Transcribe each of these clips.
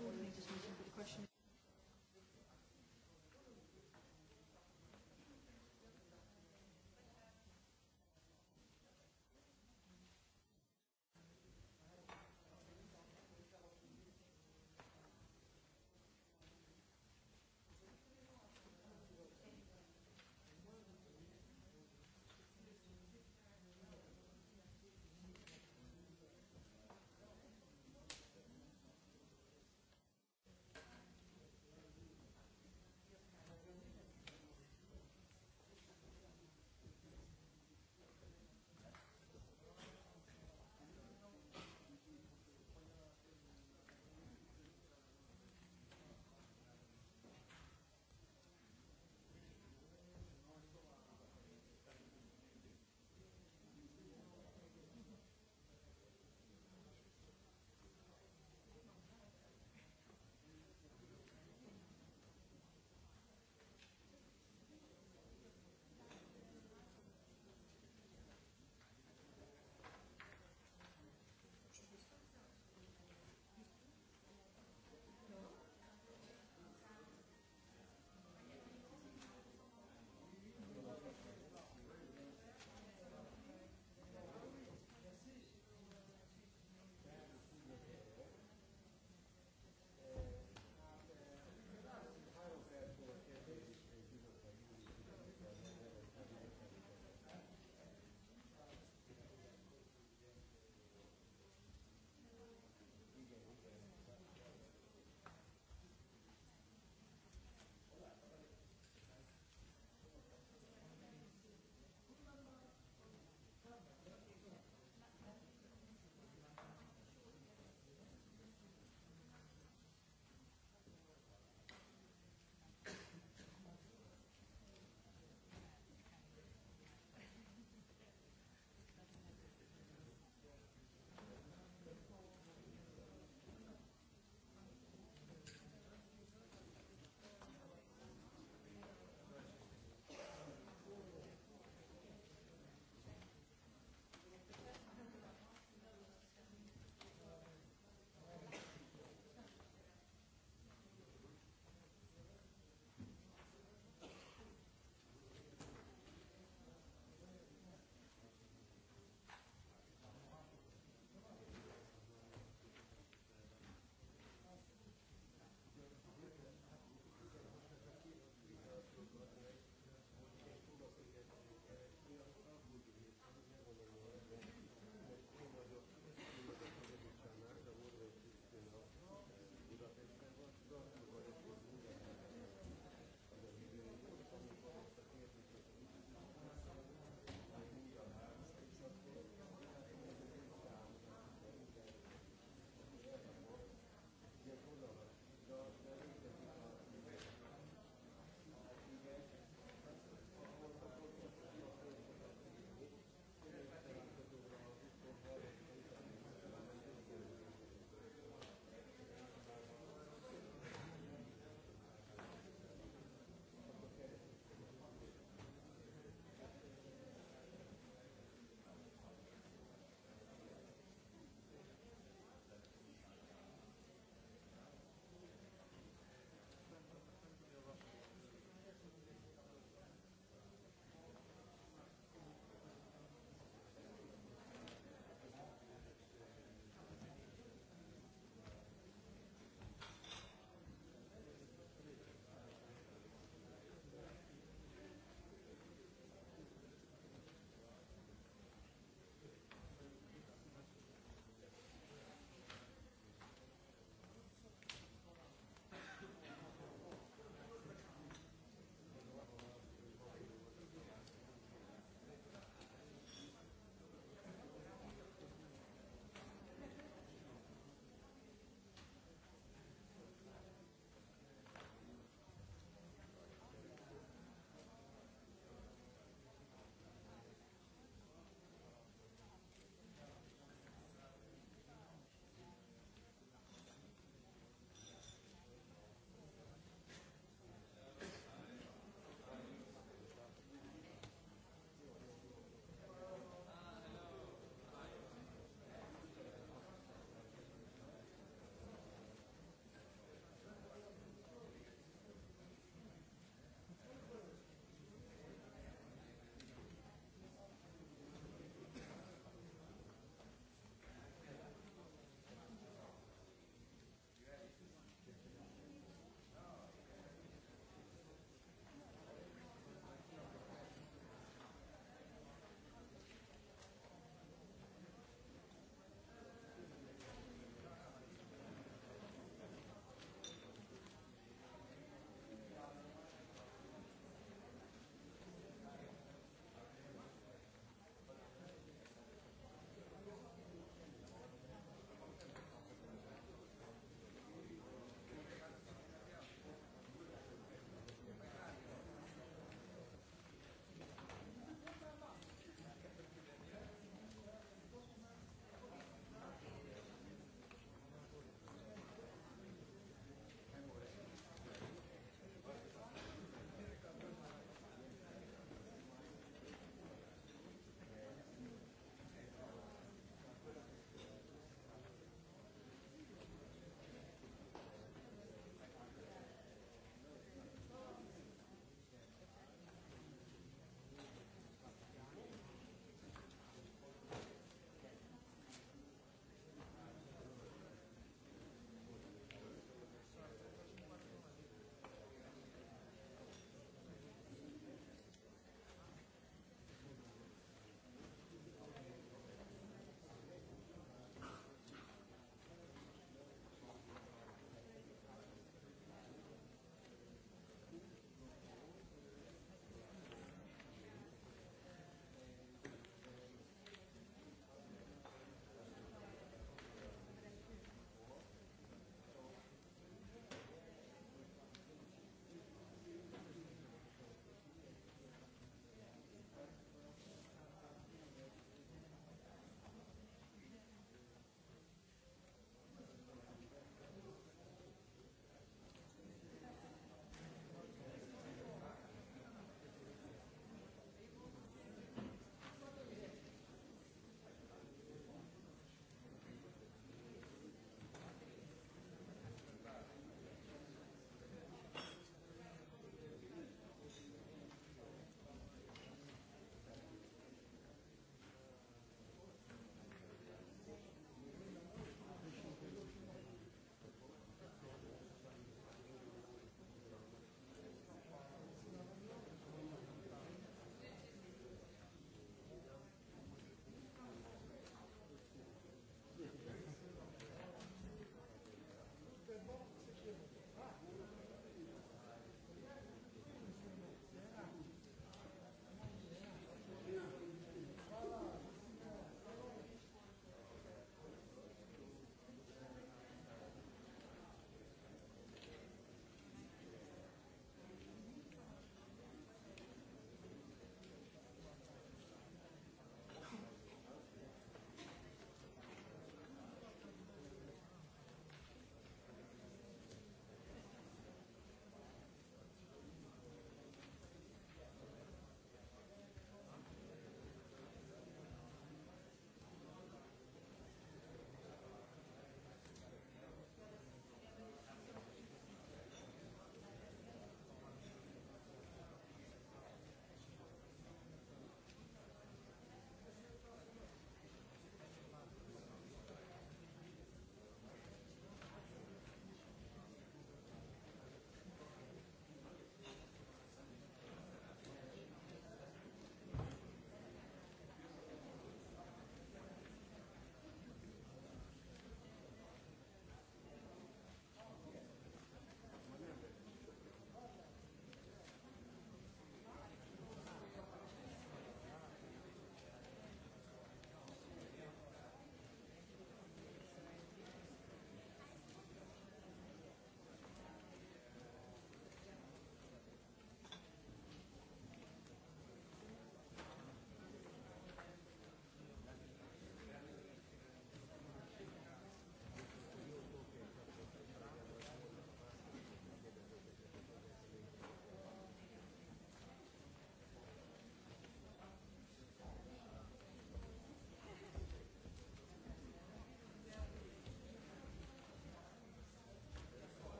coordinators meeting, but the question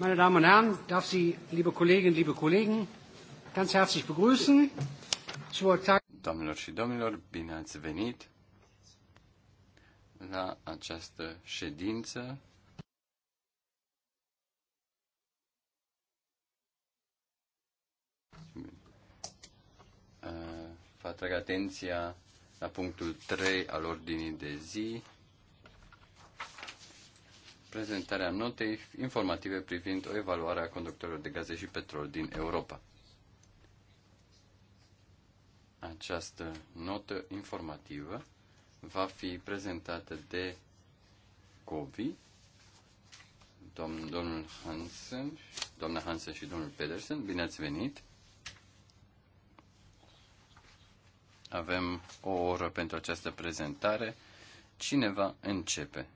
Meine Damen und Herren, darf Sie, liebe Kolleginnen, liebe Kollegen, ganz herzlich begrüßen zur Tag și domnilor, bine ați venit la această ședință vă atrag atenția la punctul 3 al ordinii de zi, prezentarea notei informative privind o evaluare a conductorilor de gaze și petrol din Europa. Această notă informativă va fi prezentată de Covi, domnul Hansen, doamna Hansen și domnul Pedersen. Bine ați venit! Avem o oră pentru această prezentare. Cine va începe?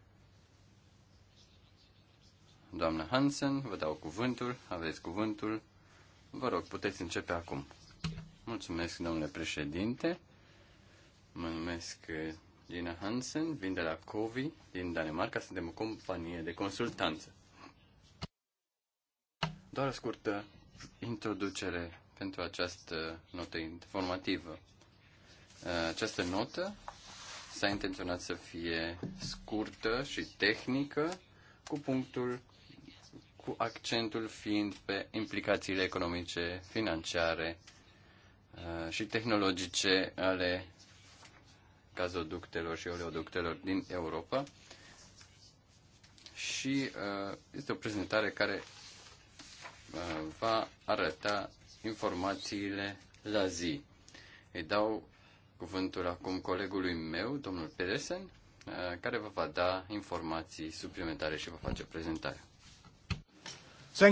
Doamna Hansen, vă dau cuvântul, aveți cuvântul. Vă rog, puteți începe acum. Mulțumesc, domnule președinte. Mă numesc eh, Dina Hansen, vin de la Covi din Danemarca, suntem o companie de consultanță. Doar o scurtă introducere pentru această notă informativă. Eh, această notă s-a intenționat să fie scurtă și tehnică, cu punctul cu accentul fiind pe implicațiile economice, financiare uh, și tehnologice ale gazoductelor și oleoductelor din Europa. Și uh, este o prezentare care uh, va arăta informațiile la zi. Îi dau cuvântul acum colegului meu, domnul Pedersen, care vă va da informații suplimentare și vă face prezentarea. Vă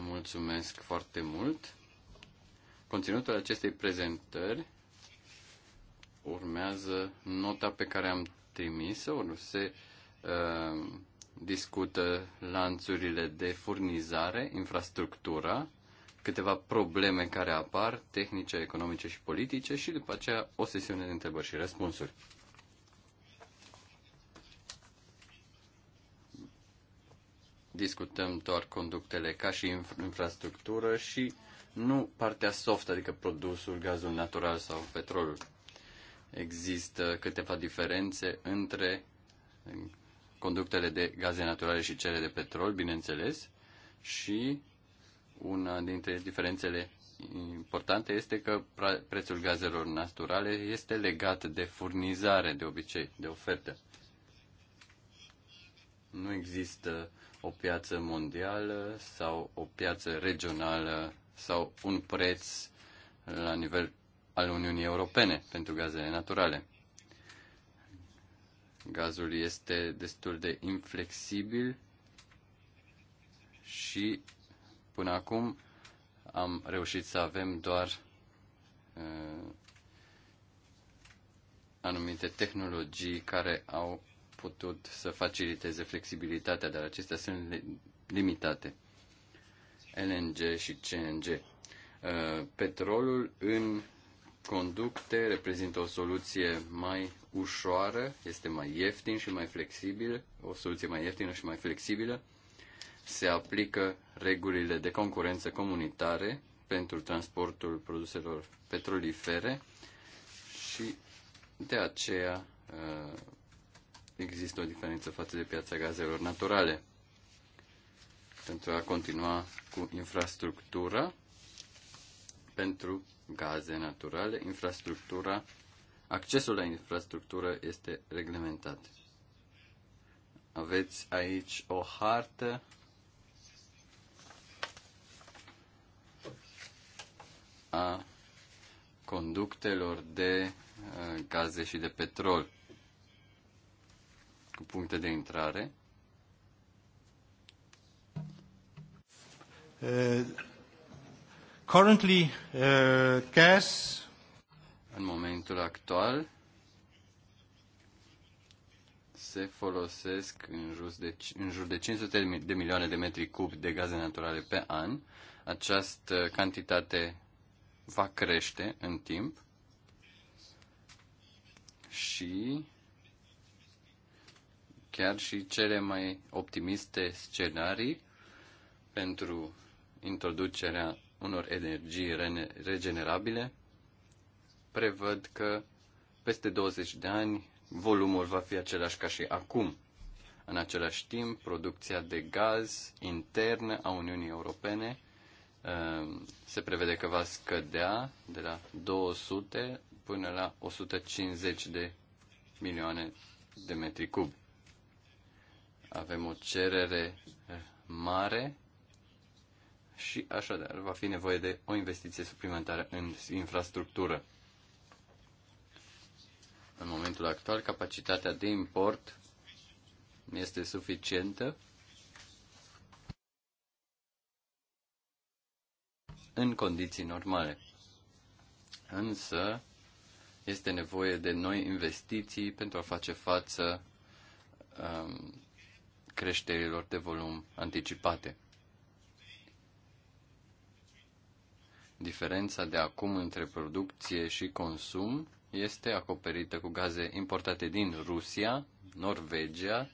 mulțumesc foarte mult. Conținutul acestei prezentări urmează nota pe care am trimis-o, se uh, discută lanțurile de furnizare, infrastructura, câteva probleme care apar, tehnice, economice și politice și după aceea o sesiune de întrebări și răspunsuri. discutăm doar conductele ca și infrastructură și nu partea soft, adică produsul, gazul natural sau petrolul. Există câteva diferențe între conductele de gaze naturale și cele de petrol, bineînțeles, și una dintre diferențele importante este că prețul gazelor naturale este legat de furnizare, de obicei, de ofertă. Nu există o piață mondială sau o piață regională sau un preț la nivel al Uniunii Europene pentru gazele naturale. Gazul este destul de inflexibil și până acum am reușit să avem doar uh, anumite tehnologii care au putut să faciliteze flexibilitatea, dar acestea sunt limitate. LNG și CNG. Uh, petrolul în conducte reprezintă o soluție mai ușoară, este mai ieftin și mai flexibil, o soluție mai ieftină și mai flexibilă. Se aplică regulile de concurență comunitare pentru transportul produselor petrolifere și de aceea uh, există o diferență față de piața gazelor naturale. Pentru a continua cu infrastructura pentru gaze naturale, infrastructura, accesul la infrastructură este reglementat. Aveți aici o hartă a conductelor de uh, gaze și de petrol cu puncte de intrare. Uh, currently, uh, gas. În momentul actual se folosesc în jur de, în jur de 500 de milioane de metri cub de gaze naturale pe an. Această cantitate va crește în timp și chiar și cele mai optimiste scenarii pentru introducerea unor energii regenerabile prevăd că peste 20 de ani volumul va fi același ca și acum. În același timp, producția de gaz internă a Uniunii Europene ehm, se prevede că va scădea de la 200 până la 150 de milioane de metri cubi. Avem o cerere mare și așadar va fi nevoie de o investiție suplimentară în infrastructură. În momentul actual, capacitatea de import este suficientă în condiții normale. Însă, este nevoie de noi investiții pentru a face față um, creșterilor de volum anticipate. Diferența de acum între producție și consum este acoperită cu gaze importate din Rusia, Norvegia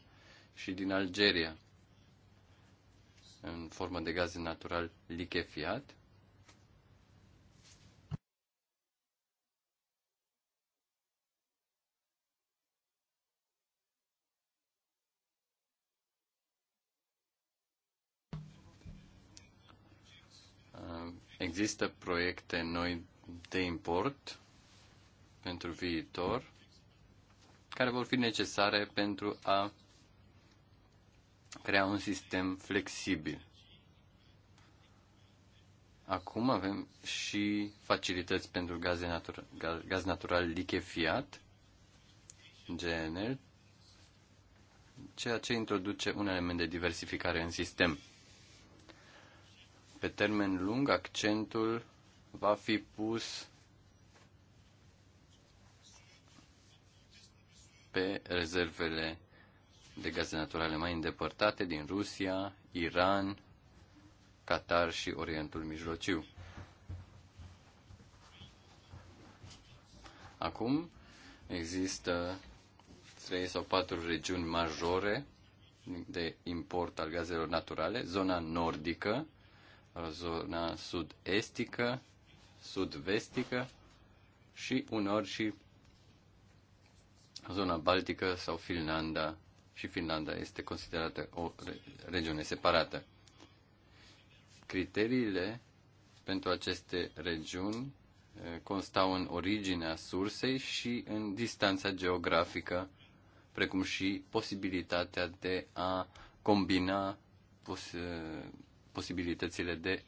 și din Algeria, în formă de gaze natural lichefiat, Există proiecte noi de import pentru viitor care vor fi necesare pentru a crea un sistem flexibil. Acum avem și facilități pentru gaze natura, gaz natural lichefiat, GNL, ceea ce introduce un element de diversificare în sistem. Pe termen lung, accentul va fi pus pe rezervele de gaze naturale mai îndepărtate din Rusia, Iran, Qatar și Orientul Mijlociu. Acum există trei sau patru regiuni majore de import al gazelor naturale, zona nordică, zona sud-estică, sud-vestică și unor și zona baltică sau Finlanda și Finlanda este considerată o regiune separată. Criteriile pentru aceste regiuni eh, constau în originea sursei și în distanța geografică, precum și posibilitatea de a combina eh, posibilitățile de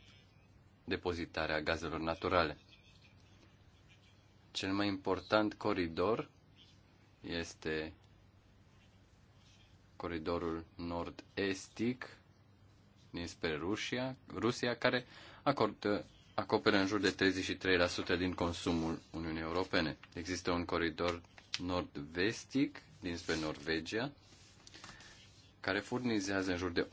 depozitare a gazelor naturale. Cel mai important coridor este coridorul nord-estic dinspre Rusia, Rusia care acordă, acoperă în jur de 33% din consumul Uniunii Europene. Există un coridor nord-vestic dinspre Norvegia, care furnizează în jur de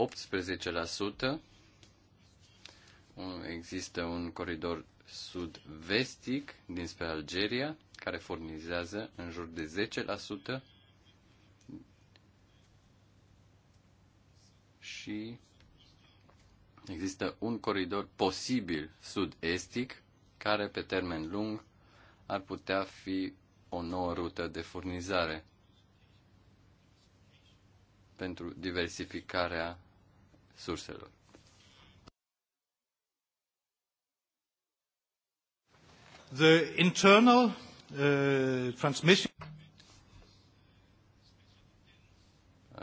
există un coridor sud-vestic dinspre Algeria, care furnizează în jur de 10% și există un coridor posibil sud-estic, care pe termen lung ar putea fi o nouă rută de furnizare pentru diversificarea surselor. The internal uh, transmission uh,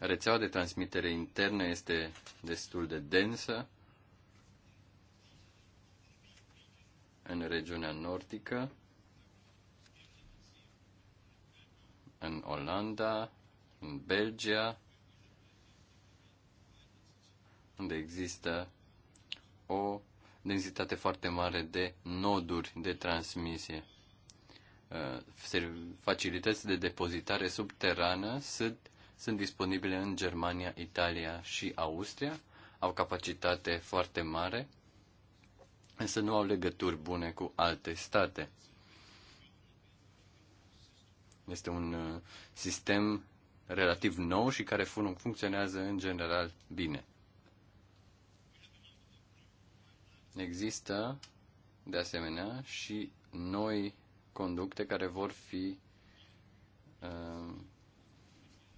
Rețeaua de transmitere internă este destul de densă în regiunea nordică, în Olanda, în Belgia, unde există o densitate foarte mare de noduri de transmisie. Uh, facilități de depozitare subterană sunt, sunt disponibile în Germania, Italia și Austria, au capacitate foarte mare, însă nu au legături bune cu alte state. Este un uh, sistem relativ nou și care funcționează în general bine. Există, de asemenea, și noi conducte care vor fi uh,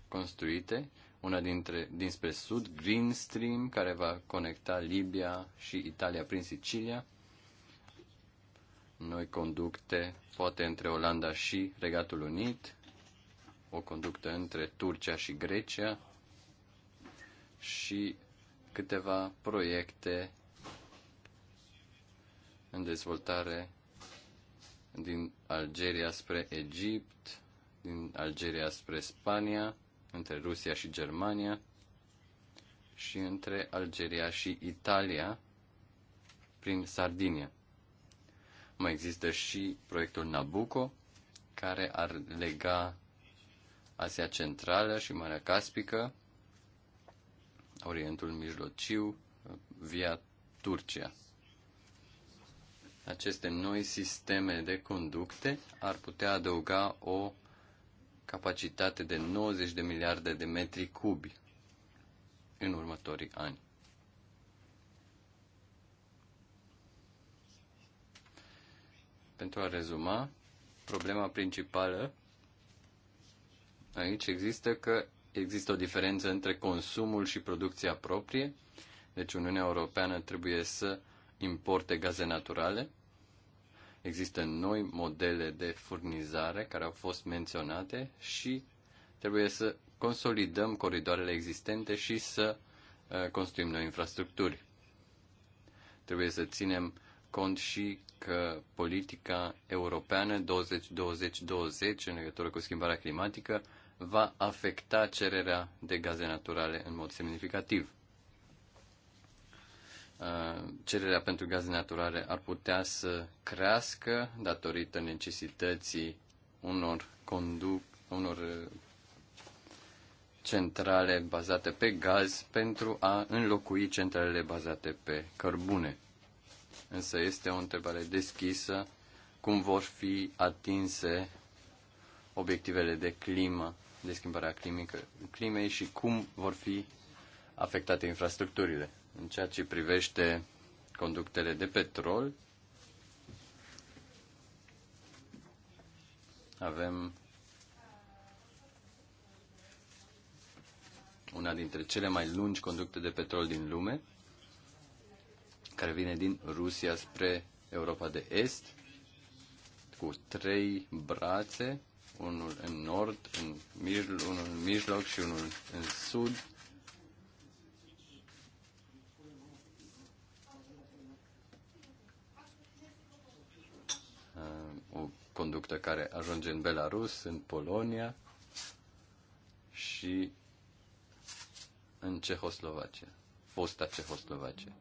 construite, una dintre, dinspre sud, Green Stream, care va conecta Libia și Italia prin Sicilia, noi conducte, poate între Olanda și Regatul Unit, o conductă între Turcia și Grecia și câteva proiecte în dezvoltare din Algeria spre Egipt, din Algeria spre Spania, între Rusia și Germania și între Algeria și Italia prin Sardinia. Mai există și proiectul Nabucco, care ar lega Asia Centrală și Marea Caspică, Orientul Mijlociu, via Turcia aceste noi sisteme de conducte ar putea adăuga o capacitate de 90 de miliarde de metri cubi în următorii ani. Pentru a rezuma, problema principală aici există că există o diferență între consumul și producția proprie, deci Uniunea Europeană trebuie să importe gaze naturale, Există noi modele de furnizare care au fost menționate și trebuie să consolidăm coridoarele existente și să uh, construim noi infrastructuri. Trebuie să ținem cont și că politica europeană 20-20-20 în legătură cu schimbarea climatică va afecta cererea de gaze naturale în mod semnificativ. Uh, cererea pentru gaze naturale ar putea să crească datorită necesității unor conduc, unor uh, centrale bazate pe gaz pentru a înlocui centralele bazate pe cărbune. Însă este o întrebare deschisă cum vor fi atinse obiectivele de climă, de schimbarea climică, climei și cum vor fi afectate infrastructurile. În ceea ce privește conductele de petrol, avem una dintre cele mai lungi conducte de petrol din lume, care vine din Rusia spre Europa de Est, cu trei brațe, unul în nord, în mijloc, unul în mijloc și unul în sud, ajunge în Belarus, în Polonia și în Cehoslovacia, fosta Cehoslovacia.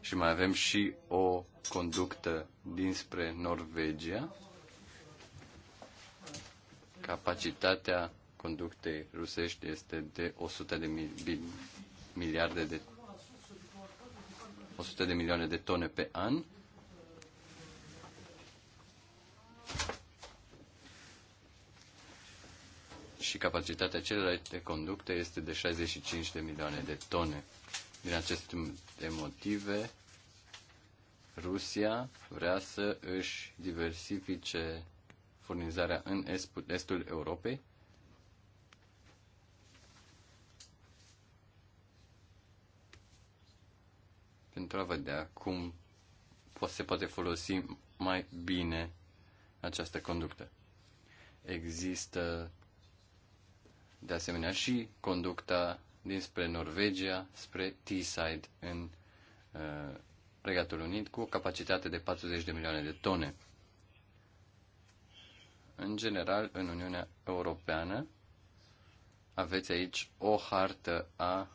Și mai avem și o conductă dinspre Norvegia. Capacitatea conductei rusești este de 100 de miliarde de 100 de milioane de tone pe an. Și capacitatea celelalte conducte este de 65 de milioane de tone. Din aceste motive, Rusia vrea să își diversifice furnizarea în estul Europei pentru a vedea cum se poate folosi mai bine această conductă. Există de asemenea și conducta dinspre Norvegia spre Teesside în uh, Regatul Unit cu o capacitate de 40 de milioane de tone. În general, în Uniunea Europeană, aveți aici o hartă a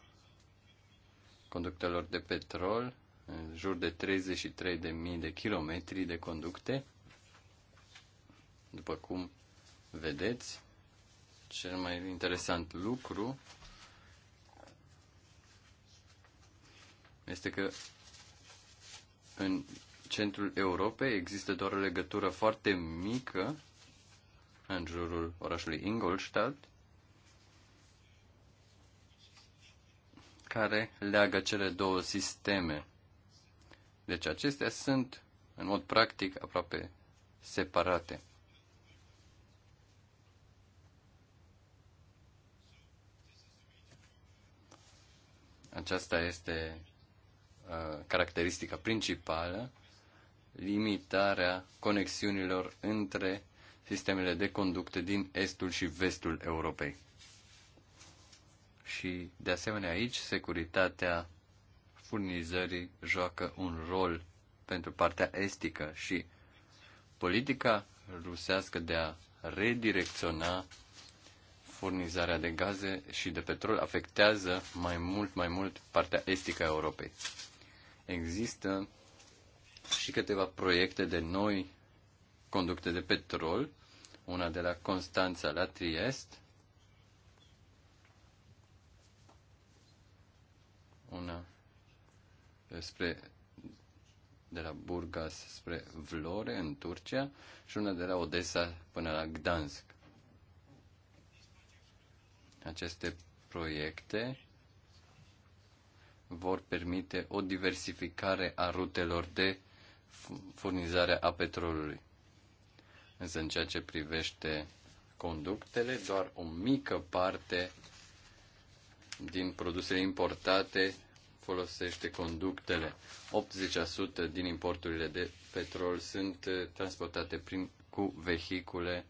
conductelor de petrol, în jur de 33.000 de kilometri de conducte. După cum vedeți, cel mai interesant lucru este că în centrul Europei există doar o legătură foarte mică în jurul orașului Ingolstadt care leagă cele două sisteme. Deci acestea sunt, în mod practic, aproape separate. Aceasta este uh, caracteristica principală, limitarea conexiunilor între sistemele de conducte din estul și vestul Europei și, de asemenea, aici securitatea furnizării joacă un rol pentru partea estică și politica rusească de a redirecționa furnizarea de gaze și de petrol afectează mai mult, mai mult partea estică a Europei. Există și câteva proiecte de noi conducte de petrol, una de la Constanța la Triest, una spre de la Burgas spre Vlore, în Turcia, și una de la Odessa până la Gdansk. Aceste proiecte vor permite o diversificare a rutelor de furnizare a petrolului. Însă, în ceea ce privește conductele, doar o mică parte din produsele importate folosește conductele. 80% din importurile de petrol sunt uh, transportate prin, cu vehicule,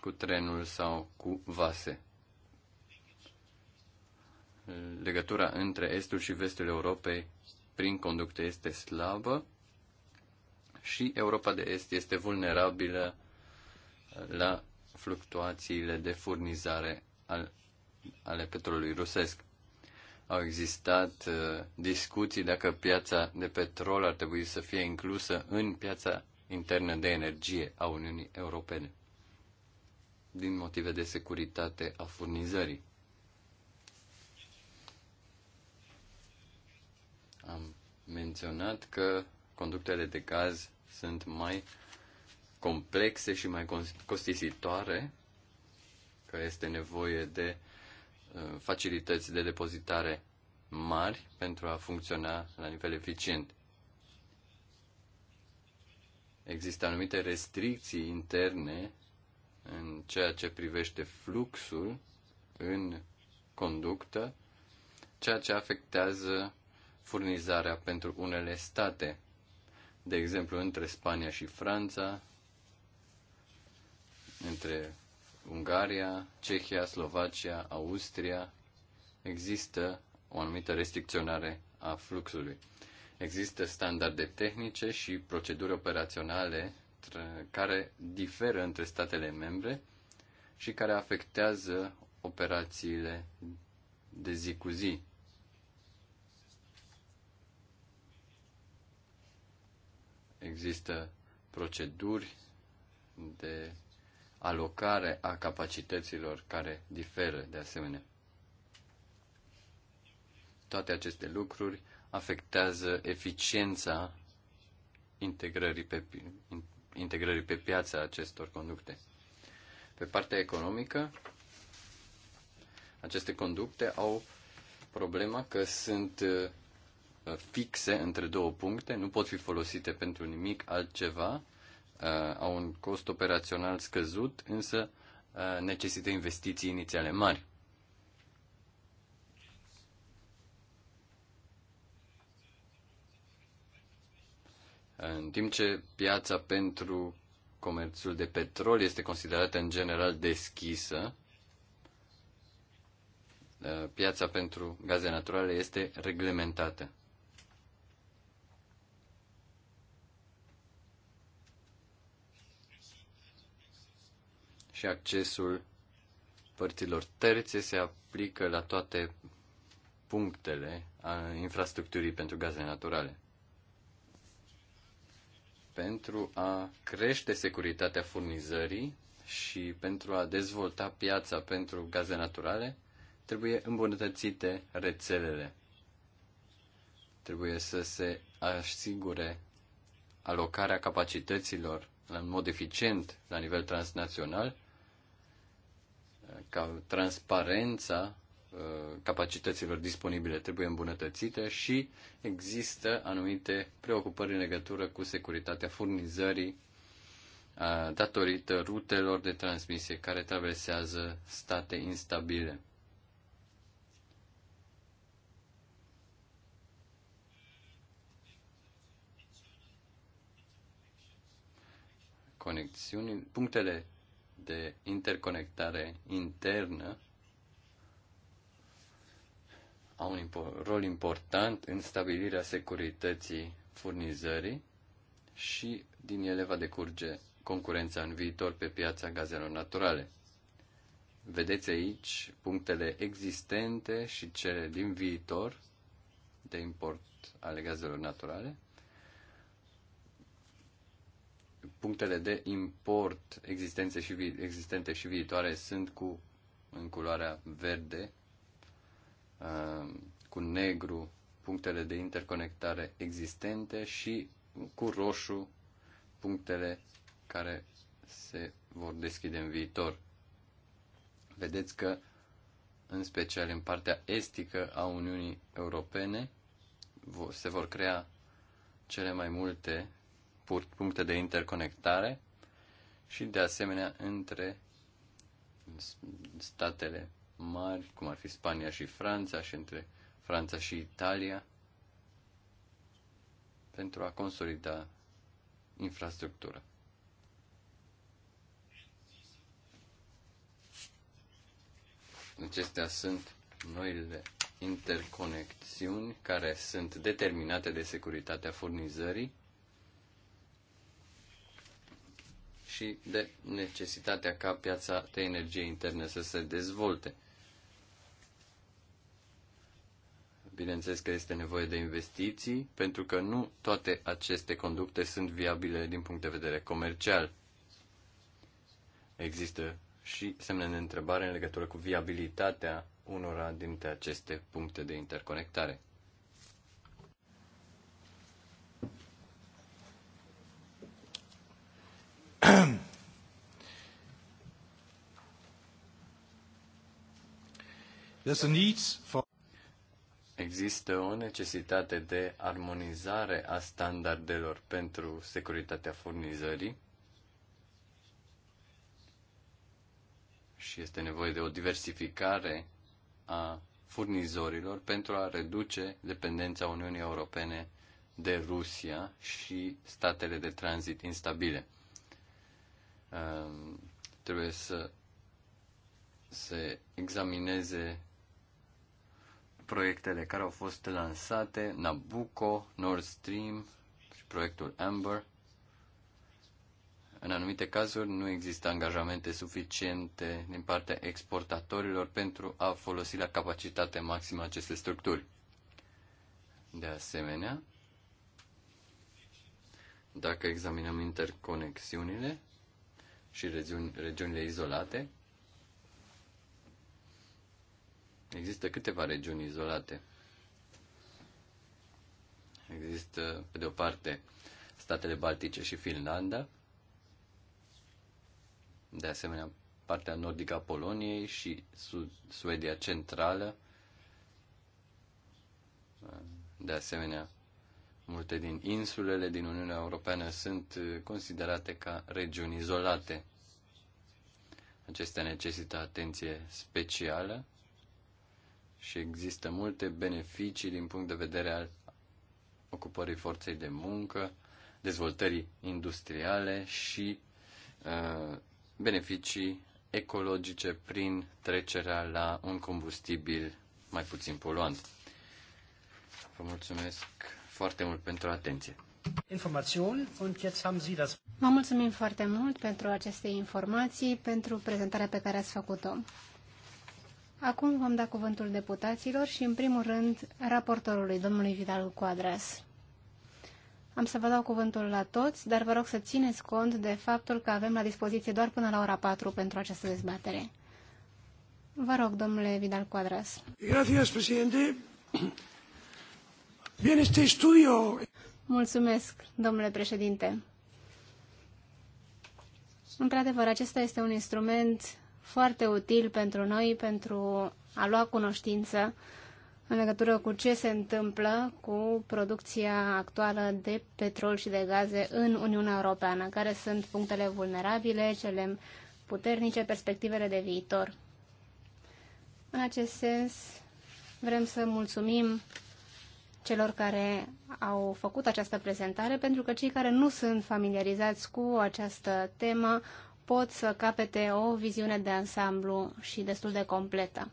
cu trenul sau cu vase. Legătura între estul și vestul Europei prin conducte este slabă și Europa de Est este vulnerabilă la fluctuațiile de furnizare al ale petrolului rusesc. Au existat uh, discuții dacă piața de petrol ar trebui să fie inclusă în piața internă de energie a Uniunii Europene din motive de securitate a furnizării. Am menționat că conductele de gaz sunt mai complexe și mai costisitoare, că este nevoie de Uh, facilități de depozitare mari pentru a funcționa la nivel eficient. Există anumite restricții interne în ceea ce privește fluxul în conductă, ceea ce afectează furnizarea pentru unele state, de exemplu între Spania și Franța, între Ungaria, Cehia, Slovacia, Austria, există o anumită restricționare a fluxului. Există standarde tehnice și proceduri operaționale care diferă între statele membre și care afectează operațiile de zi cu zi. Există proceduri de alocare a capacităților care diferă de asemenea. Toate aceste lucruri afectează eficiența integrării pe, integrării pe piața acestor conducte. Pe partea economică, aceste conducte au problema că sunt uh, fixe între două puncte, nu pot fi folosite pentru nimic altceva Uh, au un cost operațional scăzut, însă uh, necesită investiții inițiale mari. În timp ce piața pentru comerțul de petrol este considerată în general deschisă, uh, piața pentru gaze naturale este reglementată. și accesul părților terțe se aplică la toate punctele a infrastructurii pentru gaze naturale. Pentru a crește securitatea furnizării și pentru a dezvolta piața pentru gaze naturale, trebuie îmbunătățite rețelele. Trebuie să se asigure alocarea capacităților în mod eficient la nivel transnațional ca transparența uh, capacităților disponibile trebuie îmbunătățită și există anumite preocupări în legătură cu securitatea furnizării uh, datorită rutelor de transmisie care traversează state instabile. Conexiuni, punctele de interconectare internă au un rol important în stabilirea securității furnizării și din ele va decurge concurența în viitor pe piața gazelor naturale. Vedeți aici punctele existente și cele din viitor de import ale gazelor naturale punctele de import existențe și vi- existente și viitoare sunt cu în culoarea verde, uh, cu negru punctele de interconectare existente și cu roșu punctele care se vor deschide în viitor. Vedeți că, în special în partea estică a Uniunii Europene, se vor crea cele mai multe puncte de interconectare și, de asemenea, între statele mari, cum ar fi Spania și Franța, și între Franța și Italia, pentru a consolida infrastructura. Acestea sunt noile interconexiuni care sunt determinate de securitatea furnizării și de necesitatea ca piața de energie interne să se dezvolte. Bineînțeles că este nevoie de investiții, pentru că nu toate aceste conducte sunt viabile din punct de vedere comercial. Există și semne de întrebare în legătură cu viabilitatea unora dintre aceste puncte de interconectare. Există o necesitate de armonizare a standardelor pentru securitatea furnizării și este nevoie de o diversificare a furnizorilor pentru a reduce dependența Uniunii Europene de Rusia și statele de tranzit instabile. Um, trebuie să se examineze proiectele care au fost lansate, Nabucco, Nord Stream și proiectul Amber. În anumite cazuri nu există angajamente suficiente din partea exportatorilor pentru a folosi la capacitate maximă aceste structuri. De asemenea, dacă examinăm interconexiunile, și regiuni, regiunile izolate. Există câteva regiuni izolate. Există, pe de o parte, statele Baltice și Finlanda, de asemenea, partea nordică a Poloniei și Suedia centrală, de asemenea, Multe din insulele din Uniunea Europeană sunt uh, considerate ca regiuni izolate. Acestea necesită atenție specială și există multe beneficii din punct de vedere al ocupării forței de muncă, dezvoltării industriale și uh, beneficii ecologice prin trecerea la un combustibil mai puțin poluant. Vă mulțumesc foarte mult pentru atenție. Vă mulțumim foarte mult pentru aceste informații, pentru prezentarea pe care ați făcut-o. Acum vom da cuvântul deputaților și, în primul rând, raportorului, domnului Vidal Cuadras. Am să vă dau cuvântul la toți, dar vă rog să țineți cont de faptul că avem la dispoziție doar până la ora 4 pentru această dezbatere. Vă rog, domnule Vidal Cuadras. Mulțumesc, președinte este Mulțumesc, domnule președinte. Într-adevăr, acesta este un instrument foarte util pentru noi, pentru a lua cunoștință în legătură cu ce se întâmplă cu producția actuală de petrol și de gaze în Uniunea Europeană, care sunt punctele vulnerabile, cele puternice, perspectivele de viitor. În acest sens, vrem să mulțumim celor care au făcut această prezentare, pentru că cei care nu sunt familiarizați cu această temă pot să capete o viziune de ansamblu și destul de completă.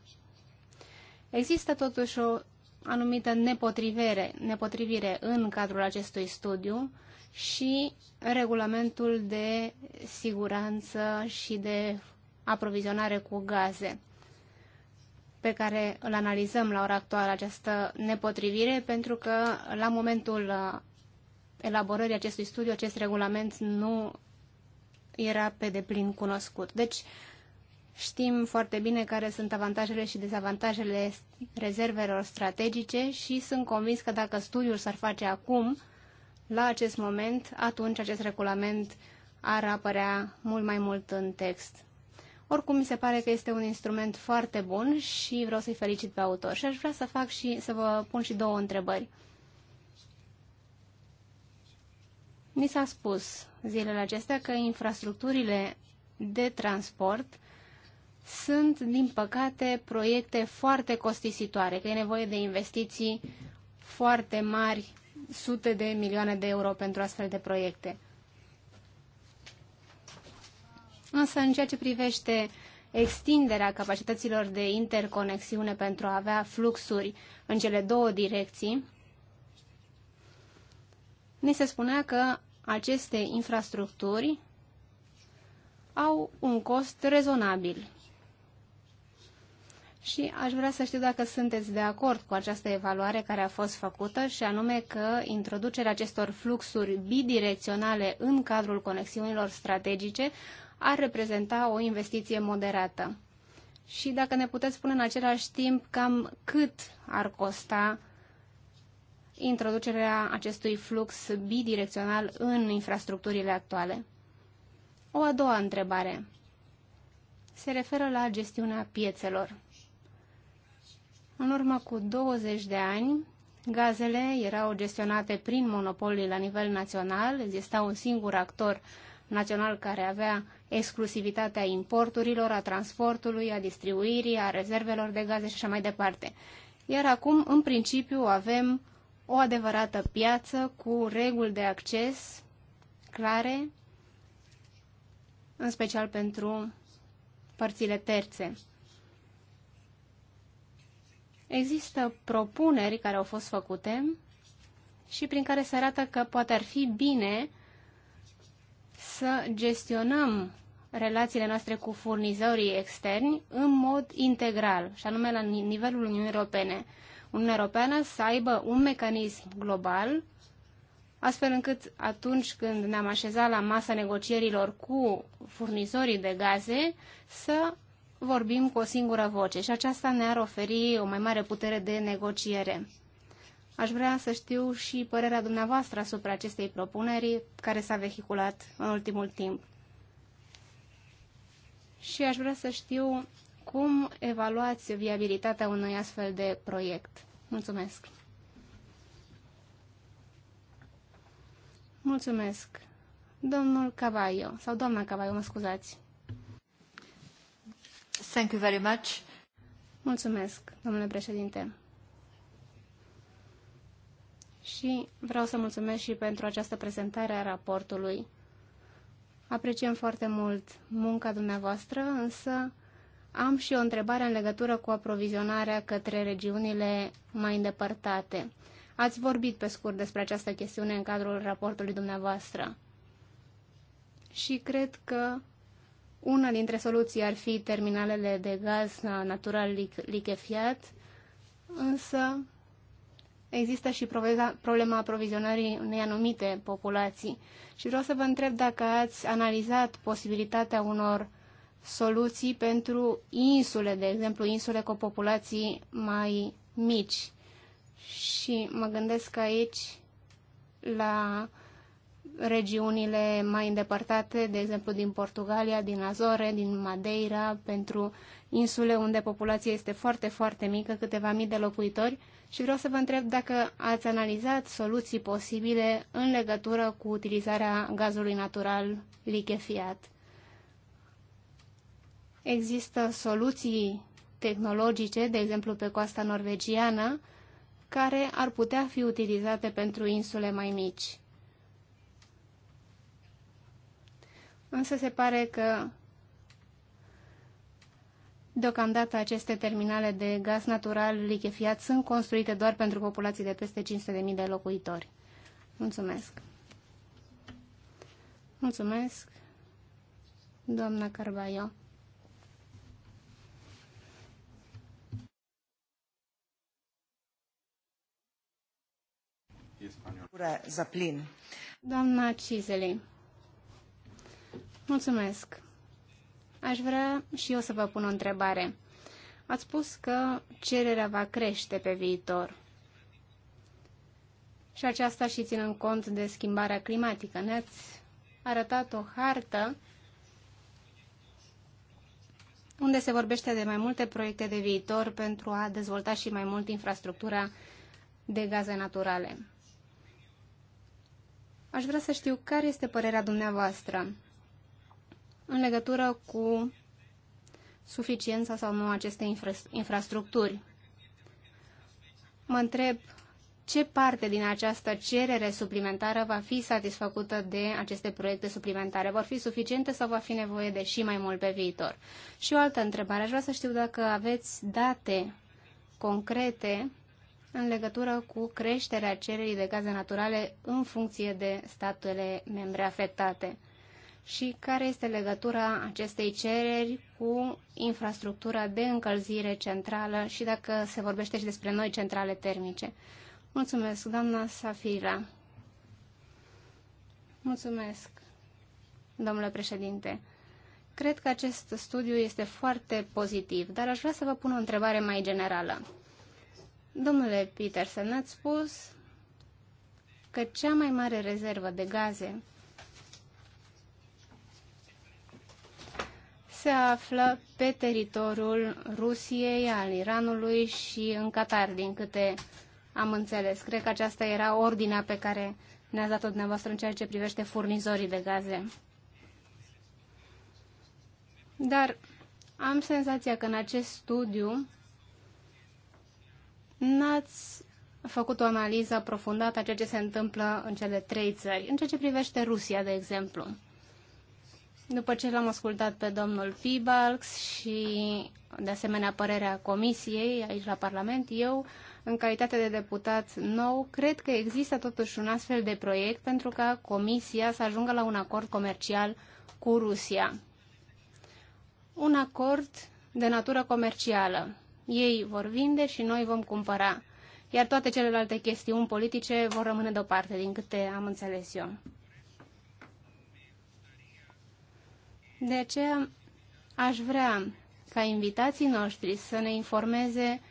Există totuși o anumită nepotrivire, nepotrivire în cadrul acestui studiu și regulamentul de siguranță și de aprovizionare cu gaze pe care îl analizăm la ora actuală, această nepotrivire, pentru că la momentul uh, elaborării acestui studiu, acest regulament nu era pe deplin cunoscut. Deci, Știm foarte bine care sunt avantajele și dezavantajele rezervelor strategice și sunt convins că dacă studiul s-ar face acum, la acest moment, atunci acest regulament ar apărea mult mai mult în text. Oricum, mi se pare că este un instrument foarte bun și vreau să-i felicit pe autor. Și aș vrea să fac și să vă pun și două întrebări. Ni s-a spus zilele acestea că infrastructurile de transport sunt, din păcate, proiecte foarte costisitoare, că e nevoie de investiții foarte mari, sute de milioane de euro pentru astfel de proiecte. Însă, în ceea ce privește extinderea capacităților de interconexiune pentru a avea fluxuri în cele două direcții, ni se spunea că aceste infrastructuri au un cost rezonabil. Și aș vrea să știu dacă sunteți de acord cu această evaluare care a fost făcută și anume că introducerea acestor fluxuri bidirecționale în cadrul conexiunilor strategice ar reprezenta o investiție moderată. Și dacă ne puteți spune în același timp cam cât ar costa introducerea acestui flux bidirecțional în infrastructurile actuale. O a doua întrebare se referă la gestiunea piețelor. În urmă cu 20 de ani, gazele erau gestionate prin monopolii la nivel național, exista un singur actor național care avea exclusivitatea importurilor, a transportului, a distribuirii, a rezervelor de gaze și așa mai departe. Iar acum, în principiu, avem o adevărată piață cu reguli de acces clare, în special pentru părțile terțe. Există propuneri care au fost făcute și prin care se arată că poate ar fi bine să gestionăm relațiile noastre cu furnizorii externi în mod integral, și anume la nivelul Uniunii Europene. Uniunea Europeană să aibă un mecanism global, astfel încât atunci când ne-am așezat la masa negocierilor cu furnizorii de gaze, să vorbim cu o singură voce și aceasta ne-ar oferi o mai mare putere de negociere. Aș vrea să știu și părerea dumneavoastră asupra acestei propuneri care s-a vehiculat în ultimul timp. Și aș vrea să știu cum evaluați viabilitatea unui astfel de proiect. Mulțumesc! Mulțumesc! Domnul Cavaio, sau doamna Cavaio, mă scuzați. Thank you very much. Mulțumesc, domnule președinte și vreau să mulțumesc și pentru această prezentare a raportului. Apreciem foarte mult munca dumneavoastră, însă am și o întrebare în legătură cu aprovizionarea către regiunile mai îndepărtate. Ați vorbit pe scurt despre această chestiune în cadrul raportului dumneavoastră. Și cred că una dintre soluții ar fi terminalele de gaz natural lichefiat, însă există și problema aprovizionării unei anumite populații. Și vreau să vă întreb dacă ați analizat posibilitatea unor soluții pentru insule, de exemplu, insule cu populații mai mici. Și mă gândesc aici la regiunile mai îndepărtate, de exemplu din Portugalia, din Azore, din Madeira, pentru insule unde populația este foarte, foarte mică, câteva mii de locuitori, și vreau să vă întreb dacă ați analizat soluții posibile în legătură cu utilizarea gazului natural lichefiat. Există soluții tehnologice, de exemplu pe coasta norvegiană, care ar putea fi utilizate pentru insule mai mici. Însă se pare că Deocamdată aceste terminale de gaz natural lichefiat sunt construite doar pentru populații de peste 500.000 de locuitori. Mulțumesc! Mulțumesc, doamna Carvaio. Doamna Cizeli. Mulțumesc. Aș vrea și eu să vă pun o întrebare. Ați spus că cererea va crește pe viitor. Și aceasta și ținând cont de schimbarea climatică. Ne-ați arătat o hartă unde se vorbește de mai multe proiecte de viitor pentru a dezvolta și mai mult infrastructura de gaze naturale. Aș vrea să știu care este părerea dumneavoastră în legătură cu suficiența sau nu acestei infra infrastructuri. Mă întreb ce parte din această cerere suplimentară va fi satisfăcută de aceste proiecte suplimentare? Vor fi suficiente sau va fi nevoie de și mai mult pe viitor? Și o altă întrebare. Aș vrea să știu dacă aveți date concrete în legătură cu creșterea cererii de gaze naturale în funcție de statele membre afectate și care este legătura acestei cereri cu infrastructura de încălzire centrală și dacă se vorbește și despre noi centrale termice. Mulțumesc, doamna Safira. Mulțumesc, domnule președinte. Cred că acest studiu este foarte pozitiv, dar aș vrea să vă pun o întrebare mai generală. Domnule Peterson, ați spus că cea mai mare rezervă de gaze se află pe teritoriul Rusiei, al Iranului și în Qatar, din câte am înțeles. Cred că aceasta era ordinea pe care ne a dat-o dumneavoastră în ceea ce privește furnizorii de gaze. Dar am senzația că în acest studiu n-ați făcut o analiză aprofundată a ceea ce se întâmplă în cele trei țări, în ceea ce privește Rusia, de exemplu. După ce l-am ascultat pe domnul Fibalx și, de asemenea, părerea comisiei aici la Parlament, eu, în calitate de deputat nou, cred că există totuși un astfel de proiect pentru ca comisia să ajungă la un acord comercial cu Rusia. Un acord de natură comercială. Ei vor vinde și noi vom cumpăra iar toate celelalte chestiuni politice vor rămâne deoparte, din câte am înțeles eu. De aceea aș vrea ca invitații noștri să ne informeze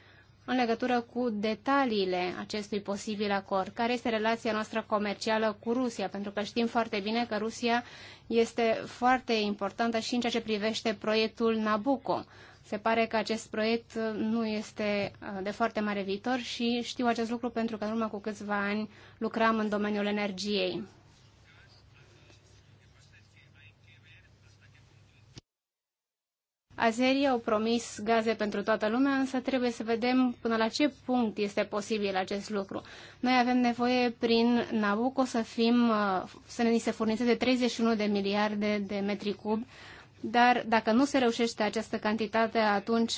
în legătură cu detaliile acestui posibil acord. Care este relația noastră comercială cu Rusia? Pentru că știm foarte bine că Rusia este foarte importantă și în ceea ce privește proiectul Nabucco. Se pare că acest proiect uh, nu este uh, de foarte mare viitor și știu acest lucru pentru că în urmă cu câțiva ani lucram în domeniul energiei. Azerii au promis gaze pentru toată lumea, însă trebuie să vedem până la ce punct este posibil acest lucru. Noi avem nevoie prin Nabucco să fim, uh, să ne se furnizeze 31 de miliarde de metri cub, dar dacă nu se reușește această cantitate, atunci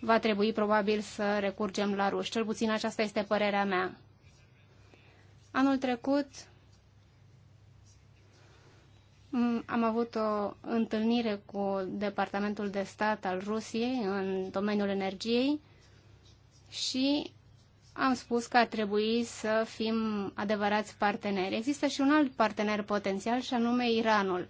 va trebui probabil să recurgem la ruși. Cel puțin aceasta este părerea mea. Anul trecut, Mm, am avut o întâlnire cu Departamentul de Stat al Rusiei în domeniul energiei și am spus că ar trebui să fim adevărați parteneri. Există și un alt partener potențial și anume Iranul.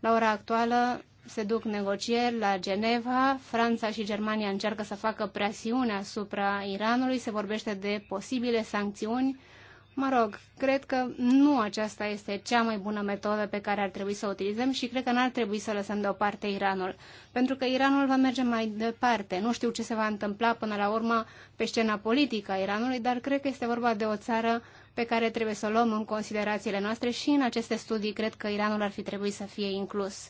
La ora actuală se duc negocieri la Geneva, Franța și Germania încearcă să facă presiune asupra Iranului, se vorbește de posibile sancțiuni Mă rog, cred că nu aceasta este cea mai bună metodă pe care ar trebui să o utilizăm și cred că n-ar trebui să lăsăm deoparte Iranul, pentru că Iranul va merge mai departe. Nu știu ce se va întâmpla până la urmă pe scena politică a Iranului, dar cred că este vorba de o țară pe care trebuie să o luăm în considerațiile noastre și în aceste studii cred că Iranul ar fi trebuit să fie inclus.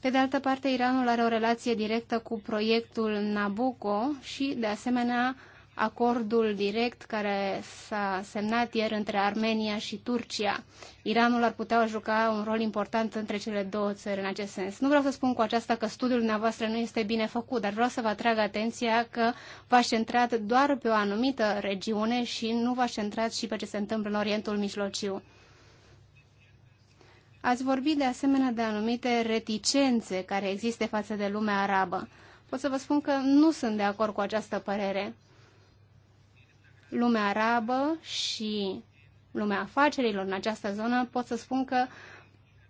Pe de altă parte, Iranul are o relație directă cu proiectul Nabucco și, de asemenea, acordul direct care s-a semnat ieri între Armenia și Turcia. Iranul ar putea juca un rol important între cele două țări în acest sens. Nu vreau să spun cu aceasta că studiul dumneavoastră nu este bine făcut, dar vreau să vă atrag atenția că v aș centrat doar pe o anumită regiune și nu v aș centrat și pe ce se întâmplă în Orientul Mijlociu. Ați vorbit de asemenea de anumite reticențe care există față de lumea arabă. Pot să vă spun că nu sunt de acord cu această părere lumea arabă și lumea afacerilor în această zonă, pot să spun că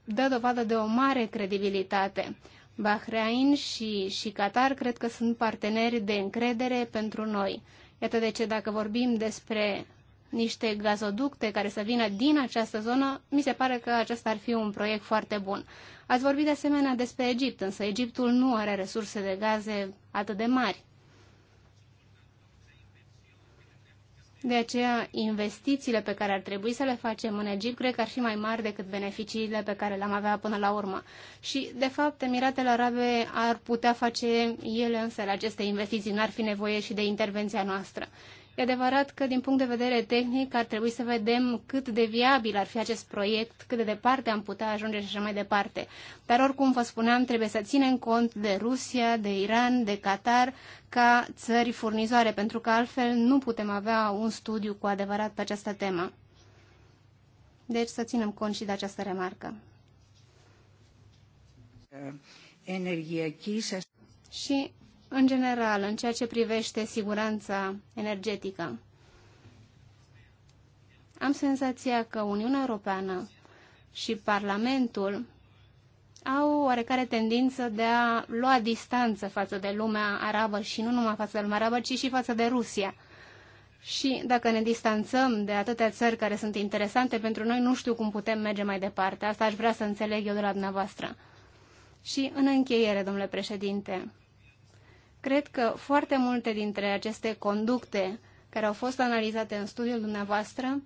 dă dovadă de o mare credibilitate. Bahrain și, și Qatar cred că sunt parteneri de încredere pentru noi. Iată de ce dacă vorbim despre niște gazoducte care să vină din această zonă, mi se pare că acesta ar fi un proiect foarte bun. Ați vorbit de asemenea despre Egipt, însă Egiptul nu are resurse de gaze atât de mari. De aceea, investițiile pe care ar trebui să le facem în Egipt, cred că ar fi mai mari decât beneficiile pe care le-am avea până la urmă. Și, de fapt, Emiratele Arabe ar putea face ele însă aceste investiții, n-ar fi nevoie și de intervenția noastră. E adevărat că din punct de vedere tehnic ar trebui să vedem cât de viabil ar fi acest proiect, cât de departe am putea ajunge și așa mai departe. Dar oricum vă spuneam, trebuie să ținem cont de Rusia, de Iran, de Qatar ca țări furnizoare, pentru că altfel nu putem avea un studiu cu adevărat pe această temă. Deci să ținem cont și de această remarcă. Energia și în general, în ceea ce privește siguranța energetică. Am senzația că Uniunea Europeană și Parlamentul au oarecare tendință de a lua distanță față de lumea arabă și nu numai față de lumea arabă, ci și față de Rusia. Și dacă ne distanțăm de atâtea țări care sunt interesante pentru noi, nu știu cum putem merge mai departe. Asta aș vrea să înțeleg eu de la dumneavoastră. Și în încheiere, domnule președinte, Cred că foarte multe dintre aceste conducte care au fost analizate în studiul dumneavoastră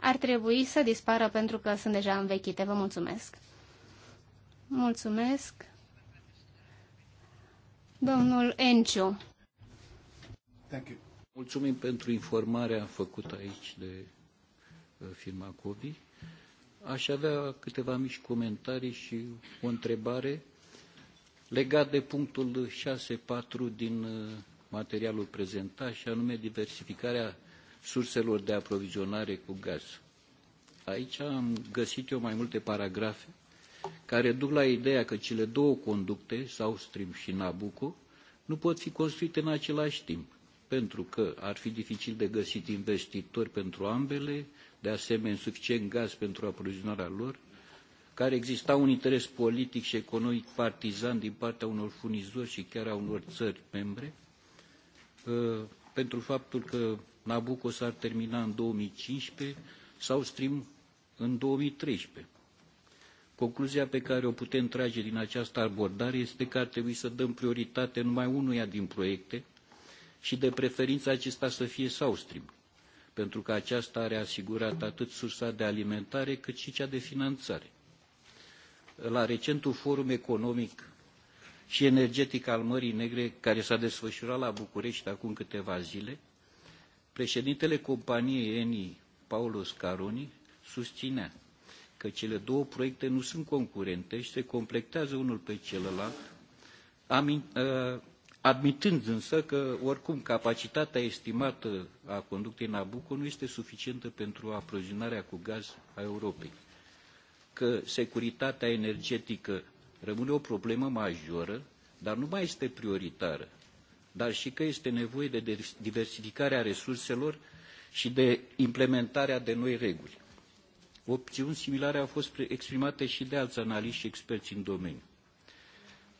ar trebui să dispară pentru că sunt deja învechite. Vă mulțumesc. Mulțumesc. Domnul Enciu. Thank you. Mulțumim pentru informarea făcută aici de uh, firma Covi. Aș avea câteva mici comentarii și o întrebare legat de punctul 6.4 din uh, materialul prezentat și anume diversificarea surselor de aprovizionare cu gaz. Aici am găsit eu mai multe paragrafe care duc la ideea că cele două conducte, South Stream și Nabucco, nu pot fi construite în același timp, pentru că ar fi dificil de găsit investitori pentru ambele, de asemenea suficient gaz pentru aprovizionarea lor care exista un interes politic și economic partizan din partea unor furnizori și chiar a unor țări membre, uh, pentru faptul că Nabucco s-ar termina în 2015 sau Stream în 2013. Concluzia pe care o putem trage din această abordare este că ar trebui să dăm prioritate numai unuia din proiecte și de preferință acesta să fie South Stream, pentru că aceasta are asigurat atât sursa de alimentare cât și cea de finanțare la recentul forum economic și energetic al Mării Negre, care s-a desfășurat la București acum câteva zile, președintele companiei ENI, Paolo Scaroni, susținea că cele două proiecte nu sunt concurente și se completează unul pe celălalt, ă, admitând însă că, oricum, capacitatea estimată a conductei Nabucco nu este suficientă pentru aprovizionarea cu gaz a Europei că securitatea energetică rămâne o problemă majoră, dar nu mai este prioritară, dar și că este nevoie de diversificarea resurselor și de implementarea de noi reguli. Opțiuni similare au fost exprimate și de alți analiști și experți în domeniu.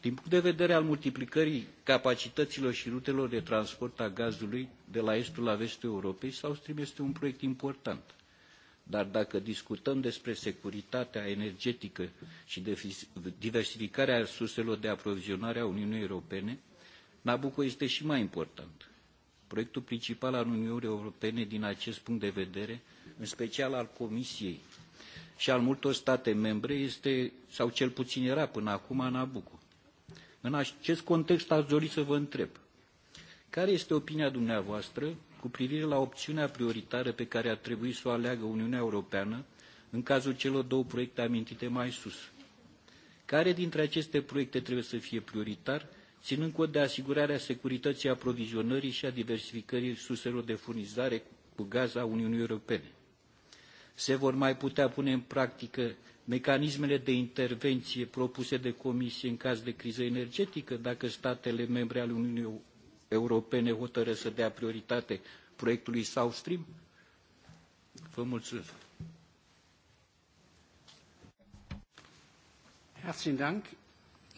Din punct de vedere al multiplicării capacităților și rutelor de transport a gazului de la estul la vestul Europei, South Stream este un proiect important dar dacă discutăm despre securitatea energetică și diversificarea surselor de aprovizionare a Uniunii Europene, Nabucco este și mai important. Proiectul principal al Uniunii Europene din acest punct de vedere, în special al Comisiei și al multor state membre, este, sau cel puțin era până acum, Nabucco. În acest context aș dori să vă întreb, care este opinia dumneavoastră cu privire la opțiunea prioritară pe care ar trebui să o aleagă Uniunea Europeană în cazul celor două proiecte amintite mai sus. Care dintre aceste proiecte trebuie să fie prioritar, ținând cont de asigurarea securității aprovizionării și a diversificării surselor de furnizare cu gaz a Uniunii Europene? Se vor mai putea pune în practică mecanismele de intervenție propuse de Comisie în caz de criză energetică, dacă statele membre ale Uniunii europene hotără să dea prioritate proiectului South Stream? Vă mulțumesc. Herzlichen Dank,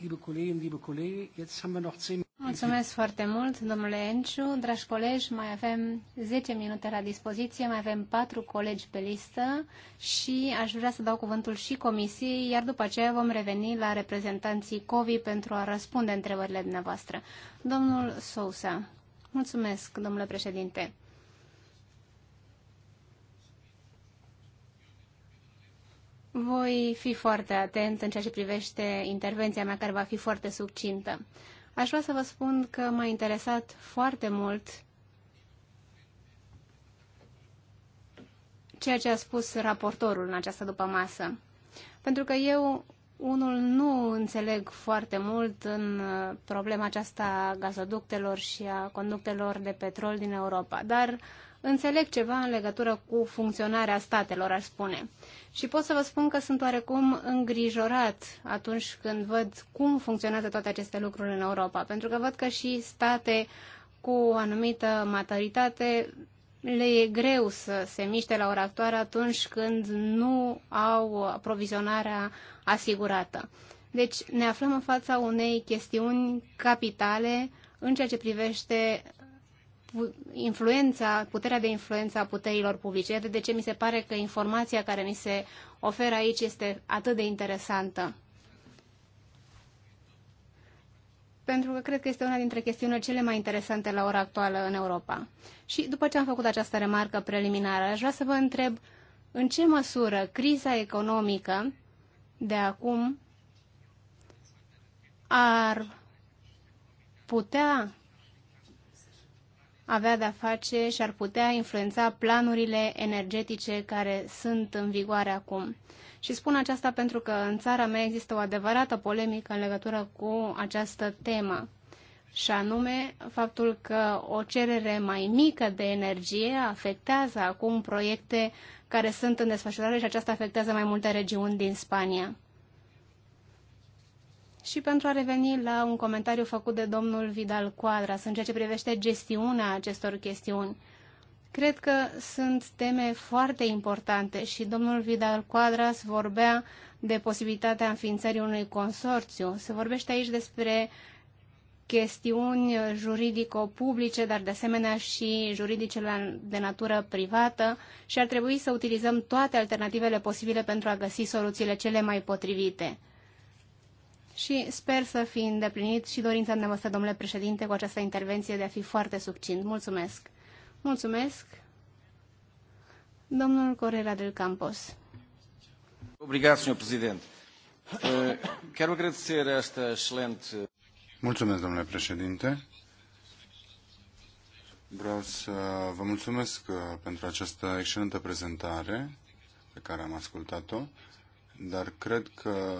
liebe Kolleginnen, liebe Kollegen. Jetzt haben wir noch zehn Mulțumesc foarte mult, domnule Enciu. Dragi colegi, mai avem 10 minute la dispoziție, mai avem 4 colegi pe listă și aș vrea să dau cuvântul și comisiei, iar după aceea vom reveni la reprezentanții COVI pentru a răspunde întrebările dumneavoastră. Domnul Sousa. Mulțumesc, domnule președinte. Voi fi foarte atent în ceea ce privește intervenția mea, care va fi foarte succintă. Aș vrea să vă spun că m-a interesat foarte mult ceea ce a spus raportorul în această după masă. Pentru că eu unul nu înțeleg foarte mult în uh, problema aceasta a gazoductelor și a conductelor de petrol din Europa, dar uh, înțeleg ceva în legătură cu funcționarea statelor, aș spune. Și pot să vă spun că sunt oarecum îngrijorat atunci când văd cum funcționează toate aceste lucruri în Europa, pentru că văd că și state cu o anumită maturitate le e greu să se miște la ora actuală atunci când nu au aprovizionarea asigurată. Deci ne aflăm în fața unei chestiuni capitale în ceea ce privește influența, puterea de influență a puterilor publice. Iată de ce mi se pare că informația care mi se oferă aici este atât de interesantă. pentru că cred că este una dintre chestiunile cele mai interesante la ora actuală în Europa. Și după ce am făcut această remarcă preliminară, aș vrea să vă întreb în ce măsură criza economică de acum ar putea avea de-a face și ar putea influența planurile energetice care sunt în vigoare acum. Și spun aceasta pentru că în țara mea există o adevărată polemică în legătură cu această temă, și anume faptul că o cerere mai mică de energie afectează acum proiecte care sunt în desfășurare și aceasta afectează mai multe regiuni din Spania. Și pentru a reveni la un comentariu făcut de domnul Vidal Quadras în ceea ce privește gestiunea acestor chestiuni, cred că sunt teme foarte importante și domnul Vidal Quadras vorbea de posibilitatea înființării unui consorțiu. Se vorbește aici despre chestiuni juridico-publice, dar de asemenea și juridice de natură privată și ar trebui să utilizăm toate alternativele posibile pentru a găsi soluțiile cele mai potrivite și sper să fi îndeplinit și dorința dumneavoastră, domnule președinte, cu această intervenție de a fi foarte succint. Mulțumesc! Mulțumesc! Domnul Correa del Campos. Obrigat, domnule președinte. Eh, Chiar agradecer asta șlent. Mulțumesc, domnule președinte. Vreau să vă mulțumesc eh, pentru această excelentă prezentare pe care am ascultat-o dar cred că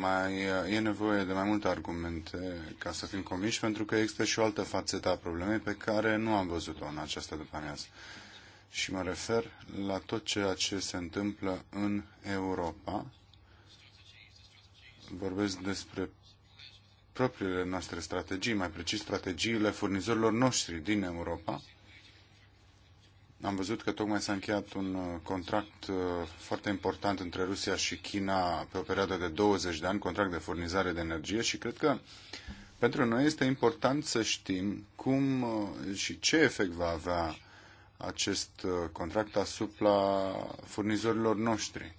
mai e nevoie de mai multe argumente ca să fim convinși, pentru că există și o altă fațetă a problemei pe care nu am văzut-o în această după-amiază. Și mă refer la tot ceea ce se întâmplă în Europa. Vorbesc despre propriile noastre strategii, mai precis strategiile furnizorilor noștri din Europa, am văzut că tocmai s-a încheiat un uh, contract uh, foarte important între Rusia și China pe o perioadă de 20 de ani, contract de furnizare de energie și cred că pentru noi este important să știm cum uh, și ce efect va avea acest contract asupra furnizorilor noștri.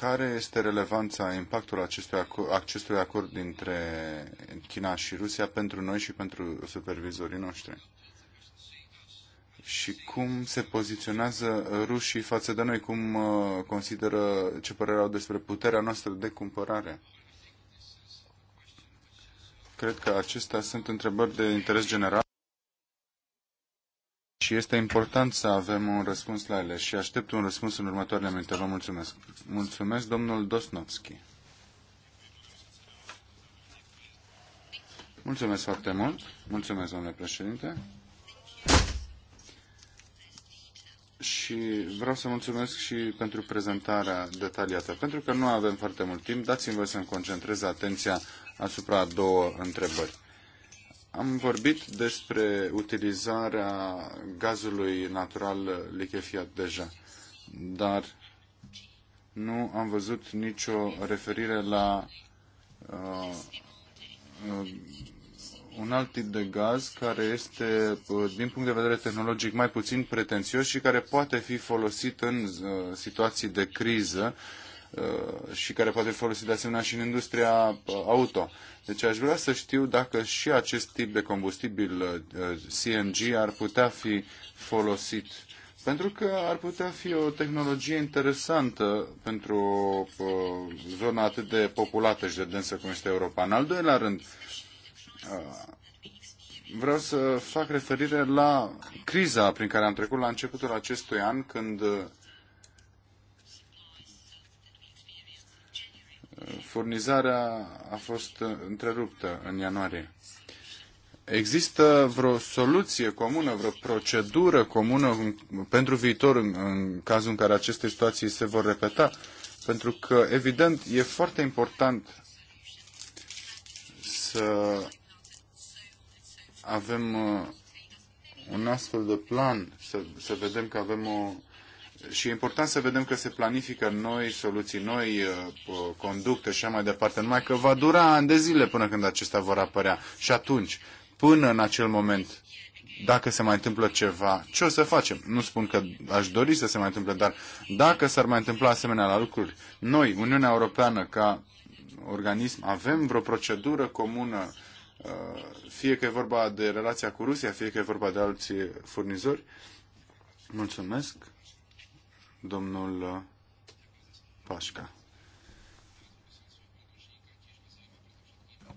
care este relevanța impactul acestui acord, acestui acord dintre China și Rusia pentru noi și pentru supervizorii noștri? Și cum se poziționează rușii față de noi? Cum uh, consideră, ce părere au despre puterea noastră de cumpărare? Cred că acestea sunt întrebări de interes general și este important să avem un răspuns la ele și aștept un răspuns în următoarele minute. Vă mulțumesc. Mulțumesc, domnul Dosnovski. Mulțumesc foarte mult. Mulțumesc, domnule președinte. Și vreau să mulțumesc și pentru prezentarea detaliată. Pentru că nu avem foarte mult timp, dați-mi voi să-mi concentrez atenția asupra două întrebări. Am vorbit despre utilizarea gazului natural lichefiat deja, dar nu am văzut nicio referire la uh, uh un alt tip de gaz care este, uh, din punct de vedere tehnologic, mai puțin pretențios și care poate fi folosit în uh, situații de criză Uh, și care poate fi folosit de asemenea și în industria uh, auto. Deci aș vrea să știu dacă și acest tip de combustibil uh, CNG ar putea fi folosit pentru că ar putea fi o tehnologie interesantă pentru o zonă atât de populată și de densă cum este Europa. În al doilea rând, vreau să fac referire la criza prin care am trecut la începutul acestui an, când furnizarea a fost întreruptă în ianuarie. Există vreo soluție comună, vreo procedură comună pentru viitor în, în cazul în care aceste situații se vor repeta? Pentru că, evident, e foarte important să avem uh, un astfel de plan, să, să vedem că avem o și e important să vedem că se planifică noi soluții, noi uh, conducte și așa mai departe, numai că va dura ani de zile până când acestea vor apărea. Și atunci, până în acel moment, dacă se mai întâmplă ceva, ce o să facem? Nu spun că aș dori să se mai întâmple, dar dacă s-ar mai întâmpla asemenea la lucruri, noi, Uniunea Europeană, ca organism, avem vreo procedură comună, uh, fie că e vorba de relația cu Rusia, fie că e vorba de alții furnizori? Mulțumesc! domnul Pașca.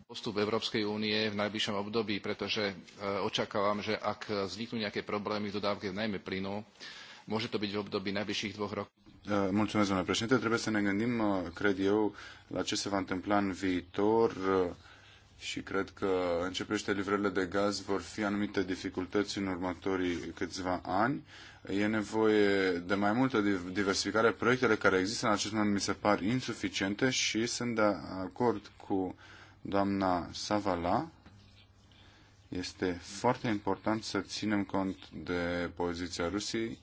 postup Európskej únie v najbližšom období, pretože očakávam, že ak vzniknú nejaké problémy v dodávke najmä plynu, môže to byť v období najbližších dvoch rokov. Mulțumesc, domnule președinte. Trebuie să ne gândim, cred eu, la ce se va întâmpla în viitor și cred că începește livrările de gaz vor fi anumite dificultăți în următorii câțiva ani. E nevoie de mai multă diversificare. Proiectele care există în acest moment mi se par insuficiente și sunt de acord cu doamna Savala. Este foarte important să ținem cont de poziția Rusiei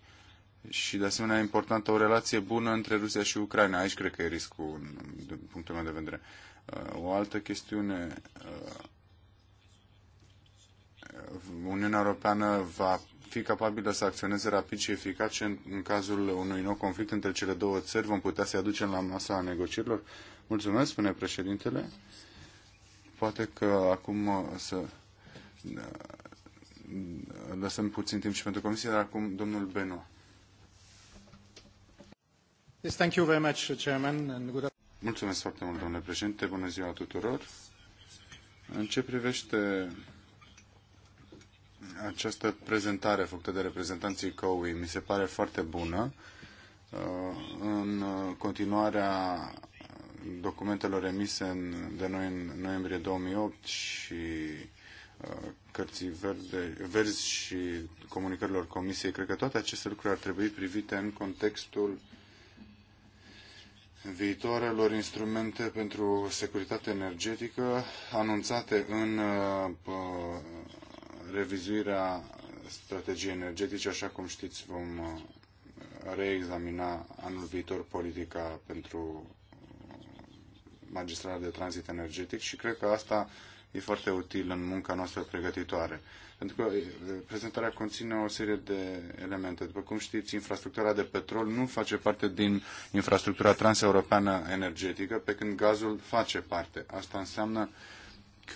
și de asemenea e importantă o relație bună între Rusia și Ucraina. Aici cred că e riscul, din punctul meu de vedere. Uh, o altă chestiune uh, Uniunea Europeană va fi capabilă să acționeze rapid și eficace în, în cazul unui nou conflict între cele două țări? Vom putea să-i aducem la masa negocierilor? Mulțumesc, spune președintele. Poate că acum uh, să uh, lăsăm puțin timp și pentru comisie, dar acum domnul Beno. Yes, thank you very much, uh, Chairman, and good Mulțumesc foarte mult, domnule președinte. Bună ziua tuturor. În ce privește această prezentare făcută de reprezentanții COWI mi se pare foarte bună. Uh, în continuarea documentelor emise de noi în noiembrie 2008 și uh, cărții verde, verzi și comunicărilor comisiei, cred că toate aceste lucruri ar trebui privite în contextul viitoarelor instrumente pentru securitate energetică anunțate în uh, revizuirea strategiei energetice, așa cum știți, vom uh, reexamina anul viitor politica pentru magistrala de tranzit energetic și cred că asta e foarte util în munca noastră pregătitoare. Pentru că uh, prezentarea conține o serie de elemente. După cum știți, infrastructura de petrol nu face parte din infrastructura transeuropeană energetică, pe când gazul face parte. Asta înseamnă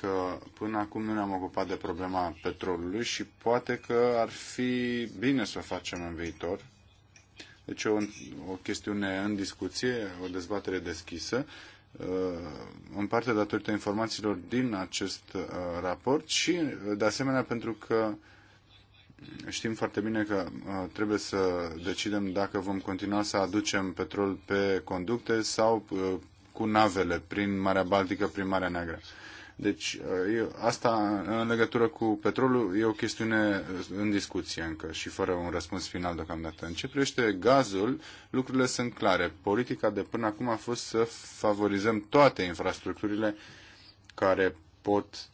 că până acum nu ne-am ocupat de problema petrolului și poate că ar fi bine să o facem în viitor. Deci o, o chestiune în discuție, o dezbatere deschisă, uh, în parte datorită informațiilor din acest uh, raport și, uh, de asemenea, pentru că știm foarte bine că trebuie să decidem dacă vom continua să aducem petrol pe conducte sau cu navele prin Marea Baltică, prin Marea Neagră. Deci uh, asta în legătură cu petrolul e o chestiune uh, în discuție încă și fără un răspuns final deocamdată. În ce privește gazul, lucrurile sunt clare. Politica de până acum a fost să favorizăm toate infrastructurile care pot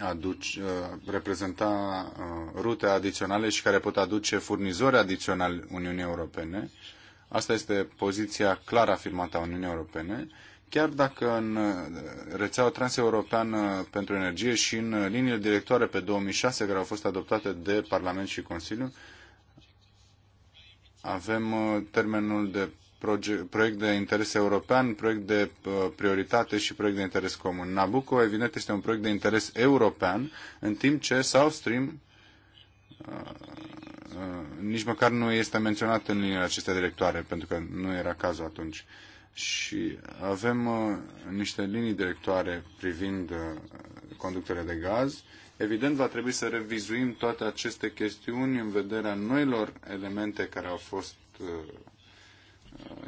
aduce, uh, reprezenta rute adiționale și care pot aduce furnizori adiționali Uniunii Europene. Asta este poziția clar afirmată a Uniunii Europene chiar dacă în uh, rețeaua transeuropeană pentru energie și în uh, liniile directoare pe 2006 care au fost adoptate de Parlament și Consiliu, avem uh, termenul de proiect de interes european, proiect de prioritate și proiect de interes comun. Nabucco, evident, este un proiect de interes european, în timp ce South Stream nici măcar nu este menționat în liniile acestea directoare, pentru că nu era cazul atunci și avem uh, niște linii directoare privind uh, conductele de gaz. Evident, va trebui să revizuim toate aceste chestiuni în vederea noilor elemente care au fost uh,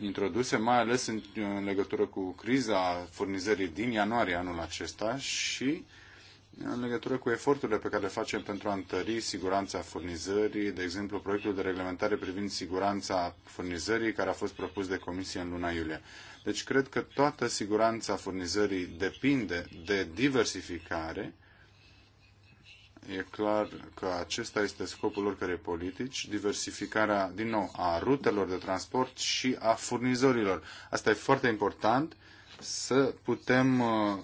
introduse, mai ales în, legătură cu criza furnizării din ianuarie anul acesta și uh, în legătură cu eforturile pe care le facem pentru a întări siguranța furnizării, de exemplu proiectul de reglementare privind siguranța furnizării care a fost propus de Comisie în luna iulie. Deci cred că toată siguranța furnizării depinde de diversificare. E clar că acesta este scopul oricărei politici, diversificarea, din nou, a rutelor de transport și a furnizorilor. Asta e foarte important să putem uh,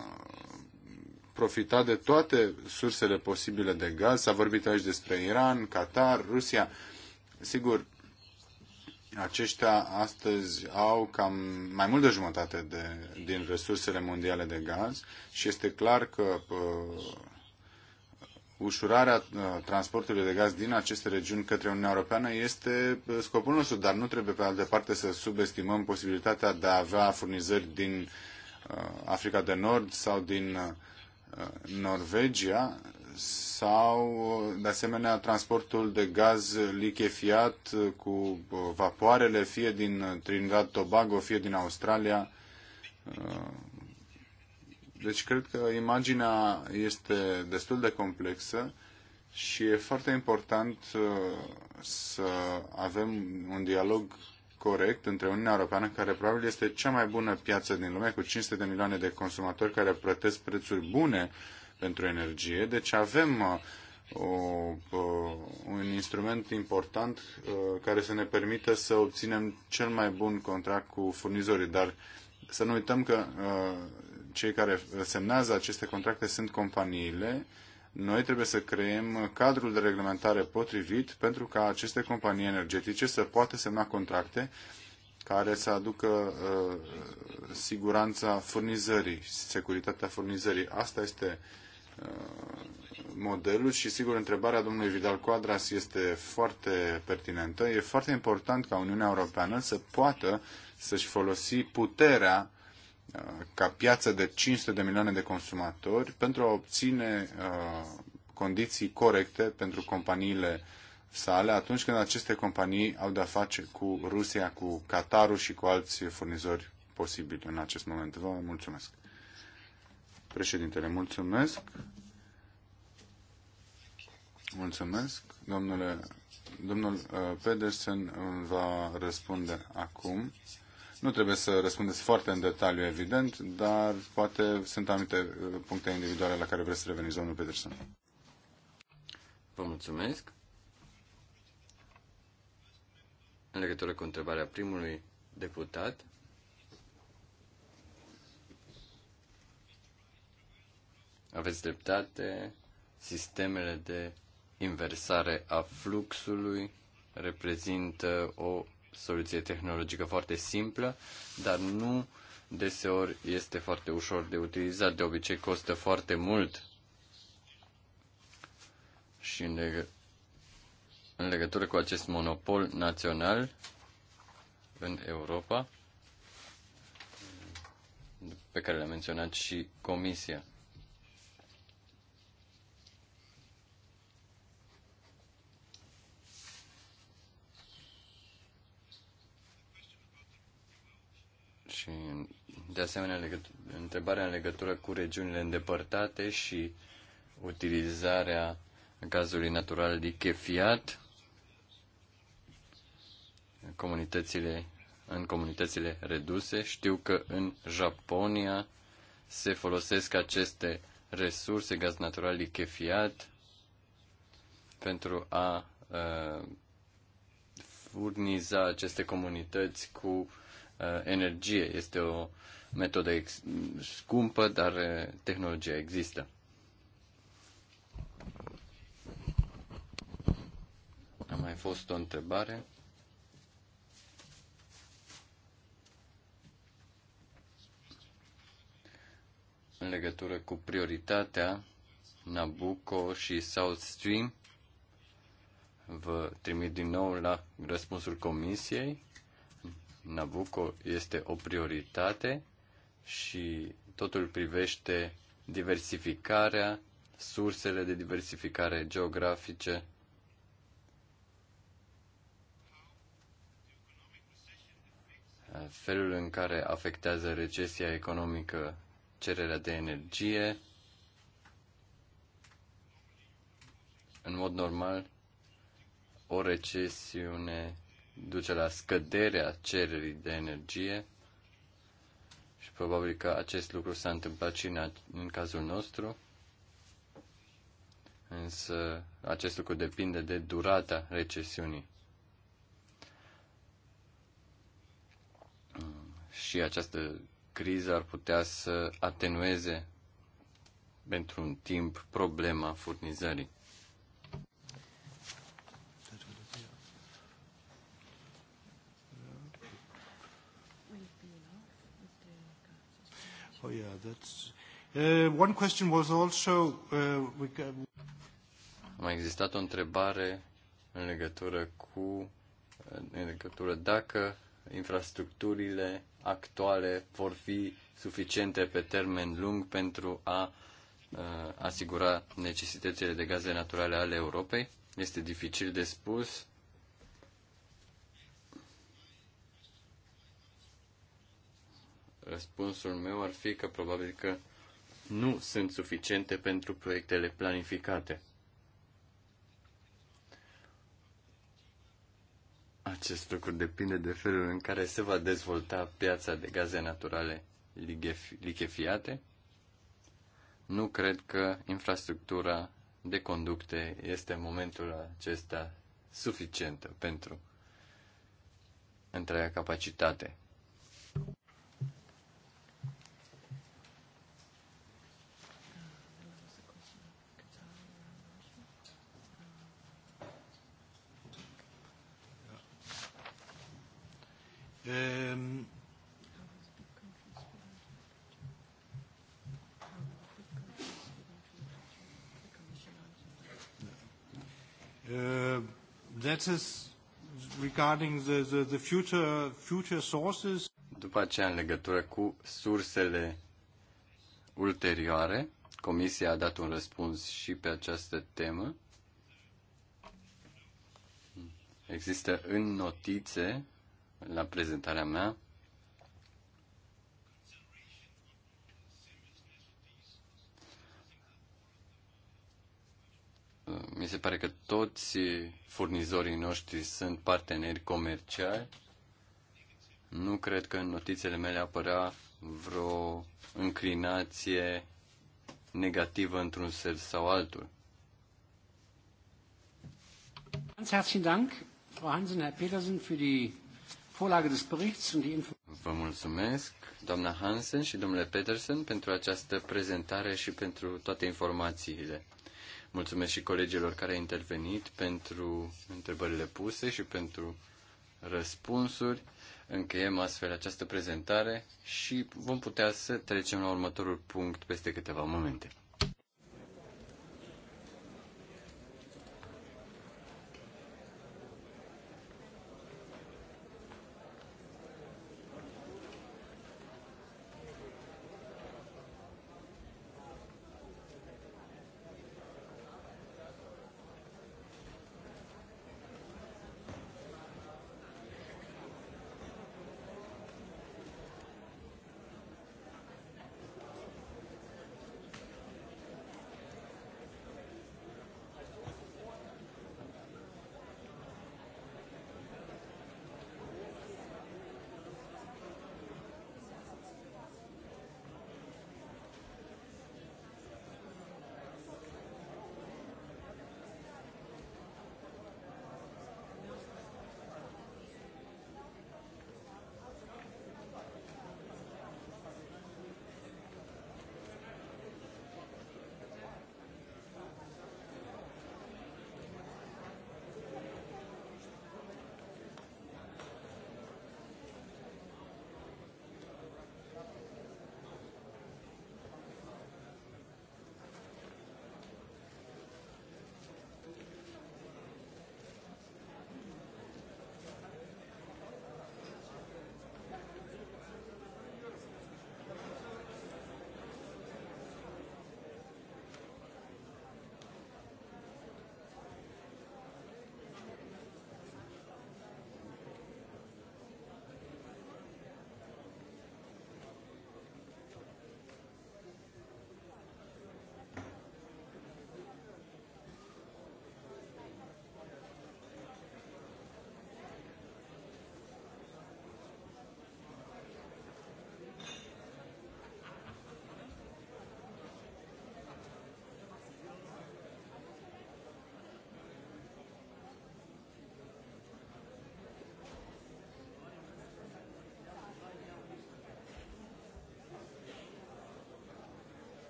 profita de toate sursele posibile de gaz. S-a vorbit aici despre Iran, Qatar, Rusia. Sigur, aceștia astăzi au cam mai mult de jumătate de, din resursele mondiale de gaz și este clar că uh, ușurarea uh, transportului de gaz din aceste regiuni către Uniunea Europeană este uh, scopul nostru, dar nu trebuie pe altă parte să subestimăm posibilitatea de a avea furnizări din uh, Africa de Nord sau din uh, Norvegia sau, de asemenea, transportul de gaz lichefiat cu vapoarele, fie din Trinidad Tobago, fie din Australia. Deci cred că imaginea este destul de complexă și e foarte important să avem un dialog corect între Uniunea Europeană, care probabil este cea mai bună piață din lume, cu 500 de milioane de consumatori care plătesc prețuri bune pentru energie. Deci avem uh, o, uh, un instrument important uh, care să ne permită să obținem cel mai bun contract cu furnizorii, dar să nu uităm că cei care semnează aceste contracte sunt companiile noi trebuie să creăm cadrul de reglementare potrivit pentru ca aceste companii energetice să poată semna contracte care să aducă uh, siguranța furnizării, securitatea furnizării. Asta este uh, modelul și, sigur, întrebarea domnului Vidal Coadras este foarte pertinentă. E foarte important ca Uniunea Europeană să poată să-și folosi puterea ca piață de 500 de milioane de consumatori pentru a obține uh, condiții corecte pentru companiile sale atunci când aceste companii au de-a face cu Rusia, cu Qatarul și cu alți furnizori posibili în acest moment. Vă mulțumesc. Președintele, mulțumesc. Mulțumesc. Domnule, domnul uh, Pedersen va răspunde acum. Nu trebuie să răspundeți foarte în detaliu, evident, dar poate sunt anumite uh, puncte individuale la care vreți să reveniți, domnul Peterson. Vă mulțumesc. În legătură cu întrebarea primului deputat, aveți dreptate, sistemele de inversare a fluxului reprezintă o soluție tehnologică foarte simplă, dar nu deseori este foarte ușor de utilizat. De obicei costă foarte mult și în, leg- în legătură cu acest monopol național în Europa, pe care le-a menționat și Comisia. și de asemenea legăt- întrebarea în legătură cu regiunile îndepărtate și utilizarea gazului natural lichefiat în comunitățile, în comunitățile reduse. Știu că în Japonia se folosesc aceste resurse, gaz natural lichefiat, pentru a uh, furniza aceste comunități cu Eh, energie. Este o metodă scumpă, dar eh, tehnologia există. A mai fost o întrebare. În legătură cu prioritatea Nabucco și South Stream, vă trimit din nou la răspunsul comisiei. Nabucco este o prioritate și totul privește diversificarea, sursele de diversificare geografice. felul în care afectează recesia economică cererea de energie. În mod normal, o recesiune duce la scăderea cererii de energie și probabil că acest lucru s-a întâmplat și în, în cazul nostru, însă acest lucru depinde de durata recesiunii. Și această criză ar putea să atenueze pentru un timp problema furnizării. Oh, yeah, that's... Uh, one question was also... Uh, we can... A mai existat o întrebare în legătură cu uh, în legătură dacă infrastructurile actuale vor fi suficiente pe termen lung pentru a uh, asigura necesitățile de gaze naturale ale Europei. Este dificil de spus. Răspunsul meu ar fi că probabil că nu sunt suficiente pentru proiectele planificate. Acest lucru depinde de felul în care se va dezvolta piața de gaze naturale lichefiate. Nu cred că infrastructura de conducte este în momentul acesta suficientă pentru întreaga capacitate. Um, Uh, that is regarding the, the, the future, future sources. După aceea, în legătură cu sursele ulterioare, Comisia a dat un răspuns și pe această temă. Există în notițe la prezentarea mea. Mi se pare că toți furnizorii noștri sunt parteneri comerciali. Nu cred că în notițele mele apărea vreo înclinație negativă într-un sens sau altul. Ganz herzlichen Dank, Frau Hansen, Herr Petersen, für die Vă mulțumesc, doamna Hansen și domnule Peterson, pentru această prezentare și pentru toate informațiile. Mulțumesc și colegilor care au intervenit pentru întrebările puse și pentru răspunsuri. Încheiem astfel această prezentare și vom putea să trecem la următorul punct peste câteva momente.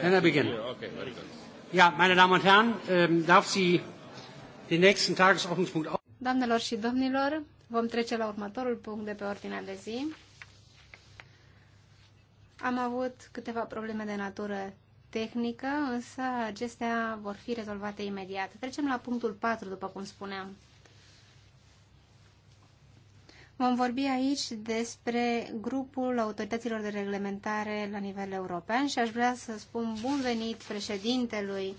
Can I begin? Okay, very good. Ja, meine Damen und Herren, ähm, darf Sie den nächsten Tagesordnungspunkt auf. Doamnelor și domnilor, vom trece la următorul punct de pe ordinea de zi. Am avut câteva probleme de natură tehnică, însă acestea vor fi rezolvate imediat. Trecem la punctul 4, după cum spuneam. Vom vorbi aici despre grupul autorităților de reglementare la nivel european și aș vrea să spun bun venit președintelui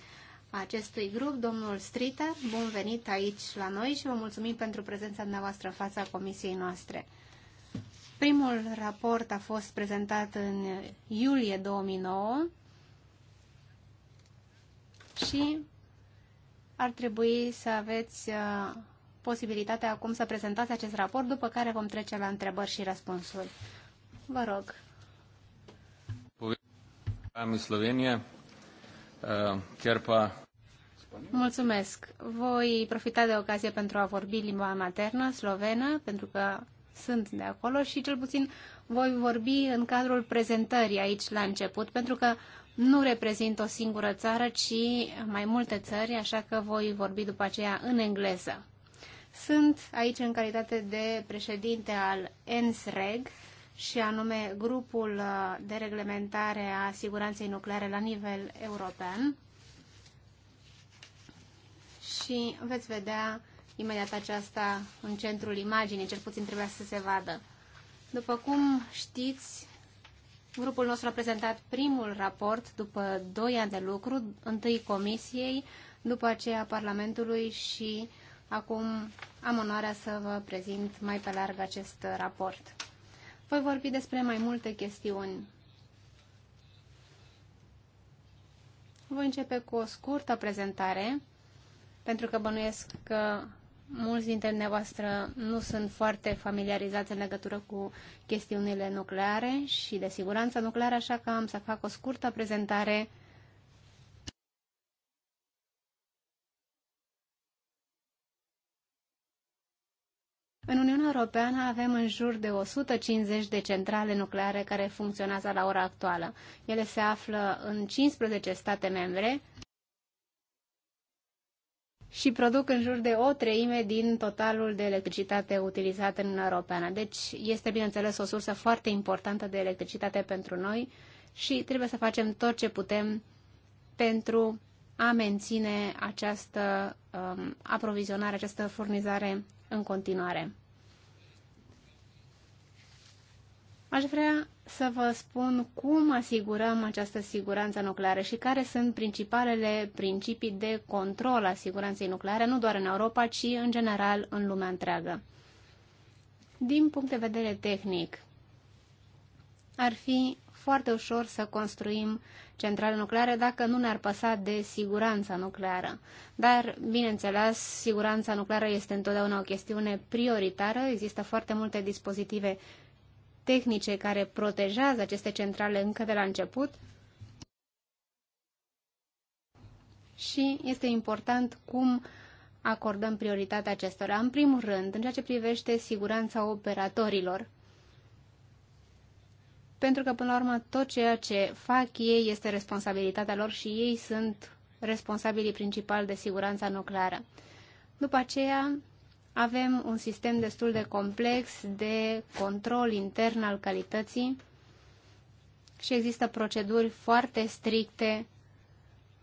acestui grup, domnul Strita. Bun venit aici la noi și vă mulțumim pentru prezența dumneavoastră în fața comisiei noastre. Primul raport a fost prezentat în iulie 2009 și ar trebui să aveți uh, posibilitatea acum să prezentați acest raport, după care vom trece la întrebări și răspunsuri. Vă rog. Slovenia, eh, Mulțumesc. Voi profita de ocazie pentru a vorbi limba maternă, slovenă, pentru că sunt de acolo și cel puțin voi vorbi în cadrul prezentării aici la început, pentru că nu reprezint o singură țară, ci mai multe țări, așa că voi vorbi după aceea în engleză. Sunt aici în calitate de președinte al ENSREG și anume grupul uh, de reglementare a siguranței nucleare la nivel european. Și veți vedea imediat aceasta în centrul imaginii, cel puțin trebuia să se vadă. După cum știți, grupul nostru a prezentat primul raport după 2 ani de lucru, întâi Comisiei, după aceea Parlamentului și uh, Acum am onoarea să vă prezint mai pe larg acest raport. Voi vorbi despre mai multe chestiuni. Voi începe cu o scurtă prezentare, pentru că bănuiesc că mulți dintre dumneavoastră nu sunt foarte familiarizați în legătură cu chestiunile nucleare și de siguranță nucleară, așa că am să fac o scurtă prezentare În Uniunea Europeană avem în jur de 150 de centrale nucleare care funcționează la ora actuală. Ele se află în 15 state membre și produc în jur de o treime din totalul de electricitate utilizată în Uniunea Europeană. Deci este, bineînțeles, o sursă foarte importantă de electricitate pentru noi și trebuie să facem tot ce putem pentru a menține această um, aprovizionare, această furnizare în continuare. Aș vrea să vă spun cum asigurăm această siguranță nucleară și care sunt principalele principii de control a siguranței nucleare, nu doar în Europa, ci în general în lumea întreagă. Din punct de vedere tehnic, ar fi foarte ușor să construim centrale nucleare dacă nu ne-ar păsa de siguranța nucleară. Dar, bineînțeles, siguranța nucleară este întotdeauna o chestiune prioritară. Există foarte multe dispozitive tehnice care protejează aceste centrale încă de la început. Și este important cum acordăm prioritatea acestora. În primul rând, în ceea ce privește siguranța operatorilor pentru că, până la urmă, tot ceea ce fac ei este responsabilitatea lor și ei sunt responsabilii principali de siguranța nucleară. După aceea, avem un sistem destul de complex de control intern al calității și există proceduri foarte stricte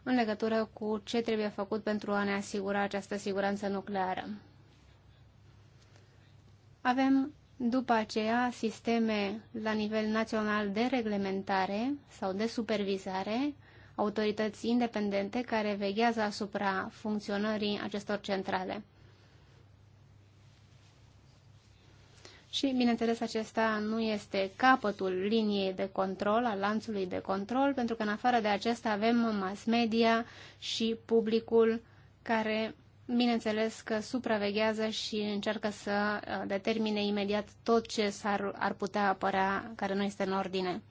în legătură cu ce trebuie făcut pentru a ne asigura această siguranță nucleară. Avem după aceea sisteme la nivel național de reglementare sau de supervizare, autorități independente care veghează asupra funcționării acestor centrale. Și, bineînțeles, acesta nu este capătul liniei de control, al lanțului de control, pentru că, în afară de acesta, avem mass media și publicul care bineînțeles că supraveghează și încearcă să uh, determine imediat tot ce s-ar ar putea apărea care nu este în ordine.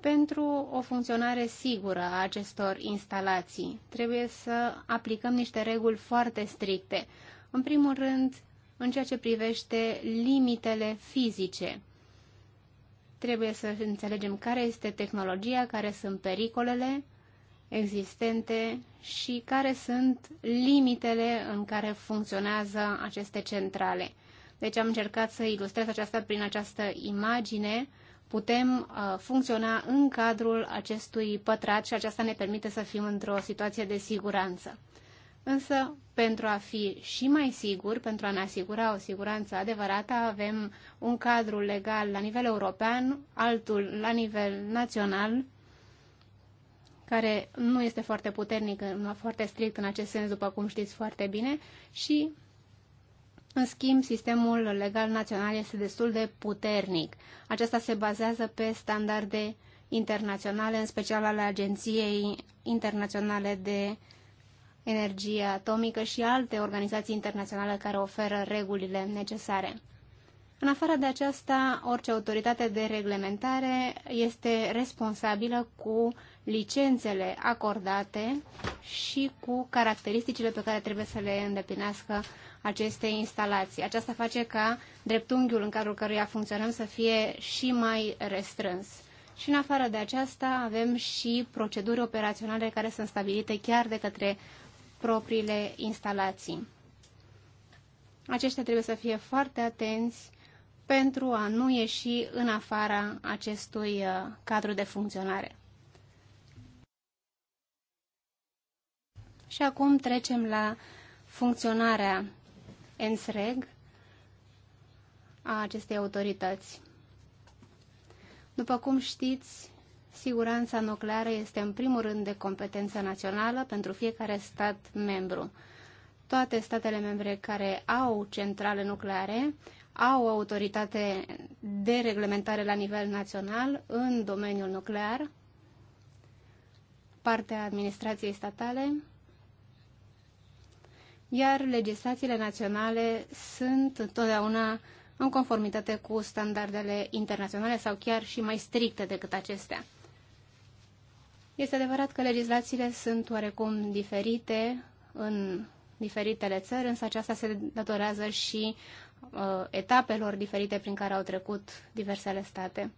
Pentru o funcționare sigură a acestor instalații, trebuie să aplicăm niște reguli foarte stricte. În primul rând, în ceea ce privește limitele fizice. Trebuie să înțelegem care este tehnologia, care sunt pericolele existente și care sunt limitele în care funcționează aceste centrale. Deci am încercat să ilustrez aceasta prin această imagine. Putem uh, funcționa în cadrul acestui pătrat și aceasta ne permite să fim într-o situație de siguranță. Însă, pentru a fi și mai sigur, pentru a ne asigura o siguranță adevărată, avem un cadru legal la nivel european, altul la nivel național care nu este foarte puternic, foarte strict în acest sens, după cum știți foarte bine, și, în schimb, sistemul legal național este destul de puternic. Acesta se bazează pe standarde internaționale, în special ale Agenției Internaționale de Energie Atomică și alte organizații internaționale care oferă regulile necesare. În afară de aceasta, orice autoritate de reglementare este responsabilă cu licențele acordate și cu caracteristicile pe care trebuie să le îndeplinească aceste instalații. Aceasta face ca dreptunghiul în cadrul căruia funcționăm să fie și mai restrâns. Și în afară de aceasta avem și proceduri operaționale care sunt stabilite chiar de către propriile instalații. Aceștia trebuie să fie foarte atenți pentru a nu ieși în afara acestui uh, cadru de funcționare. Și acum trecem la funcționarea ENSREG a acestei autorități. După cum știți, siguranța nucleară este în primul rând de competență națională pentru fiecare stat membru. Toate statele membre care au centrale nucleare au autoritate de reglementare la nivel național în domeniul nuclear, partea administrației statale iar legislațiile naționale sunt întotdeauna în conformitate cu standardele internaționale sau chiar și mai stricte decât acestea. Este adevărat că legislațiile sunt oarecum diferite în diferitele țări, însă aceasta se datorează și uh, etapelor diferite prin care au trecut diversele state.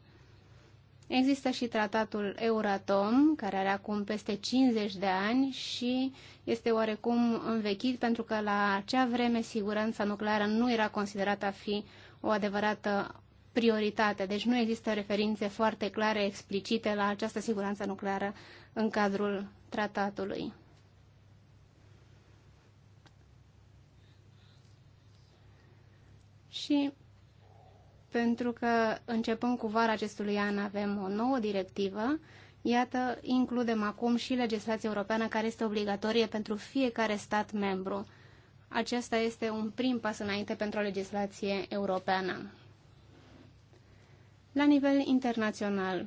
Există și tratatul Euratom, care are acum peste 50 de ani și este oarecum învechit pentru că la acea vreme siguranța nucleară nu era considerată a fi o adevărată prioritate. Deci nu există referințe foarte clare, explicite la această siguranță nucleară în cadrul tratatului. Și pentru că începând cu vara acestui an avem o nouă directivă. Iată, includem acum și legislația europeană care este obligatorie pentru fiecare stat membru. Acesta este un prim pas înainte pentru o legislație europeană. La nivel internațional,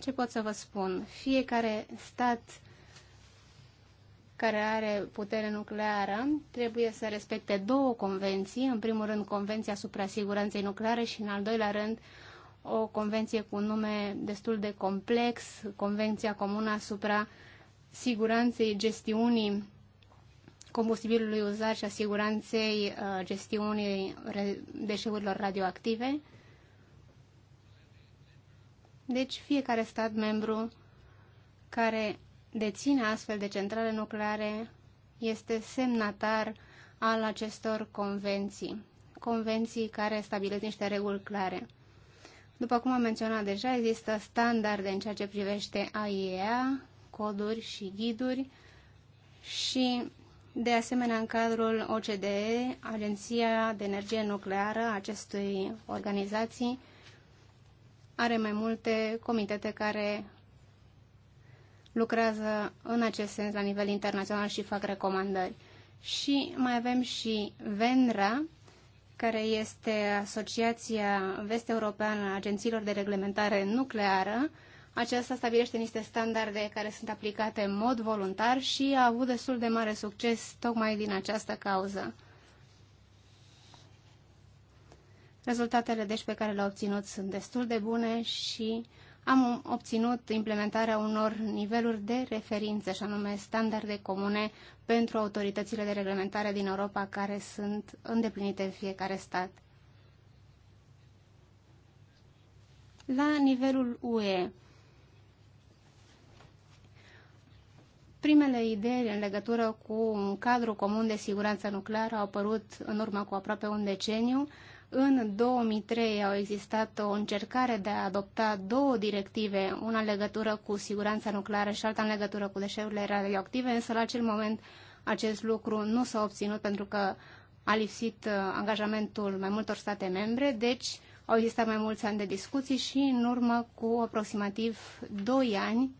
ce pot să vă spun? Fiecare stat care are putere nucleară, trebuie să respecte două convenții. În primul rând, Convenția asupra siguranței nucleare și, în al doilea rând, o convenție cu un nume destul de complex, Convenția Comună asupra siguranței gestiunii combustibilului uzat și a siguranței uh, gestiunii deșeurilor radioactive. Deci fiecare stat membru care deține astfel de centrale nucleare este semnatar al acestor convenții, convenții care stabilesc niște reguli clare. După cum am menționat deja, există standarde în ceea ce privește AIEA, coduri și ghiduri și, de asemenea, în cadrul OCDE, Agenția de Energie Nucleară acestui organizații, are mai multe comitete care lucrează în acest sens la nivel internațional și fac recomandări. Și mai avem și VENRA, care este Asociația Vest-Europeană a Agențiilor de Reglementare Nucleară. Aceasta stabilește niște standarde care sunt aplicate în mod voluntar și a avut destul de mare succes tocmai din această cauză. Rezultatele deci pe care le au obținut sunt destul de bune și am obținut implementarea unor niveluri de referință, și anume standarde comune pentru autoritățile de reglementare din Europa care sunt îndeplinite în fiecare stat. La nivelul UE, primele idei în legătură cu un cadru comun de siguranță nucleară au apărut în urmă cu aproape un deceniu, în 2003 au existat o încercare de a adopta două directive, una în legătură cu siguranța nucleară și alta în legătură cu deșeurile radioactive, însă la acel moment acest lucru nu s-a obținut pentru că a lipsit uh, angajamentul mai multor state membre, deci au existat mai mulți ani de discuții și în urmă cu aproximativ 2 ani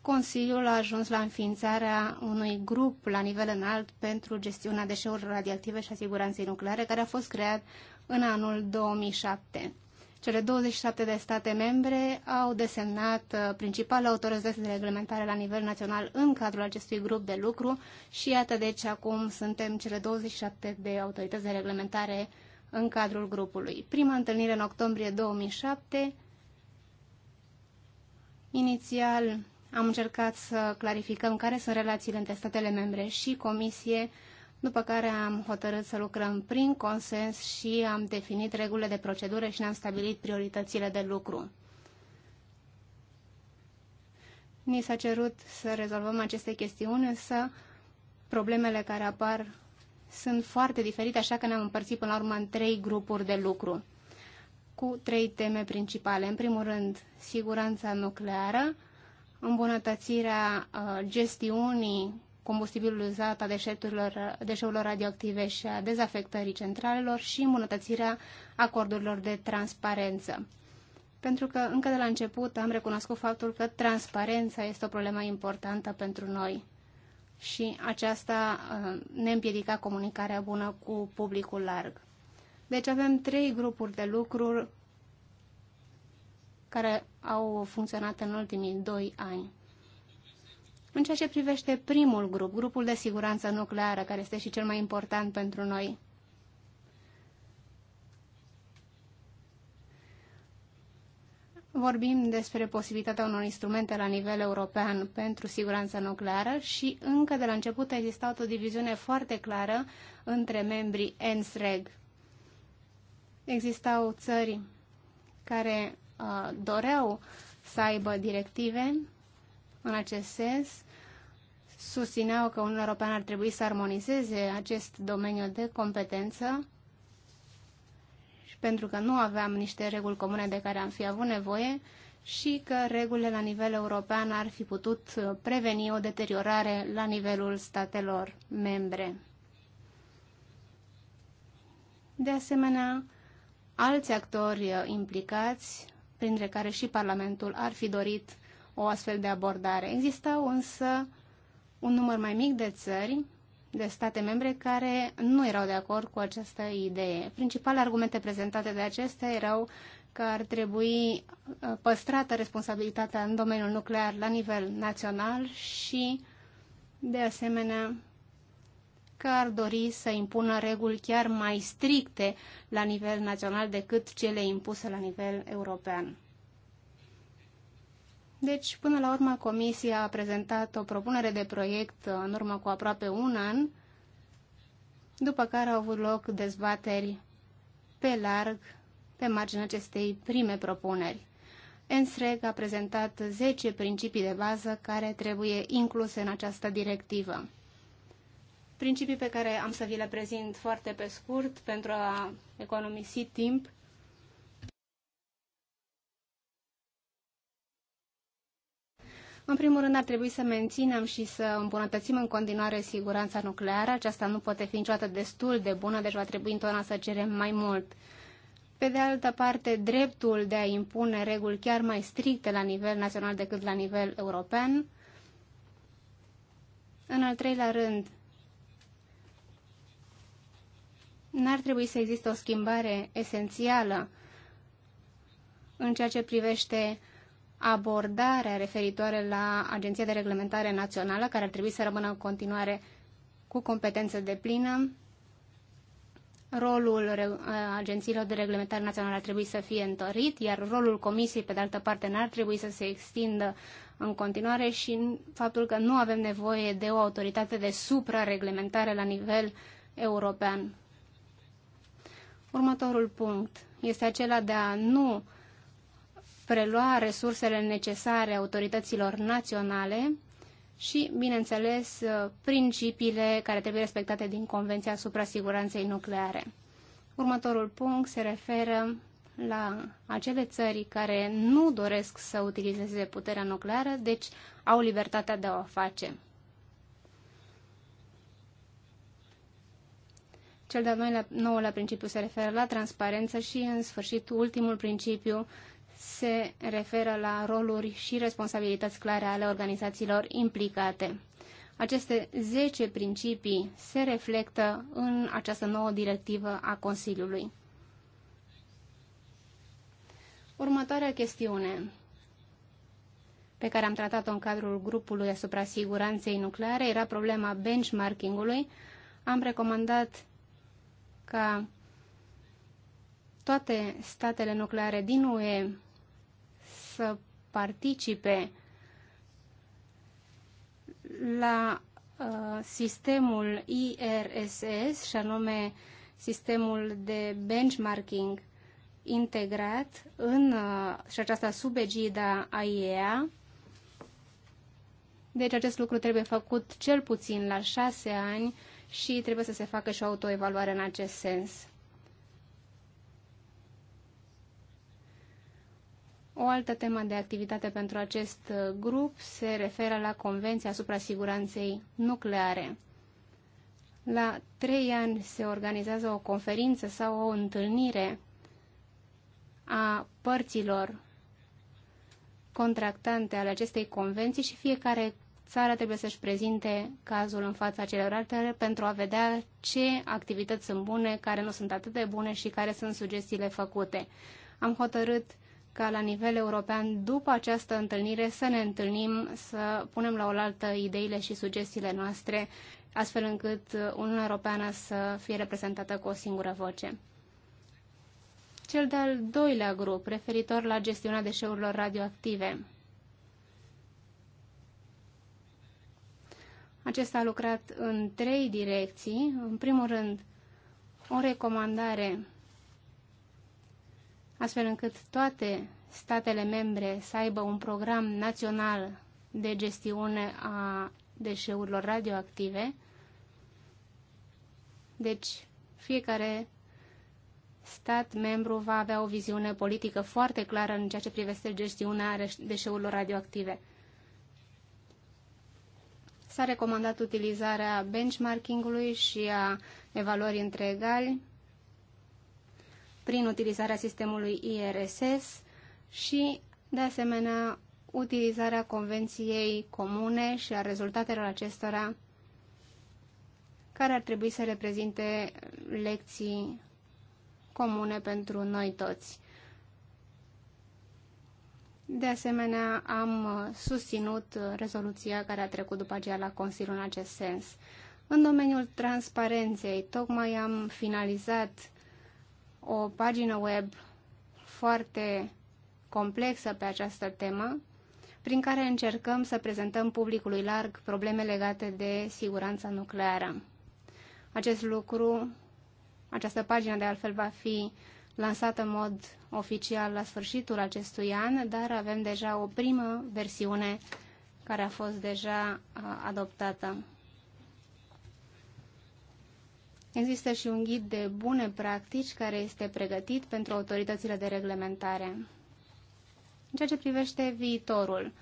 Consiliul a ajuns la înființarea unui grup la nivel înalt pentru gestiunea deșeurilor radioactive și a siguranței nucleare, care a fost creat în anul 2007. Cele 27 de state membre au desemnat uh, principalele autorități de reglementare la nivel național în cadrul acestui grup de lucru și iată deci acum suntem cele 27 de autorități de reglementare în cadrul grupului. Prima întâlnire în octombrie 2007. Inițial am încercat să clarificăm care sunt relațiile între statele membre și Comisie după care am hotărât să lucrăm prin consens și am definit regulile de procedură și ne-am stabilit prioritățile de lucru. Ni s-a cerut să rezolvăm aceste chestiuni, însă problemele care apar sunt foarte diferite, așa că ne-am împărțit până la urmă în trei grupuri de lucru cu trei teme principale. În primul rând, siguranța nucleară, îmbunătățirea uh, gestiunii uzat, a deșeurilor, deșeurilor radioactive și a dezafectării centralelor și îmbunătățirea acordurilor de transparență. Pentru că încă de la început am recunoscut faptul că transparența este o problemă importantă pentru noi și aceasta uh, ne împiedica comunicarea bună cu publicul larg. Deci avem trei grupuri de lucruri care au funcționat în ultimii doi ani. În ceea ce privește primul grup, grupul de siguranță nucleară, care este și cel mai important pentru noi, vorbim despre posibilitatea unor instrumente la nivel european pentru siguranța nucleară și încă de la început a existat o diviziune foarte clară între membrii ENSREG. Existau țări care uh, doreau să aibă directive în acest sens susțineau că Uniunea Europeană ar trebui să armonizeze acest domeniu de competență și pentru că nu aveam niște reguli comune de care am fi avut nevoie și că regulile la nivel european ar fi putut preveni o deteriorare la nivelul statelor membre. De asemenea, alți actori implicați, printre care și Parlamentul, ar fi dorit o astfel de abordare. Existau însă un număr mai mic de țări, de state membre, care nu erau de acord cu această idee. Principalele argumente prezentate de acestea erau că ar trebui uh, păstrată responsabilitatea în domeniul nuclear la nivel național și, de asemenea, că ar dori să impună reguli chiar mai stricte la nivel național decât cele impuse la nivel european. Deci, până la urmă, Comisia a prezentat o propunere de proiect în urmă cu aproape un an, după care au avut loc dezbateri pe larg pe marginea acestei prime propuneri. ENSREG a prezentat 10 principii de bază care trebuie incluse în această directivă. Principii pe care am să vi le prezint foarte pe scurt pentru a economisi timp În primul rând, ar trebui să menținem și să îmbunătățim în continuare siguranța nucleară. Aceasta nu poate fi niciodată destul de bună, deci va trebui întotdeauna să cerem mai mult. Pe de altă parte, dreptul de a impune reguli chiar mai stricte la nivel național decât la nivel european. În al treilea rând, n-ar trebui să existe o schimbare esențială în ceea ce privește abordarea referitoare la Agenția de Reglementare Națională, care ar trebui să rămână în continuare cu competență de plină. Rolul agențiilor de reglementare națională ar trebui să fie întărit, iar rolul Comisiei, pe de altă parte, n-ar trebui să se extindă în continuare și faptul că nu avem nevoie de o autoritate de suprareglementare la nivel european. Următorul punct este acela de a nu prelua resursele necesare autorităților naționale și, bineînțeles, principiile care trebuie respectate din Convenția asupra siguranței nucleare. Următorul punct se referă la acele țări care nu doresc să utilizeze puterea nucleară, deci au libertatea de a o face. Cel de-al nouălea principiu se referă la transparență și, în sfârșit, ultimul principiu se referă la roluri și responsabilități clare ale organizațiilor implicate. Aceste 10 principii se reflectă în această nouă directivă a Consiliului. Următoarea chestiune pe care am tratat-o în cadrul grupului asupra siguranței nucleare era problema benchmarking-ului. Am recomandat ca toate statele nucleare din UE să participe la uh, sistemul IRSS, și anume sistemul de benchmarking integrat în, uh, și aceasta sub egida AIEA. Deci acest lucru trebuie făcut cel puțin la șase ani și trebuie să se facă și o autoevaluare în acest sens. O altă temă de activitate pentru acest grup se referă la Convenția asupra siguranței nucleare. La trei ani se organizează o conferință sau o întâlnire a părților contractante ale acestei convenții și fiecare țară trebuie să-și prezinte cazul în fața celorlalte pentru a vedea ce activități sunt bune, care nu sunt atât de bune și care sunt sugestiile făcute. Am hotărât ca la nivel european, după această întâlnire, să ne întâlnim, să punem la oaltă ideile și sugestiile noastre, astfel încât Uniunea Europeană să fie reprezentată cu o singură voce. Cel de-al doilea grup, referitor la gestiunea deșeurilor radioactive. Acesta a lucrat în trei direcții. În primul rând, o recomandare astfel încât toate statele membre să aibă un program național de gestiune a deșeurilor radioactive. Deci, fiecare stat membru va avea o viziune politică foarte clară în ceea ce privește gestiunea deșeurilor radioactive. S-a recomandat utilizarea benchmarking-ului și a evaluării între egali, prin utilizarea sistemului IRSS și, de asemenea, utilizarea Convenției Comune și a rezultatelor acestora care ar trebui să reprezinte lecții comune pentru noi toți. De asemenea, am susținut rezoluția care a trecut după aceea la Consiliul în acest sens. În domeniul transparenței, tocmai am finalizat o pagină web foarte complexă pe această temă, prin care încercăm să prezentăm publicului larg probleme legate de siguranța nucleară. Acest lucru, această pagină de altfel va fi lansată în mod oficial la sfârșitul acestui an, dar avem deja o primă versiune care a fost deja adoptată. Există și un ghid de bune practici care este pregătit pentru autoritățile de reglementare. În ceea ce privește viitorul,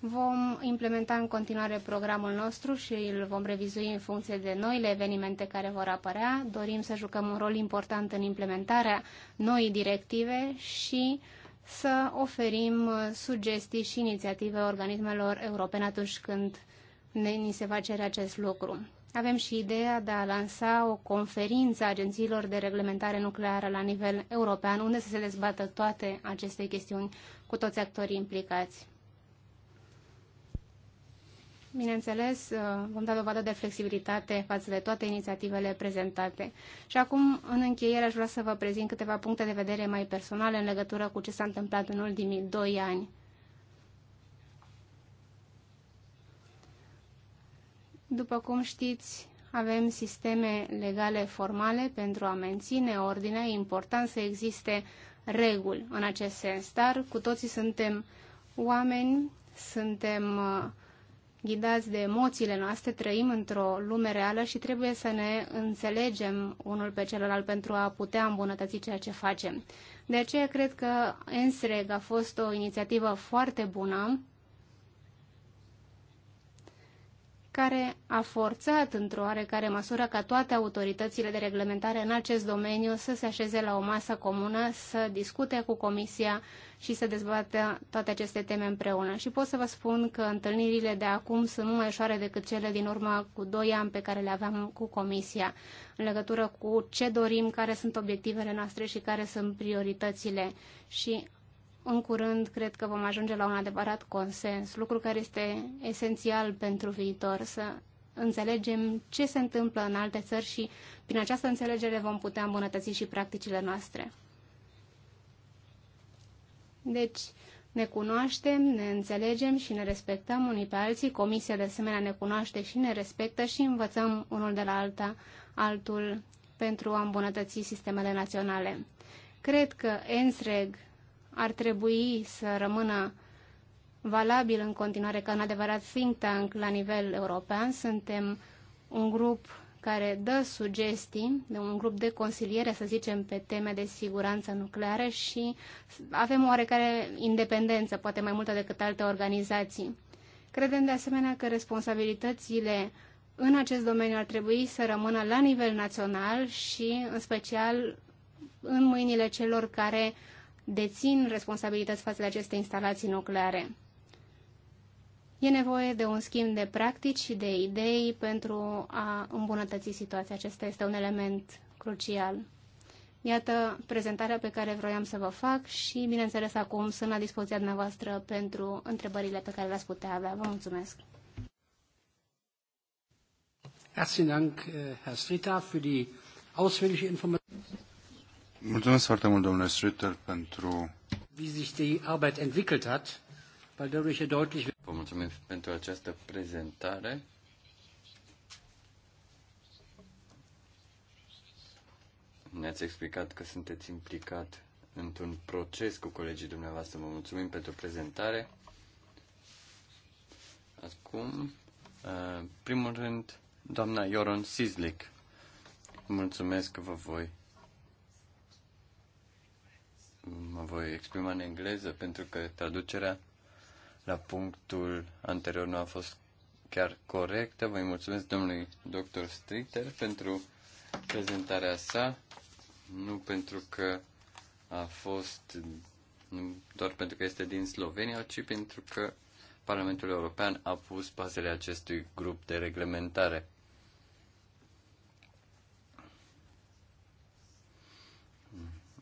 vom implementa în continuare programul nostru și îl vom revizui în funcție de noile evenimente care vor apărea. Dorim să jucăm un rol important în implementarea noii directive și să oferim sugestii și inițiative organismelor europene atunci când ne, ni se va cere acest lucru. Avem și ideea de a lansa o conferință a agențiilor de reglementare nucleară la nivel european, unde să se dezbată toate aceste chestiuni cu toți actorii implicați. Bineînțeles, uh, vom da dovadă de flexibilitate față de toate inițiativele prezentate. Și acum, în încheiere, aș vrea să vă prezint câteva puncte de vedere mai personale în legătură cu ce s-a întâmplat în ultimii doi ani. După cum știți, avem sisteme legale formale pentru a menține ordinea. E important să existe reguli în acest sens, dar cu toții suntem oameni, suntem uh, ghidați de emoțiile noastre, trăim într-o lume reală și trebuie să ne înțelegem unul pe celălalt pentru a putea îmbunătăți ceea ce facem. De aceea cred că ENSREG a fost o inițiativă foarte bună care a forțat într-o oarecare măsură ca toate autoritățile de reglementare în acest domeniu să se așeze la o masă comună, să discute cu Comisia și să dezbată toate aceste teme împreună. Și pot să vă spun că întâlnirile de acum sunt mai ușoare decât cele din urmă cu doi ani pe care le aveam cu Comisia în legătură cu ce dorim, care sunt obiectivele noastre și care sunt prioritățile. Și în curând cred că vom ajunge la un adevărat consens, lucru care este esențial pentru viitor, să înțelegem ce se întâmplă în alte țări și prin această înțelegere vom putea îmbunătăți și practicile noastre. Deci, ne cunoaștem, ne înțelegem și ne respectăm unii pe alții, comisia de asemenea ne cunoaște și ne respectă și învățăm unul de la alta, altul pentru a îmbunătăți sistemele naționale. Cred că ENSREG ar trebui să rămână valabil în continuare ca un adevărat think tank la nivel european. Suntem un grup care dă sugestii, de un grup de consiliere, să zicem, pe teme de siguranță nucleară și avem oarecare independență, poate mai multă decât alte organizații. Credem de asemenea că responsabilitățile în acest domeniu ar trebui să rămână la nivel național și, în special, în mâinile celor care uh, dețin responsabilități față de aceste instalații nucleare. E nevoie de un schimb de practici și de idei pentru a îmbunătăți situația. Acesta este un element crucial. Iată prezentarea pe care vroiam să vă fac și, bineînțeles, acum sunt la dispoziția dumneavoastră pentru întrebările pe care le-ați putea avea. Vă mulțumesc! Herzlichen Dank, eh, Herr Strita, für die ausführliche Information. Mulțumesc foarte mult, domnule Schröter, pentru... Wie sich die Arbeit entwickelt hat, weil dadurch ja deutlich... Vă mulțumesc pentru această prezentare. Ne-ați explicat că sunteți implicat într-un proces cu colegii dumneavoastră. Vă mulțumim pentru prezentare. Acum, primul rând, doamna Ioron Sizlik. Mulțumesc că vă voi mă voi exprima în engleză pentru că traducerea la punctul anterior nu a fost chiar corectă. Vă mulțumesc domnului dr. Stritter pentru prezentarea sa, nu pentru că a fost nu doar pentru că este din Slovenia, ci pentru că Parlamentul European a pus bazele acestui grup de reglementare.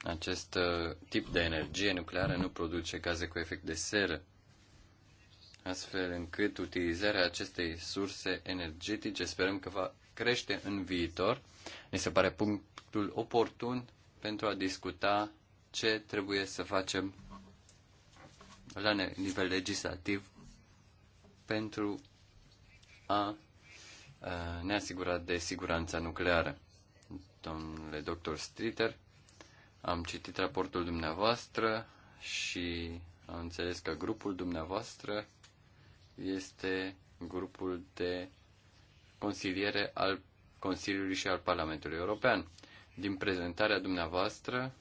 Acest uh, tip de energie nucleară nu produce gaze cu efect de seră, astfel încât utilizarea acestei surse energetice sperăm că va crește în viitor. ne se pare punctul oportun pentru a discuta ce trebuie să facem la nivel legislativ pentru a ne asigura de siguranța nucleară. Domnule doctor Stritter, am citit raportul dumneavoastră și am înțeles că grupul dumneavoastră este grupul de consiliere al Consiliului și al Parlamentului European. Din prezentarea dumneavoastră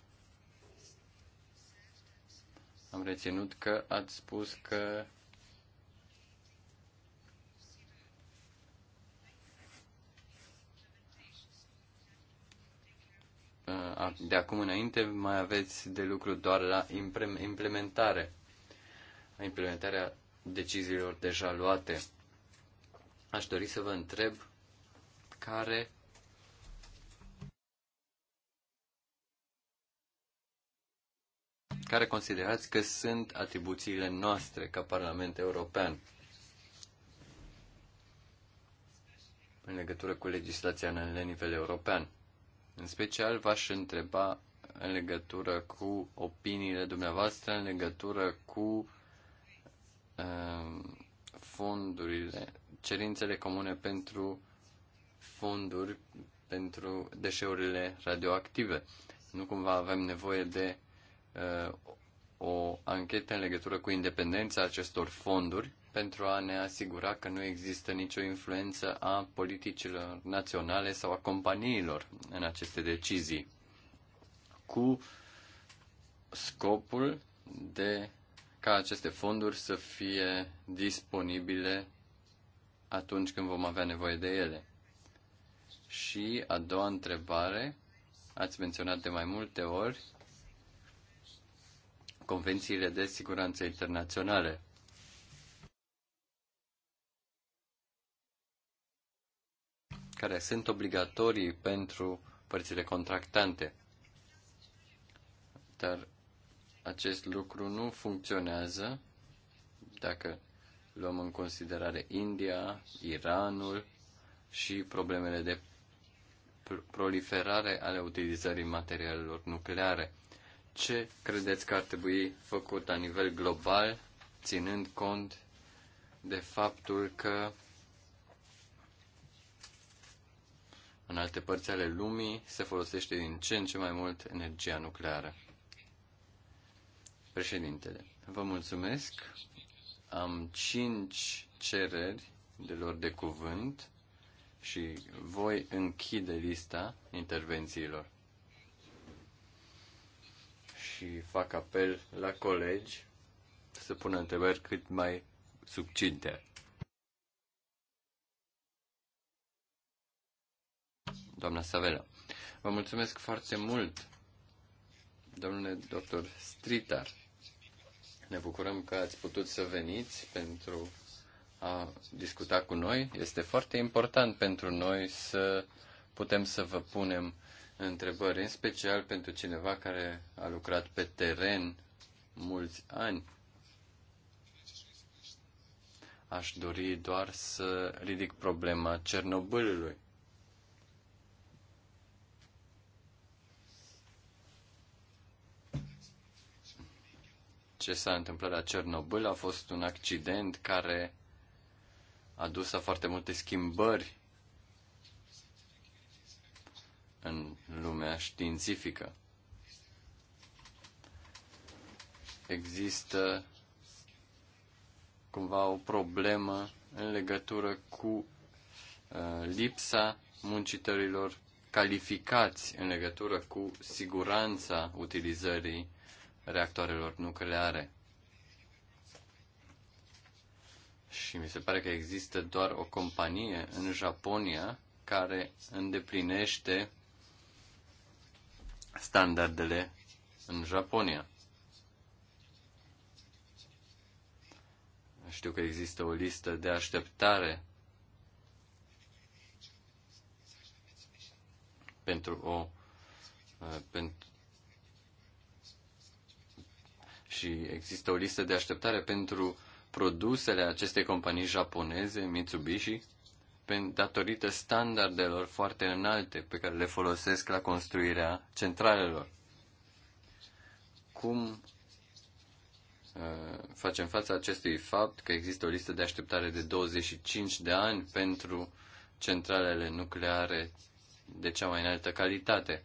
am reținut că ați spus că de acum înainte mai aveți de lucru doar la implementare, la implementarea deciziilor deja luate. Aș dori să vă întreb care care considerați că sunt atribuțiile noastre ca Parlament European în legătură cu legislația la nivel european. În special v-aș întreba în legătură cu opiniile dumneavoastră, în legătură cu uh, fondurile, cerințele comune pentru fonduri pentru deșeurile radioactive. Nu cumva avem nevoie de uh, o anchetă în legătură cu independența acestor fonduri pentru a ne asigura că nu există nicio influență a politicilor naționale sau a companiilor în aceste decizii, cu scopul de ca aceste fonduri să fie disponibile atunci când vom avea nevoie de ele. Și a doua întrebare, ați menționat de mai multe ori convențiile de siguranță internaționale. care sunt obligatorii pentru părțile contractante. Dar acest lucru nu funcționează dacă luăm în considerare India, Iranul și problemele de proliferare ale utilizării materialelor nucleare. Ce credeți că ar trebui făcut la nivel global, ținând cont de faptul că În alte părți ale lumii se folosește din ce în ce mai mult energia nucleară. Președintele, vă mulțumesc. Am cinci cereri de lor de cuvânt și voi închide lista intervențiilor. Și fac apel la colegi să pună întrebări cât mai succinte. doamna Savela. Vă mulțumesc foarte mult, domnule doctor Stritar. Ne bucurăm că ați putut să veniți pentru a discuta cu noi. Este foarte important pentru noi să putem să vă punem întrebări, în special pentru cineva care a lucrat pe teren mulți ani. Aș dori doar să ridic problema Cernobâlului. ce s-a întâmplat la Cernobâl a fost un accident care a dus la foarte multe schimbări în lumea științifică. Există cumva o problemă în legătură cu uh, lipsa muncitorilor calificați în legătură cu siguranța utilizării reactoarelor nucleare. Și mi se pare că există doar o companie în Japonia care îndeplinește standardele în Japonia. Știu că există o listă de așteptare pentru o pentru și există o listă de așteptare pentru produsele acestei companii japoneze, Mitsubishi, datorită standardelor foarte înalte pe care le folosesc la construirea centralelor. Cum uh, facem față acestui fapt că există o listă de așteptare de 25 de ani pentru centralele nucleare de cea mai înaltă calitate.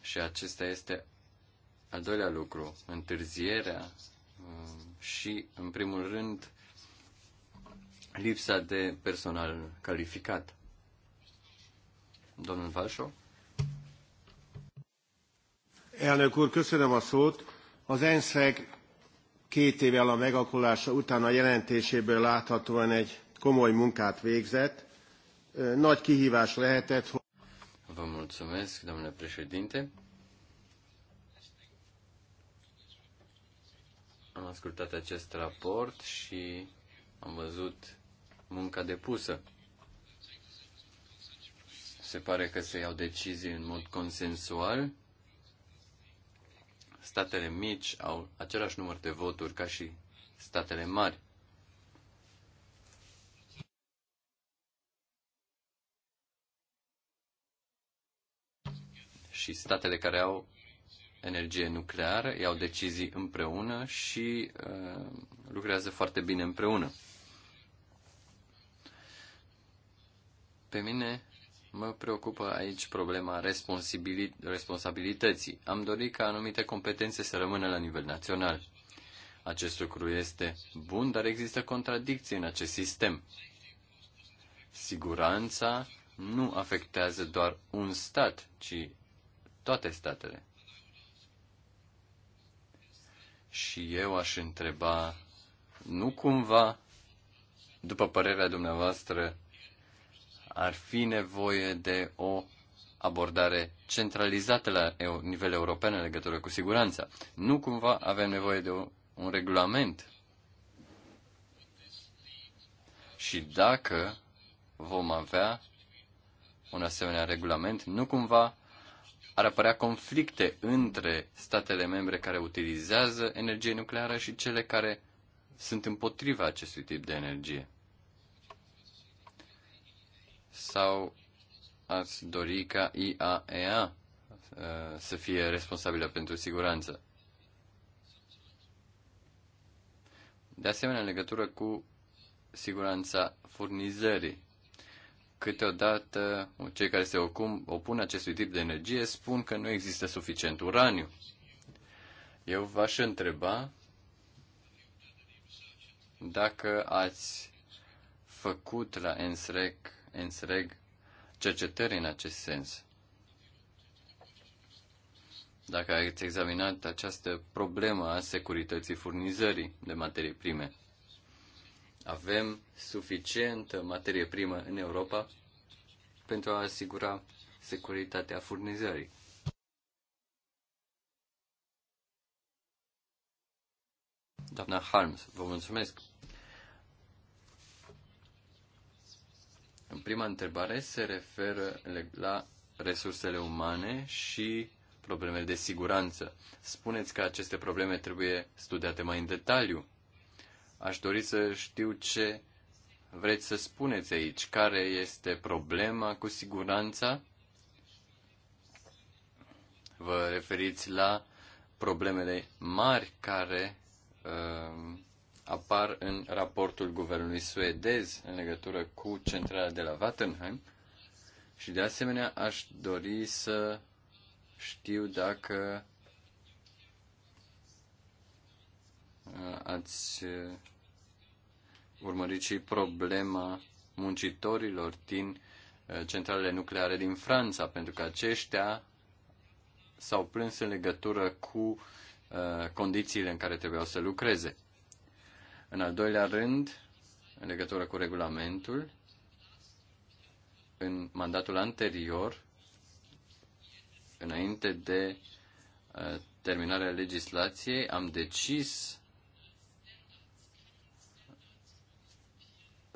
Și acesta este al doilea lucru, întârzierea uh, și, în primul rând, lipsa de personal calificat. Domnul Valșo? Elnök úr, köszönöm a szót. Az ENSZEG két évvel a megakulása után a jelentéséből láthatóan egy komoly munkát végzett. Nagy kihívás lehetett, hogy... Vă mulțumesc, domnule președinte. Am ascultat acest raport și am văzut munca depusă. Se pare că se iau decizii în mod consensual. Statele mici au același număr de voturi ca și statele mari. Și statele care au energie nucleară, iau decizii împreună și uh, lucrează foarte bine împreună. Pe mine mă preocupă aici problema responsabilității. Am dorit ca anumite competențe să rămână la nivel național. Acest lucru este bun, dar există contradicții în acest sistem. Siguranța nu afectează doar un stat, ci toate statele. Și eu aș întreba, nu cumva, după părerea dumneavoastră, ar fi nevoie de o abordare centralizată la nivel european în legătură cu siguranța. Nu cumva avem nevoie de un regulament. Și dacă vom avea un asemenea regulament, nu cumva ar apărea conflicte între statele membre care utilizează energie nucleară și cele care sunt împotriva acestui tip de energie? Sau ați dori ca IAEA uh, să fie responsabilă pentru siguranță? De asemenea, în legătură cu siguranța furnizării, câteodată cei care se ocum, opun acestui tip de energie spun că nu există suficient uraniu. Eu v-aș întreba dacă ați făcut la ENSREG, ENSREG cercetări în acest sens. Dacă ați examinat această problemă a securității furnizării de materii prime. Avem suficientă materie primă în Europa pentru a asigura securitatea furnizării. Doamna Harms, vă mulțumesc. În prima întrebare se referă la resursele umane și problemele de siguranță. Spuneți că aceste probleme trebuie studiate mai în detaliu. Aș dori să știu ce vreți să spuneți aici, care este problema cu siguranța. Vă referiți la problemele mari care uh, apar în raportul guvernului suedez în legătură cu centrala de la Vattenheim și de asemenea aș dori să știu dacă ați urmărit și problema muncitorilor din uh, centralele nucleare din Franța, pentru că aceștia s-au plâns în legătură cu uh, condițiile în care trebuiau să lucreze. În al doilea rând, în legătură cu regulamentul, în mandatul anterior, înainte de uh, terminarea legislației, am decis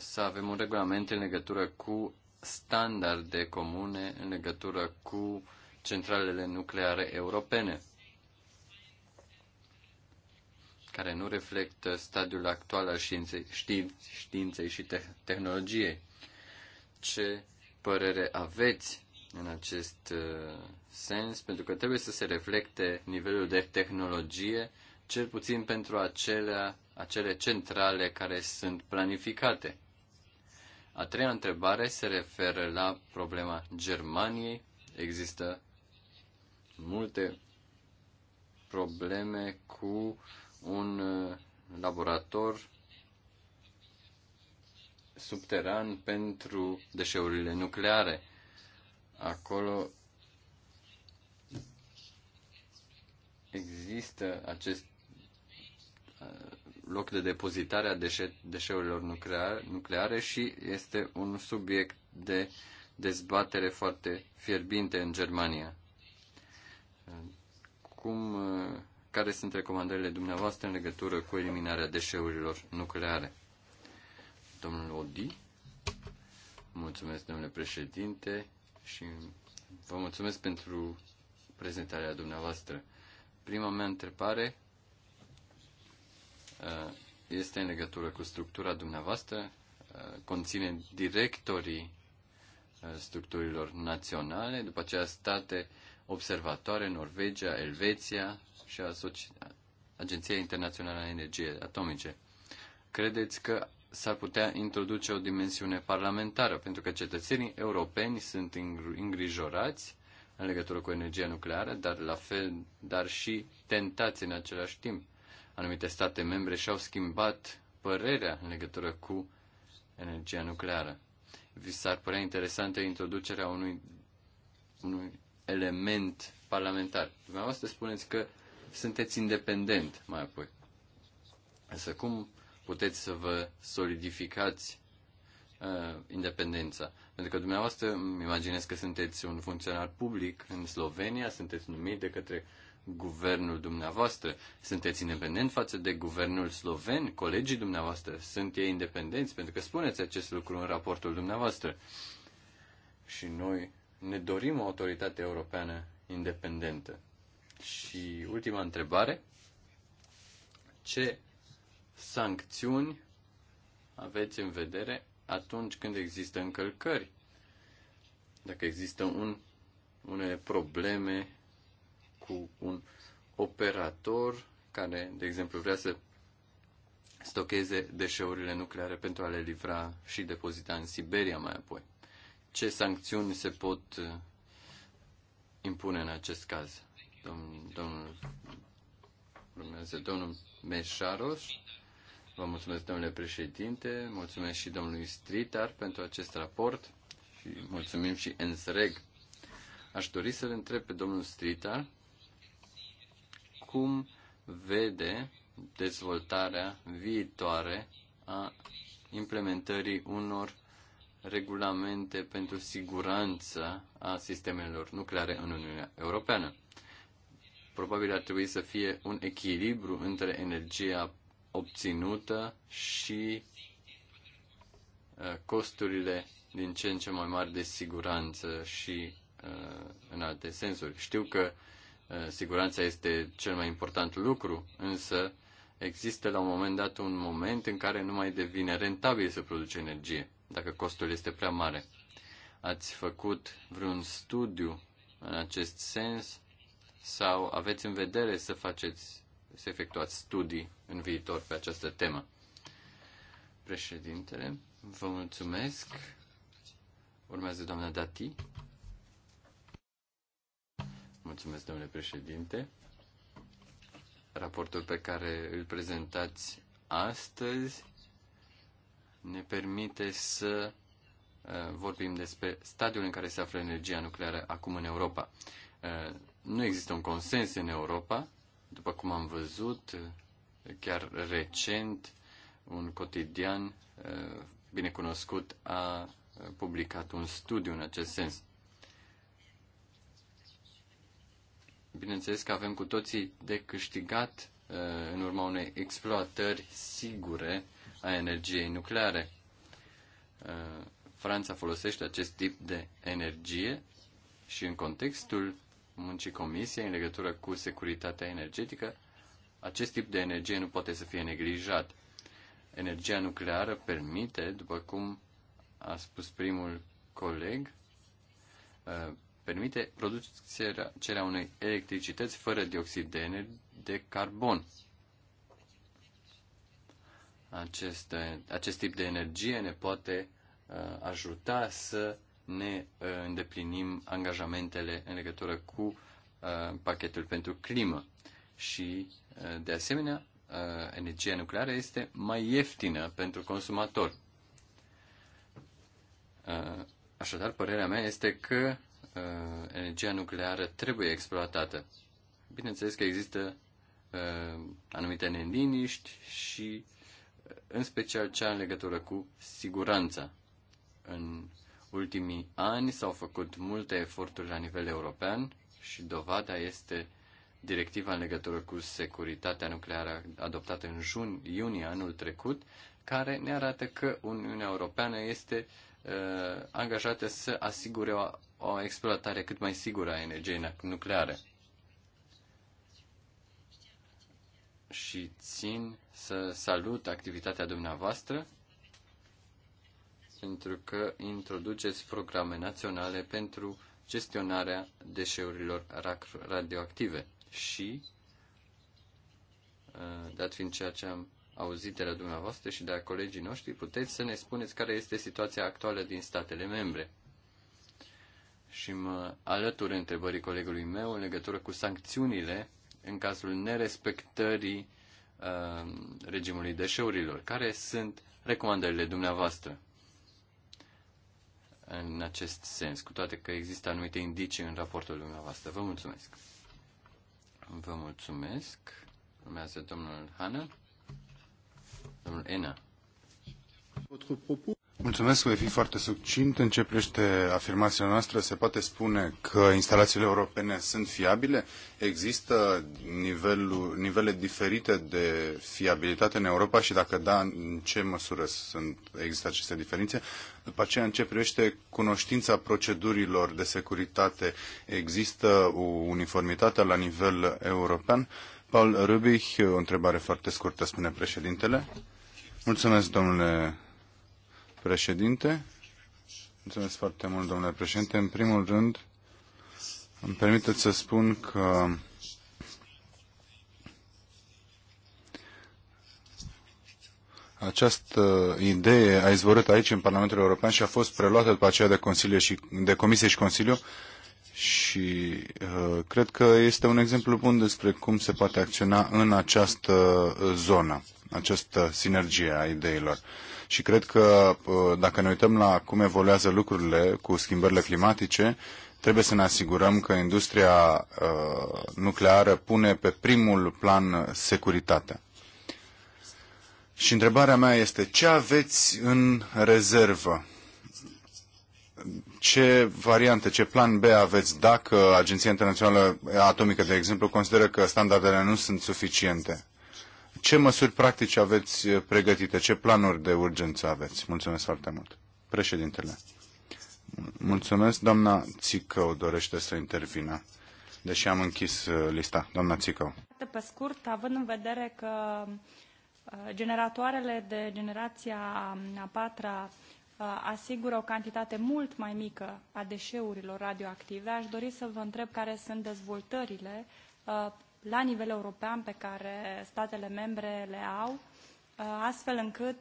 să avem un regulament în legătură cu standarde comune în legătură cu centralele nucleare europene, care nu reflectă stadiul actual al științei, științei și te- tehnologiei. Ce părere aveți în acest uh, sens? Pentru că trebuie să se reflecte nivelul de tehnologie, cel puțin pentru acelea, acele centrale care sunt planificate. A treia întrebare se referă la problema Germaniei. Există multe probleme cu un uh, laborator subteran pentru deșeurile nucleare. Acolo există acest uh, loc de depozitare a deșe- deșeurilor nucleare, nucleare și este un subiect de dezbatere foarte fierbinte în Germania. Cum, care sunt recomandările dumneavoastră în legătură cu eliminarea deșeurilor nucleare? Domnul Odi, mulțumesc, domnule președinte, și vă mulțumesc pentru prezentarea dumneavoastră. Prima mea întrebare Uh, este în legătură cu structura dumneavoastră, uh, conține directorii uh, structurilor naționale, după aceea state observatoare, Norvegia, Elveția și Agenția Internațională a Energiei Atomice. Credeți că s-ar putea introduce o dimensiune parlamentară, pentru că cetățenii europeni sunt îngrijorați în legătură cu energia nucleară, dar la fel, dar și tentați în același timp anumite state membre și-au schimbat părerea în legătură cu energia nucleară. Vi s-ar părea interesantă introducerea unui, unui element parlamentar. Dumneavoastră spuneți că sunteți independent mai apoi. Însă cum puteți să vă solidificați uh, independența? Pentru că dumneavoastră îmi imaginez că sunteți un funcționar public în Slovenia, sunteți numit de către guvernul dumneavoastră? Sunteți independent față de guvernul sloven? Colegii dumneavoastră sunt ei independenți? Pentru că spuneți acest lucru în raportul dumneavoastră. Și noi ne dorim o autoritate europeană independentă. Și ultima întrebare. Ce sancțiuni aveți în vedere atunci când există încălcări? Dacă există un, unele probleme cu un operator care, de exemplu, vrea să stocheze deșeurile nucleare pentru a le livra și depozita în Siberia mai apoi. Ce sancțiuni se pot uh, impune în acest caz? Domnul, domnul urmează domnul Meșaros. Vă mulțumesc, domnule președinte, mulțumesc și domnului Stritar pentru acest raport și mulțumim și ENSREG. Aș dori să-l întreb pe domnul Stritar cum vede dezvoltarea viitoare a implementării unor regulamente pentru siguranța a sistemelor nucleare în Uniunea Europeană. Probabil ar trebui să fie un echilibru între energia obținută și uh, costurile din ce în ce mai mari de siguranță și uh, în alte sensuri. Știu că uh, Eh, siguranța este cel mai important lucru, însă există la un moment dat un moment în care nu mai devine rentabil să produce energie, dacă costul este prea mare. Ați făcut vreun studiu în acest sens sau aveți în vedere să faceți, să efectuați studii în viitor pe această temă? Președintele, vă mulțumesc. Urmează doamna Dati. Mulțumesc, domnule președinte. Raportul pe care îl prezentați astăzi ne permite să uh, vorbim despre stadiul în care se află energia nucleară acum în Europa. Uh, nu există un consens în Europa, după cum am văzut, uh, chiar recent, un cotidian binecunoscut a publicat un studiu în acest sens. bineînțeles că avem cu toții de câștigat uh, în urma unei exploatări sigure a energiei nucleare. Uh, Franța folosește acest tip de energie și în contextul muncii comisiei în legătură cu securitatea energetică, acest tip de energie nu poate să fie neglijat. Energia nucleară permite, după cum a spus primul coleg, uh, permite producerea unei electricități fără dioxid de, de carbon. Acest, acest tip de energie ne poate uh, ajuta să ne uh, îndeplinim angajamentele în legătură cu uh, pachetul pentru climă. Și, uh, de asemenea, uh, energia nucleară este mai ieftină pentru consumator. Uh, așadar, părerea mea este că Uh, energia nucleară trebuie exploatată. Bineînțeles că există uh, anumite neliniști și uh, în special cea în legătură cu siguranța. În ultimii ani s-au făcut multe eforturi la nivel european și dovada este directiva în legătură cu securitatea nucleară adoptată în jun, iunie anul trecut, care ne arată că Uniunea Europeană este Uh, angajate să asigure o, o exploatare cât mai sigură a energiei nucleare. Și țin să salut activitatea dumneavoastră pentru că introduceți programe naționale pentru gestionarea deșeurilor radioactive și, uh, dat fiind ceea ce am auzite la dumneavoastră și de la colegii noștri, puteți să ne spuneți care este situația actuală din statele membre. Și mă alătur întrebării colegului meu în legătură cu sancțiunile în cazul nerespectării uh, regimului deșeurilor. Care sunt recomandările dumneavoastră în acest sens, cu toate că există anumite indicii în raportul dumneavoastră? Vă mulțumesc! Vă mulțumesc! Urmează domnul Hanan. Domnul Ena. Mulțumesc, voi fi foarte succint. În ce privește afirmația noastră, se poate spune că instalațiile europene sunt fiabile? Există nivelul, nivele diferite de fiabilitate în Europa și dacă da, în ce măsură sunt, există aceste diferențe? După aceea, în ce privește cunoștința procedurilor de securitate, există o uniformitate la nivel european? Paul Rubich, o întrebare foarte scurtă, spune președintele. Mulțumesc, domnule președinte. Mulțumesc foarte mult, domnule președinte. În primul rând, îmi permiteți să spun că această idee a izvorât aici, în Parlamentul European, și a fost preluată după aceea de, Consilie și, de Comisie și Consiliu și uh, cred că este un exemplu bun despre cum se poate acționa în această uh, zonă, această sinergie a ideilor. Și cred că uh, dacă ne uităm la cum evoluează lucrurile cu schimbările climatice, trebuie să ne asigurăm că industria uh, nucleară pune pe primul plan securitatea. Și întrebarea mea este ce aveți în rezervă? ce variante, ce plan B aveți dacă Agenția Internațională Atomică, de exemplu, consideră că standardele nu sunt suficiente? Ce măsuri practice aveți pregătite? Ce planuri de urgență aveți? Mulțumesc foarte mult. Președintele. Mulțumesc. Doamna Țicău dorește să intervină, deși am închis uh, lista. Doamna Țicău. Pe scurt, având în vedere că uh, generatoarele de generația a patra Uh, asigură o cantitate mult mai mică a deșeurilor radioactive. Aș dori să vă întreb care sunt dezvoltările uh, la nivel european pe care statele membre le au, uh, astfel încât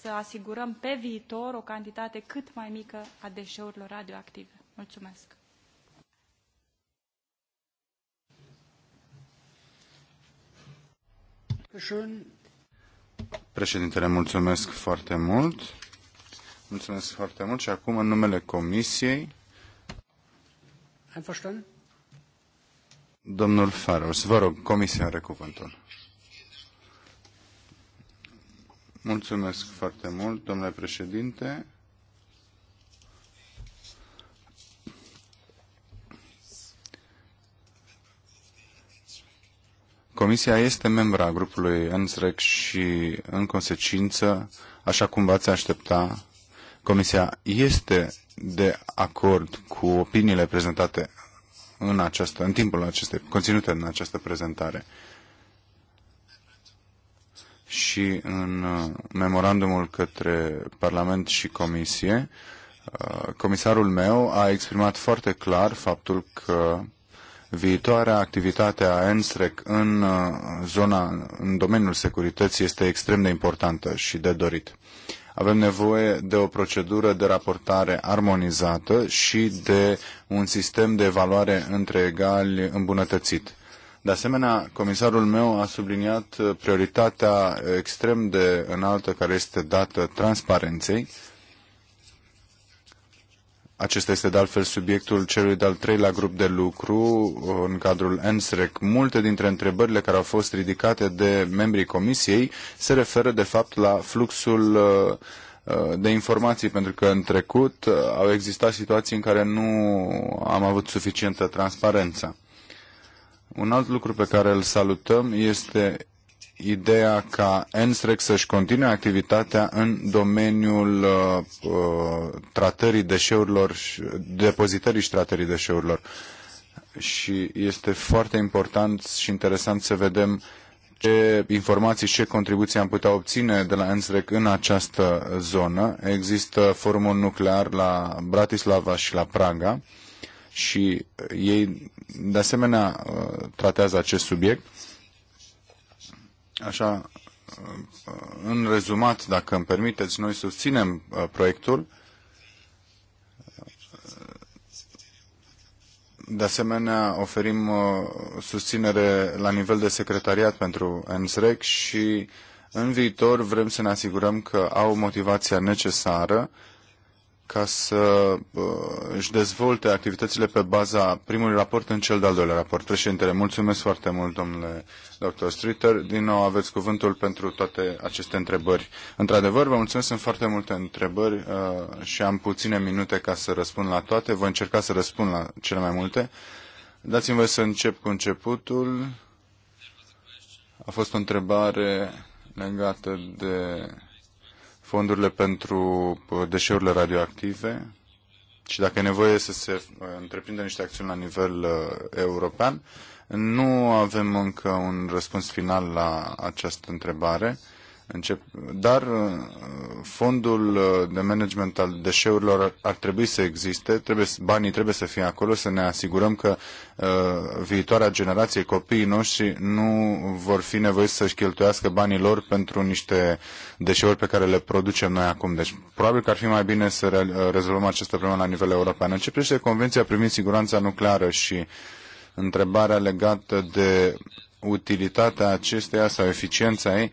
să asigurăm pe viitor o cantitate cât mai mică a deșeurilor radioactive. Mulțumesc! Președintele, mulțumesc foarte mult. Mulțumesc foarte mult și acum în numele Comisiei. Einverstanden? Domnul Faros, vă rog, Comisia are cuvântul. Mulțumesc foarte mult, domnule președinte. Comisia este membra grupului NSREC și, în consecință, așa cum v-ați aștepta, Comisia este de acord cu opiniile prezentate în, această, în timpul acestei, conținute în această prezentare. Și în uh, memorandumul către Parlament și Comisie, uh, comisarul meu a exprimat foarte clar faptul că viitoarea activitate a ENSREC în uh, zona, în domeniul securității este extrem de importantă și de dorit. Avem nevoie de o procedură de raportare armonizată și de un sistem de evaluare între egali îmbunătățit. De asemenea, comisarul meu a subliniat prioritatea extrem de înaltă care este dată transparenței acesta este de altfel subiectul celui de-al treilea grup de lucru uh, în cadrul ENSREC. Multe dintre întrebările care au fost ridicate de membrii comisiei se referă de fapt la fluxul uh, uh, de informații, pentru că în trecut au existat situații în care nu am avut suficientă transparență. Un alt lucru pe care îl salutăm este ideea ca ENSREC să-și continue activitatea în domeniul uh, uh tratării deșeurilor, depozitării și tratării deșeurilor. Și este foarte important și interesant să vedem ce informații și ce contribuții am putea obține de la ENSREC în această zonă. Există forumul nuclear la Bratislava și la Praga și ei de asemenea uh, tratează acest subiect Așa, în rezumat, dacă îmi permiteți, noi susținem uh, proiectul. De asemenea, oferim uh, susținere la nivel de secretariat pentru NSREC și în viitor vrem să ne asigurăm că au motivația necesară ca să uh, își dezvolte activitățile pe baza primului raport în cel de-al doilea raport. Președintele, mulțumesc foarte mult, domnule dr. Streeter. Din nou aveți cuvântul pentru toate aceste întrebări. Într-adevăr, vă mulțumesc, sunt foarte multe întrebări uh, și am puține minute ca să răspund la toate. Voi încerca să răspund la cele mai multe. Dați-mi voi să încep cu începutul. A fost o întrebare legată de fondurile pentru uh, deșeurile radioactive și dacă e nevoie să se uh, întreprindă niște acțiuni la nivel uh, european, nu avem încă un răspuns final la această întrebare încep, dar uh, fondul uh, de management al deșeurilor ar trebui să existe, trebuie, banii trebuie să fie acolo, să ne asigurăm că uh, viitoarea generație, copiii noștri, nu vor fi nevoiți să-și cheltuiască banii lor pentru niște deșeuri pe care le producem noi acum. Deci probabil că ar fi mai bine să re uh, rezolvăm această problemă la nivel european. În ce privește Convenția privind siguranța nucleară și întrebarea legată de utilitatea acesteia sau eficiența ei, uh,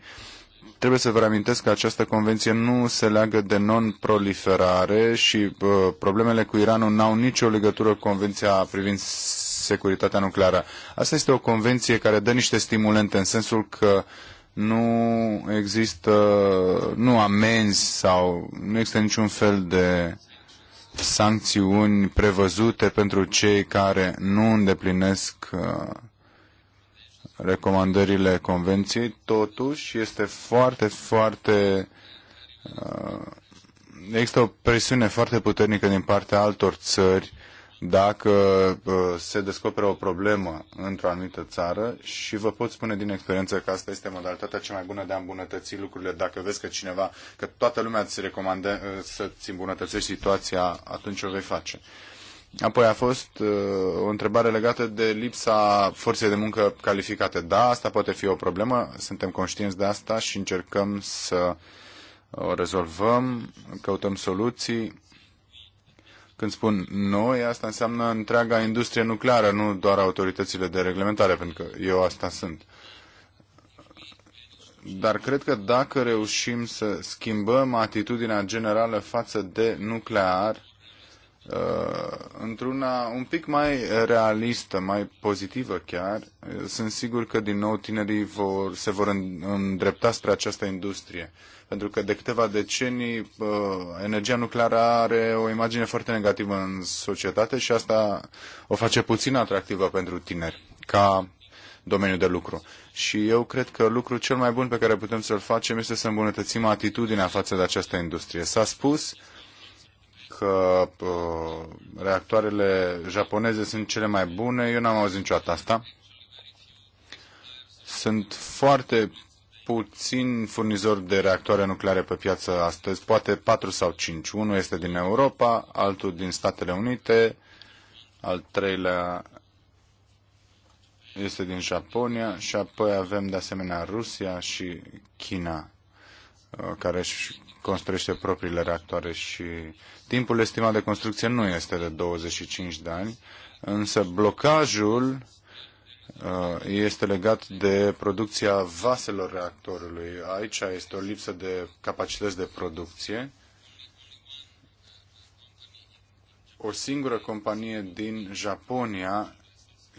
Trebuie să vă reamintesc că această convenție nu se leagă de non-proliferare și uh, problemele cu Iranul n-au nicio legătură cu convenția privind securitatea nucleară. Asta este o convenție care dă niște stimulente în sensul că nu există, nu amenzi sau nu există niciun fel de sancțiuni prevăzute pentru cei care nu îndeplinesc uh, recomandările convenției, totuși este foarte, foarte... Uh, există o presiune foarte puternică din partea altor țări dacă uh, se descoperă o problemă într-o anumită țară și vă pot spune din experiență că asta este modalitatea cea mai bună de a îmbunătăți lucrurile. Dacă vezi că cineva, că toată lumea îți recomandă uh, să-ți îmbunătățești situația, atunci o vei face. Apoi a fost uh, o întrebare legată de lipsa forței de muncă calificate. Da, asta poate fi o problemă, suntem conștienți de asta și încercăm să uh, o rezolvăm, căutăm soluții. Când spun noi, asta înseamnă întreaga industrie nucleară, nu doar autoritățile de reglementare, pentru că eu asta sunt. Dar cred că dacă reușim să schimbăm atitudinea generală față de nuclear, Uh, într-una un pic mai realistă, mai pozitivă chiar. Uh, sunt sigur că din nou tinerii vor, se vor îndrepta spre această industrie. Pentru că de câteva decenii uh, energia nucleară are o imagine foarte negativă în societate și asta o face puțin atractivă pentru tineri ca domeniu de lucru. Și eu cred că lucrul cel mai bun pe care putem să-l facem este să îmbunătățim atitudinea față de această industrie. S-a spus uh, că uh, reactoarele japoneze sunt cele mai bune. Eu n-am auzit niciodată asta. Sunt foarte puțini furnizori de reactoare nucleare pe piață astăzi, poate 4 sau 5. Unul este din Europa, altul din Statele Unite, al treilea este din Japonia și apoi avem de asemenea Rusia și China uh, care își construiește propriile reactoare și timpul estimat de construcție nu este de 25 de ani, însă blocajul uh, este legat de producția vaselor reactorului. Aici este o lipsă de capacități de producție. O singură companie din Japonia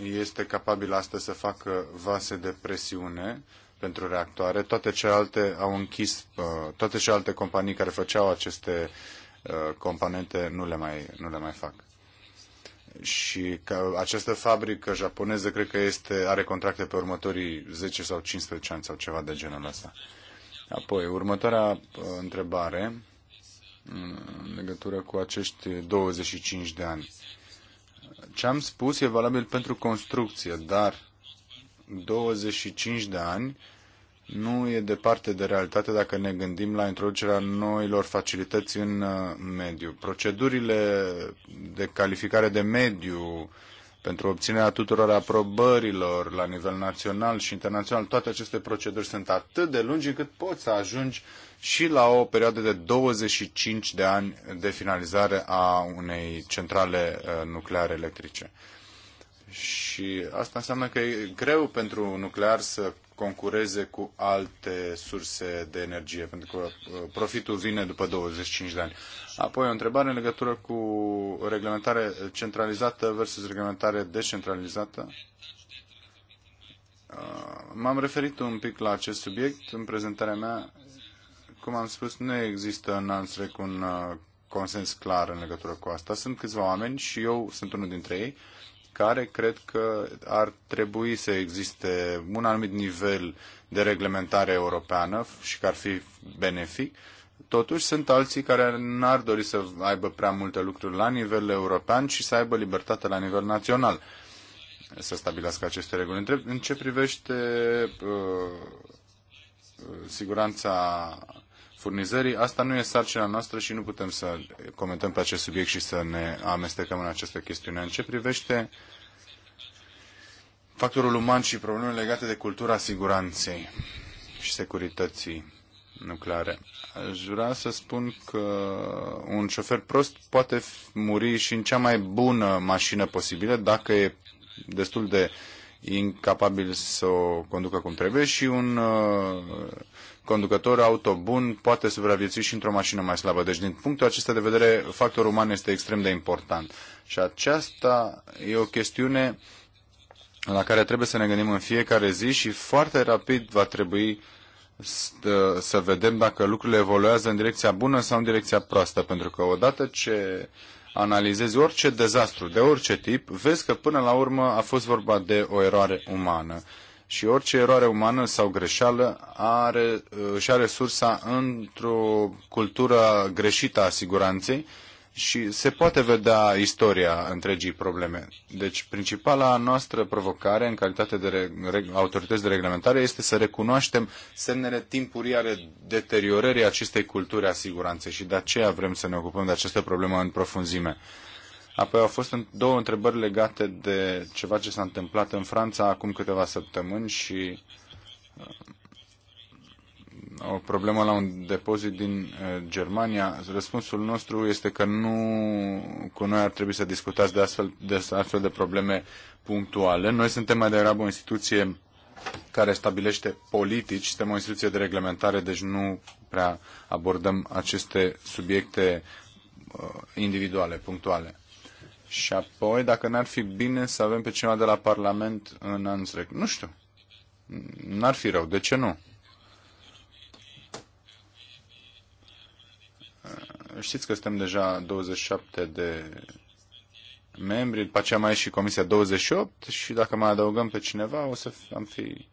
este capabilă astăzi să facă vase de presiune pentru reactoare. Toate celelalte au închis, uh, toate celelalte companii care făceau aceste uh, componente nu le mai, nu le mai fac. Și că această fabrică japoneză cred că este, are contracte pe următorii 10 sau 15 ani sau ceva de genul ăsta. Apoi, următoarea uh, întrebare în legătură cu acești 25 de ani. Ce am spus e valabil pentru construcție, dar 25 de ani nu e departe de realitate dacă ne gândim la introducerea noilor facilități în uh, mediu. Procedurile de calificare de mediu pentru obținerea tuturor aprobărilor la nivel național și internațional, toate aceste proceduri sunt atât de lungi încât poți să ajungi și la o perioadă de 25 de ani de finalizare a unei centrale uh, nucleare electrice. Și asta înseamnă că e greu pentru nuclear să concureze cu alte surse de energie, pentru că uh, profitul vine după 25 de ani. Apoi o întrebare în legătură cu reglementare centralizată versus reglementare decentralizată. Uh, m-am referit un pic la acest subiect în prezentarea mea. Cum am spus, nu există în Ansrec un uh, consens clar în legătură cu asta. Sunt câțiva oameni și eu sunt unul dintre ei care cred că ar trebui să existe un anumit nivel de reglementare europeană și că ar fi benefic. Totuși sunt alții care n-ar dori să aibă prea multe lucruri la nivel european și să aibă libertate la nivel național să stabilească aceste reguli. În ce privește uh, siguranța furnizării. Asta nu e sarcina noastră și nu putem să comentăm pe acest subiect și să ne amestecăm în această chestiune. În ce privește factorul uman și problemele legate de cultura siguranței și securității nucleare. Aș vrea să spun că un șofer prost poate muri și în cea mai bună mașină posibilă dacă e destul de incapabil să o conducă cum trebuie și un uh, conducător auto bun poate supraviețui și într-o mașină mai slabă. Deci, din punctul acesta de vedere, factorul uman este extrem de important. Și aceasta e o chestiune la care trebuie să ne gândim în fiecare zi și foarte rapid va trebui să vedem dacă lucrurile evoluează în direcția bună sau în direcția proastă, pentru că odată ce analizezi orice dezastru de orice tip, vezi că până la urmă a fost vorba de o eroare umană și orice eroare umană sau greșeală are, își are sursa într-o cultură greșită a siguranței și se poate vedea istoria întregii probleme. Deci, principala noastră provocare în calitate de autorități de reglementare este să recunoaștem semnele timpurii ale deteriorării acestei culturi a siguranței și de aceea vrem să ne ocupăm de această problemă în profunzime. Apoi au fost două întrebări legate de ceva ce s-a întâmplat în Franța acum câteva săptămâni și uh, o problemă la un depozit din uh, Germania. Răspunsul nostru este că nu cu noi ar trebui să discutați de astfel de, astfel de probleme punctuale. Noi suntem mai degrabă o instituție care stabilește politici, suntem o instituție de reglementare, deci nu prea abordăm aceste subiecte uh, individuale, punctuale. Și apoi, dacă n-ar fi bine să avem pe cineva de la Parlament în Anzrec. Nu știu. N-ar fi rău. De ce nu? Știți că suntem deja 27 de membri, după aceea mai e și Comisia 28 și dacă mai adăugăm pe cineva o să am fi...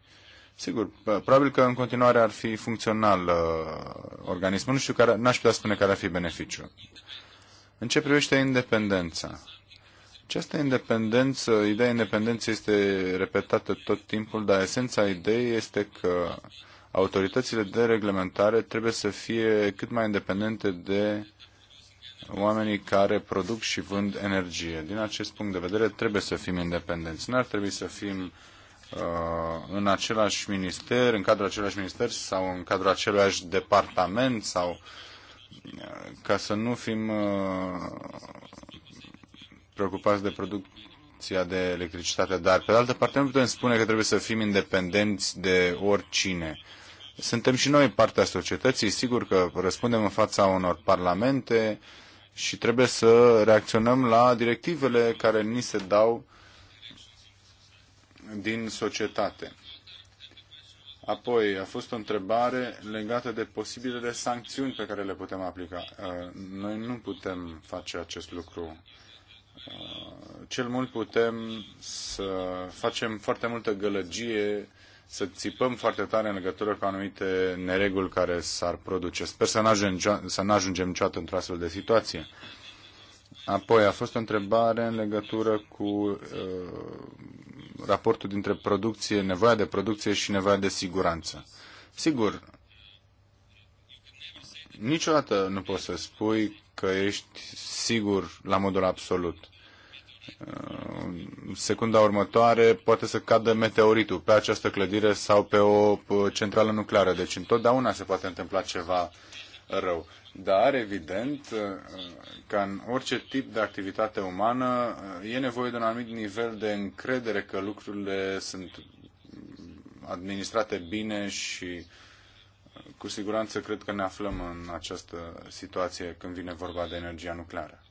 Sigur, probabil că în continuare ar fi funcțional uh, organismul, nu știu, care, n-aș putea spune care ar fi beneficiul. În ce privește independența? Această independență, ideea independenței este repetată tot timpul, dar esența ideii este că autoritățile de reglementare trebuie să fie cât mai independente de oamenii care produc și vând energie. Din acest punct de vedere trebuie să fim independenți. nu ar trebui să fim uh, în același minister, în cadrul același minister sau în cadrul același departament sau uh, ca să nu fim uh, preocupați de producția de electricitate, dar pe de altă parte nu putem spune că trebuie să fim independenți de oricine. Suntem și noi partea societății, sigur că răspundem în fața unor parlamente și trebuie să reacționăm la directivele care ni se dau din societate. Apoi a fost o întrebare legată de posibilele sancțiuni pe care le putem aplica. Uh, noi nu putem face acest lucru. Uh, cel mult putem să facem foarte multă gălăgie, să țipăm foarte tare în legătură cu anumite nereguli care s-ar produce. Sper să nu ajungem ajungem niciodată într-o astfel de situație. Apoi a fost o întrebare în legătură cu uh, raportul dintre producție, nevoia de producție și nevoia de siguranță. Sigur, niciodată nu poți să spui că ești sigur la modul absolut. În uh, secunda următoare poate să cadă meteoritul pe această clădire sau pe o centrală nucleară. Deci întotdeauna se poate întâmpla ceva rău. Dar, evident, uh, ca în orice tip de activitate umană, uh, e nevoie de un anumit nivel de încredere că lucrurile sunt administrate bine și uh, cu siguranță cred că ne aflăm în această situație când vine vorba de energia nucleară.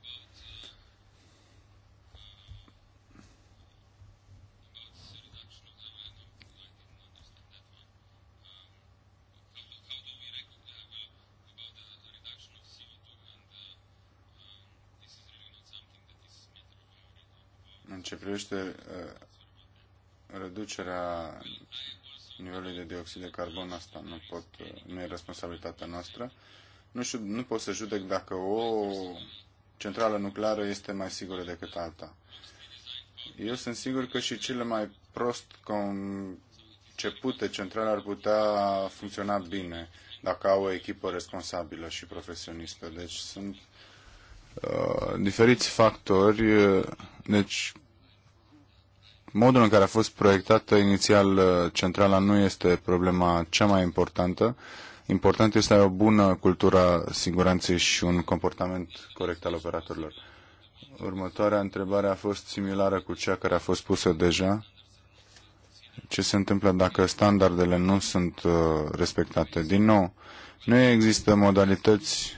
în ce privește uh, reducerea nivelului de dioxid de carbon, asta nu, pot, nu e responsabilitatea noastră. Nu, știu, nu pot să judec dacă o centrală nucleară este mai sigură decât alta. Eu sunt sigur că și cele mai prost concepute centrale ar putea funcționa bine dacă au o echipă responsabilă și profesionistă. Deci sunt uh, diferiți factori. Uh, deci modul în care a fost proiectată inițial uh, centrala nu este problema cea mai importantă. Important este o bună cultură siguranței și un comportament corect al operatorilor. Următoarea întrebare a fost similară cu cea care a fost pusă deja. Ce se întâmplă dacă standardele nu sunt uh, respectate? Din nou, nu există modalități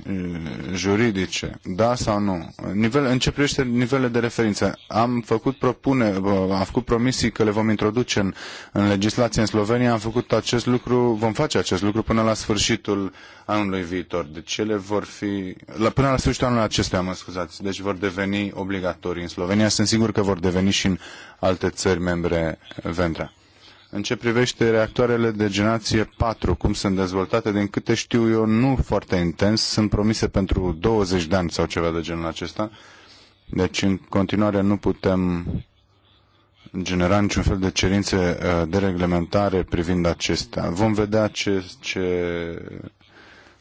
juridice, da sau nu. Nivel, în ce privește nivele de referință, am făcut propune, am făcut promisii că le vom introduce în, în legislație în Slovenia, am făcut acest lucru, vom face acest lucru până la sfârșitul anului viitor. Deci ele vor fi, la, până la sfârșitul anului acestuia, mă scuzați, deci vor deveni obligatorii în Slovenia. Sunt sigur că vor deveni și în alte țări membre Ventra. În ce privește reactoarele de generație 4, cum sunt dezvoltate, din câte știu eu, nu foarte intens, sunt promise pentru 20 de ani sau ceva de genul acesta. Deci, în continuare, nu putem genera niciun fel de cerințe uh, de reglementare privind acestea. Vom vedea ce, ce,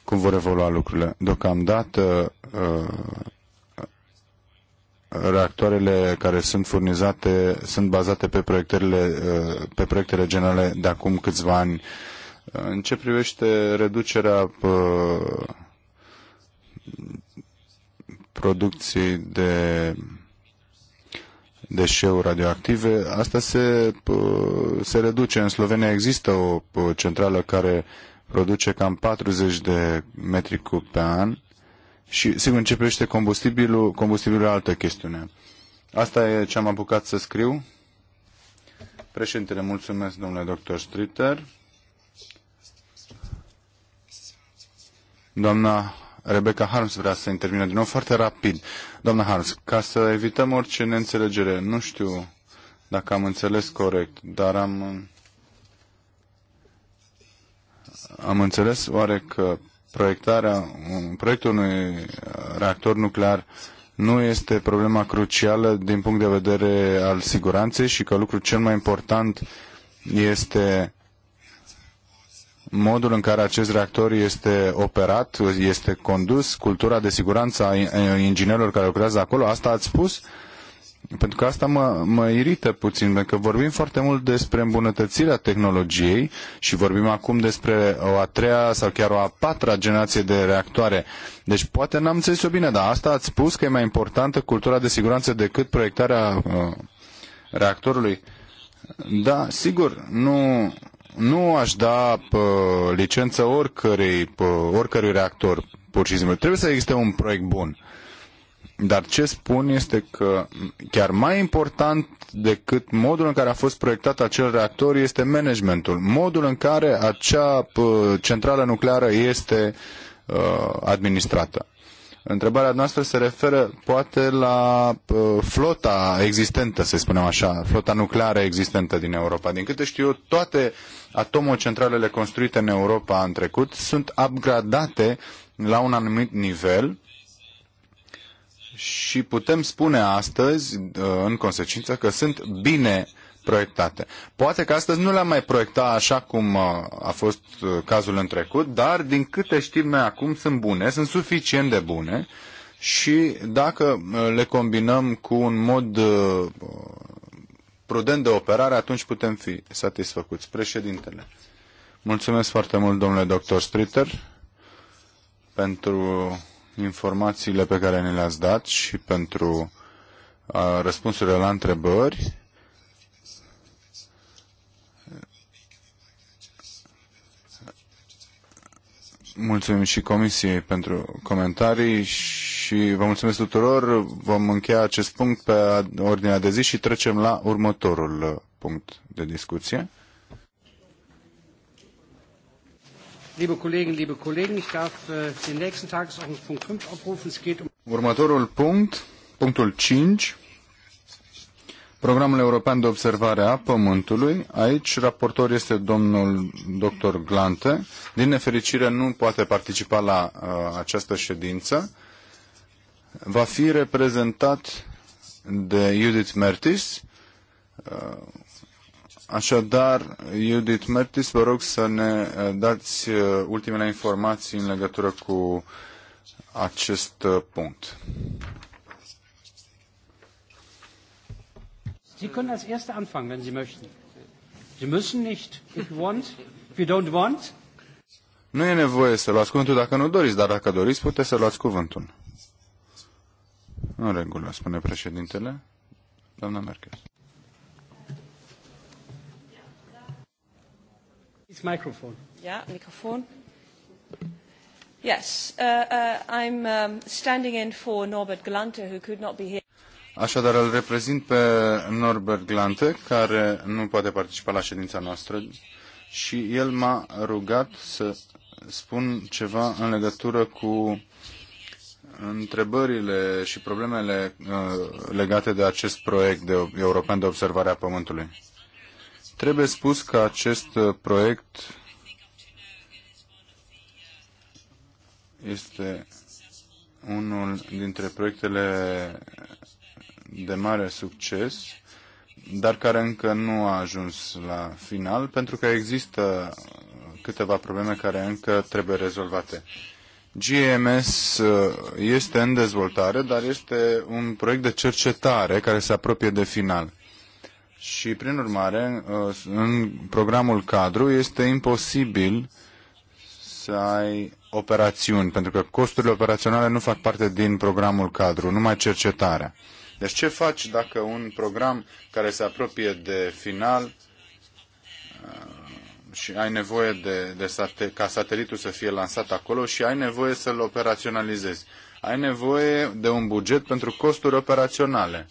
cum vor evolua lucrurile. Deocamdată, uh, reactoarele care sunt furnizate sunt bazate pe proiectele, uh, pe proiectele generale de acum câțiva ani. În ce privește reducerea uh, producției de deșeuri radioactive, asta se, uh, se reduce. În Slovenia există o centrală care produce cam 40 de metri cub pe an și, sigur, începește combustibilul, combustibilul altă chestiune. Asta e ce am apucat să scriu. Președintele, mulțumesc, domnule doctor Stritter. Doamna Rebecca Harms vrea să intervină din nou foarte rapid. Doamna Harms, ca să evităm orice neînțelegere, nu știu dacă am înțeles corect, dar am, am înțeles oare că proiectarea, proiectul unui reactor nuclear nu este problema crucială din punct de vedere al siguranței și că lucrul cel mai important este modul în care acest reactor este operat, este condus, cultura de siguranță a inginerilor care lucrează acolo. Asta ați spus? Uh, pentru că asta mă, mă irită puțin, pentru că vorbim foarte mult despre îmbunătățirea tehnologiei și vorbim acum despre o a treia sau chiar o a patra generație de reactoare. Deci poate n-am înțeles-o bine, dar asta ați spus că e mai importantă cultura de siguranță decât proiectarea uh, reactorului. Da, sigur, nu, nu aș da pă, licență oricărei, pă, oricărui reactor, pur și simplu. Trebuie să existe un proiect bun. Dar ce spun este că chiar mai important decât modul în care a fost proiectat acel reactor este managementul, modul în care acea centrală nucleară este uh, administrată. Întrebarea noastră se referă poate la flota existentă, să spunem așa, flota nucleară existentă din Europa. Din câte știu eu, toate atomocentralele construite în Europa în trecut sunt upgradate la un anumit nivel și putem spune astăzi, uh, în consecință, că sunt bine proiectate. Poate că astăzi nu le-am mai proiectat așa cum uh, a fost uh, cazul în trecut, dar din câte știm noi acum sunt bune, sunt suficient de bune și dacă le combinăm cu un mod prudent de operare, atunci putem fi satisfăcuți. Președintele. Mulțumesc foarte mult, domnule doctor Stritter, pentru informațiile pe care ne le-ați dat și pentru uh, răspunsurile la întrebări. Mulțumim și Comisiei pentru comentarii și vă mulțumesc tuturor. Vom încheia acest punct pe ordinea de zi și trecem la următorul uh, punct de discuție. Liebe Kolleginnen, liebe Kollegen, ich darf äh, den nächsten Tagesordnungspunkt 5 aufrufen. Es geht um Următorul punct, punctul 5, Programul European de Observare a Pământului. Aici raportor este domnul dr. Glante. Din nefericire nu poate participa la uh, această ședință. Va fi reprezentat de Judith Mertis, uh, Așadar, Judith Mertis, vă rog să ne eh, dați eh, ultimele informații în legătură cu acest eh, punct. Sie können als Erste anfangen, wenn Sie möchten. Sie müssen nicht. If you want, if you don't want. Nu e nevoie să luați cuvântul dacă nu doriți, dar dacă doriți, puteți să luați cuvântul. În regulă, spune președintele. Doamna Merkel. It's microphone. Yeah, microphone. Yes, uh, uh, I'm um, standing in for Norbert Glante, who could not be here. Așadar, îl reprezint pe Norbert Glante, care nu poate participa la ședința noastră și el m-a rugat să spun ceva în legătură cu întrebările și problemele uh, legate de acest proiect de, european de observare a Pământului. Trebuie spus că acest uh, proiect este unul dintre proiectele de mare succes, dar care încă nu a ajuns la final, pentru că există câteva probleme care încă trebuie rezolvate. GMS uh, este în dezvoltare, dar este un proiect de cercetare care se apropie de final. Și, prin urmare, uh, în programul cadru este imposibil să ai operațiuni, pentru că costurile operaționale nu fac parte din programul cadru, numai cercetarea. Deci ce faci dacă un program care se apropie de final uh, și ai nevoie de, de sate, ca satelitul să fie lansat acolo și ai nevoie să-l operaționalizezi? Ai nevoie de un buget pentru costuri operaționale.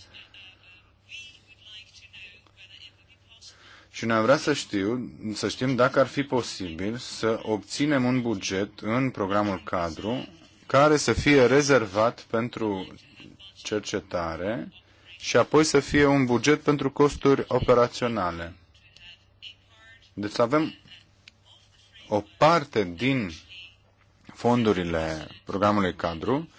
Și ne am vrea să, știu, să știm dacă ar fi posibil să obținem un buget în programul cadru care să fie rezervat pentru cercetare și apoi să fie un buget pentru costuri operaționale. Deci să avem o parte din fondurile programului cadru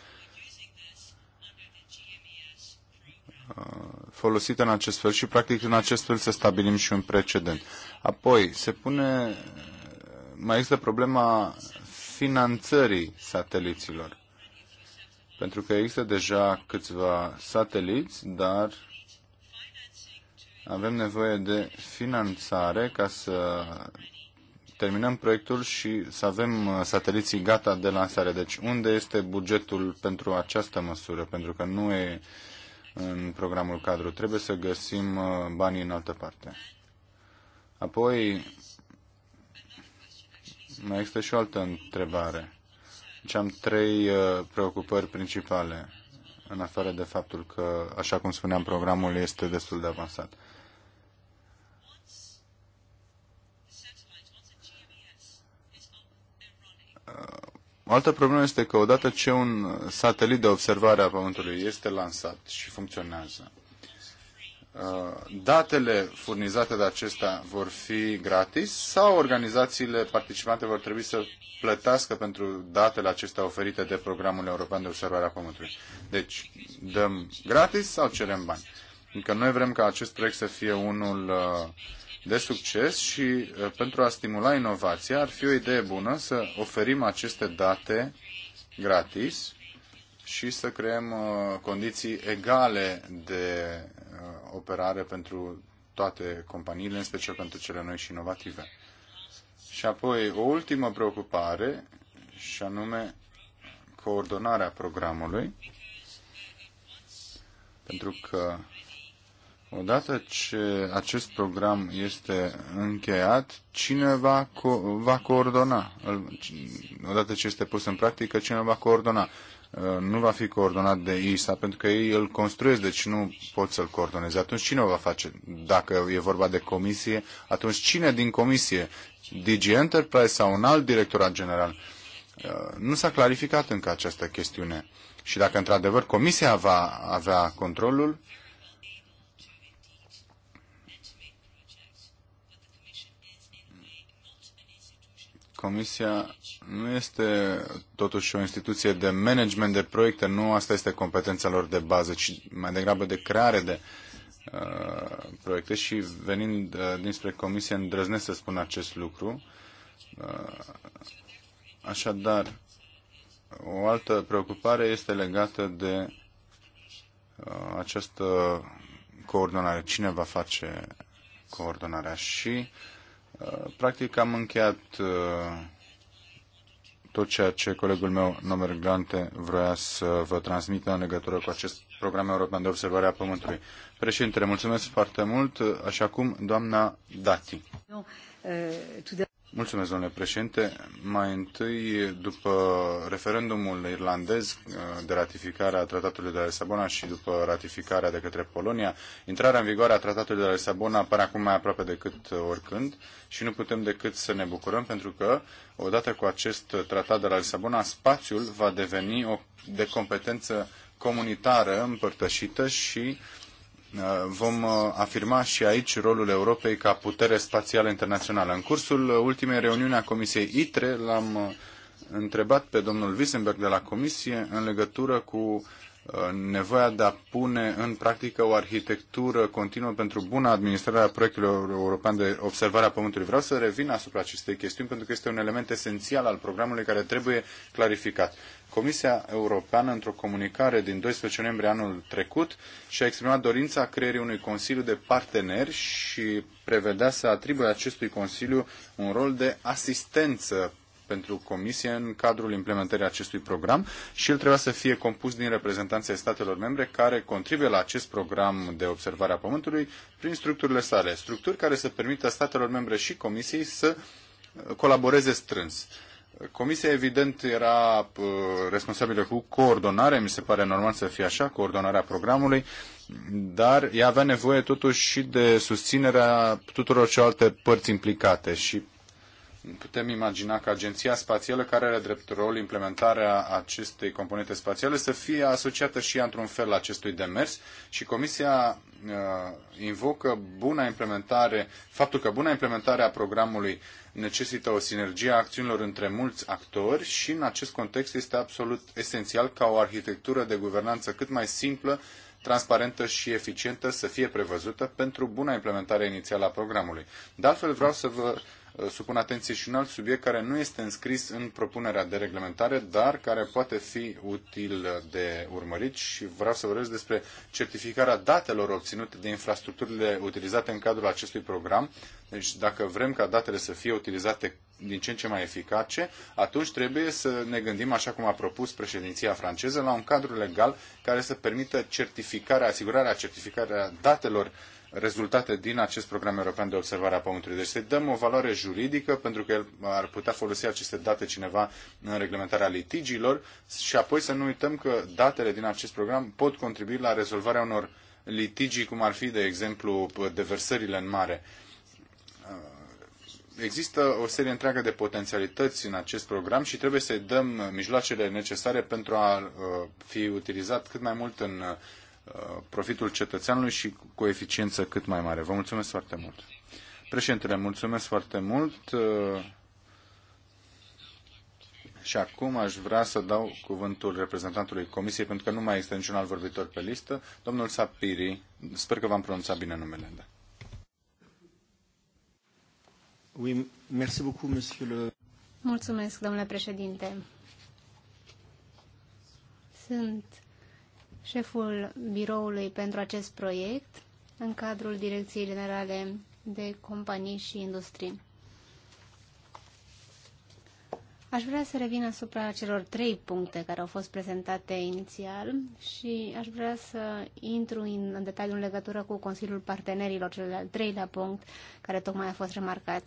Uh, folosită în acest fel și practic în acest fel să stabilim și un precedent. Apoi se pune, uh, mai există problema finanțării sateliților. Pentru că există deja câțiva sateliți, dar avem nevoie de finanțare ca să terminăm proiectul și să avem uh, sateliții gata de lansare. Deci unde este bugetul pentru această măsură? Pentru că nu e în programul cadru. Trebuie să găsim uh, banii în altă parte. Apoi, mai există și o altă întrebare. Deci am trei uh, preocupări principale, în afară de faptul că, așa cum spuneam, programul este destul de avansat. O altă problemă este că odată ce un satelit de observare a Pământului este lansat și funcționează, uh, datele furnizate de acesta vor fi gratis sau organizațiile participante vor trebui să plătească pentru datele acestea oferite de programul european de observare a Pământului. Deci, dăm gratis sau cerem bani? Încă noi vrem ca acest proiect să fie unul uh, de succes și uh, pentru a stimula inovația ar fi o idee bună să oferim aceste date gratis și să creăm uh, condiții egale de uh, operare pentru toate companiile, în special pentru cele noi și inovative. Și apoi o ultimă preocupare, și anume coordonarea programului, pentru că Odată ce acest program este încheiat, cine va, co- va coordona? Odată ce este pus în practică, cine va coordona? Uh, nu va fi coordonat de ISA, pentru că ei îl construiesc, deci nu pot să-l coordoneze. Atunci cine o va face? Dacă e vorba de comisie, atunci cine din comisie? DG Enterprise sau un alt directorat general? Uh, nu s-a clarificat încă această chestiune. Și dacă într-adevăr comisia va avea controlul, Comisia nu este totuși o instituție de management de proiecte, nu asta este competența lor de bază, ci mai degrabă de creare de uh, proiecte și venind uh, dinspre Comisie îndrăznesc să spun acest lucru. Uh, așadar, o altă preocupare este legată de uh, această coordonare. Cine va face coordonarea? Și uh, Uh, practic am încheiat uh, tot ceea ce colegul meu, Nomer Glante, vroia să vă transmită în legătură cu acest program european de observare a Pământului. Președintele, mulțumesc foarte mult. Așa cum, doamna Dati. Uh, Mulțumesc, domnule președinte. Mai întâi, după referendumul irlandez uh, de ratificare a Tratatului de la Lisabona și după ratificarea de către Polonia, intrarea în vigoare a Tratatului de la Lisabona pare acum mai aproape decât oricând și nu putem decât să ne bucurăm pentru că, odată cu acest Tratat de la Lisabona, spațiul va deveni o de competență comunitară împărtășită și uh, Uh, vom uh, afirma și aici rolul Europei ca putere spațială internațională. În cursul ultimei reuniuni a Comisiei ITRE l-am uh, întrebat pe domnul Wissenberg de la Comisie în legătură cu nevoia de a pune în practică o arhitectură continuă pentru buna administrare a proiectului european de observare a Pământului. Vreau să revin asupra acestei chestiuni pentru că este un element esențial al programului care trebuie clarificat. Comisia Europeană, într-o comunicare din 12 noiembrie anul trecut, și-a exprimat dorința creierii unui Consiliu de Parteneri și prevedea să atribuie acestui Consiliu un rol de asistență pentru Comisie în cadrul implementării acestui program și el trebuia să fie compus din reprezentanții statelor membre care contribuie la acest program de observare a Pământului prin structurile sale, structuri care să permită statelor membre și Comisiei să colaboreze strâns. Comisia, evident, era uh, responsabilă cu coordonare, mi se pare normal să fie așa, coordonarea programului, dar ea avea nevoie totuși și de susținerea tuturor celelalte părți implicate și putem imagina că agenția spațială care are drept rol implementarea acestei componente spațiale să fie asociată și într-un fel acestui demers și Comisia uh, invocă buna implementare, faptul că buna implementare a programului necesită o sinergie a acțiunilor între mulți actori și în acest context este absolut esențial ca o arhitectură de guvernanță cât mai simplă, transparentă și eficientă să fie prevăzută pentru buna implementare inițială a programului. De altfel vreau să vă Uh, supun atenție și un alt subiect care nu este înscris în propunerea de reglementare, dar care poate fi util de urmărit și vreau să vorbesc despre certificarea datelor obținute de infrastructurile utilizate în cadrul acestui program. Deci dacă vrem ca datele să fie utilizate din ce în ce mai eficace, atunci trebuie să ne gândim, așa cum a propus președinția franceză, la un cadru legal care să permită certificarea, asigurarea certificarea datelor rezultate din acest program european de observare a Pământului. Deci să dăm o valoare juridică pentru că el ar putea folosi aceste date cineva în reglementarea litigiilor și apoi să nu uităm că datele din acest program pot contribui la rezolvarea unor litigii, cum ar fi, de exemplu, deversările în mare. Există o serie întreagă de potențialități în acest program și trebuie să-i dăm mijloacele necesare pentru a uh, fi utilizat cât mai mult în profitul cetățeanului și cu o eficiență cât mai mare. Vă mulțumesc foarte mult. Președintele, mulțumesc foarte mult. Și acum aș vrea să dau cuvântul reprezentantului Comisiei, pentru că nu mai este niciun alt vorbitor pe listă. Domnul Sapiri, sper că v-am pronunțat bine numele. Da. Oui, merci beaucoup, monsieur le... Mulțumesc, domnule președinte. Sunt șeful biroului pentru acest proiect în cadrul Direcției Generale de Companii și industrie. Aș vrea să revin asupra celor trei puncte care au fost prezentate inițial și aș vrea să intru în, în detaliu în legătură cu Consiliul Partenerilor, cel al treilea punct care tocmai a fost remarcat.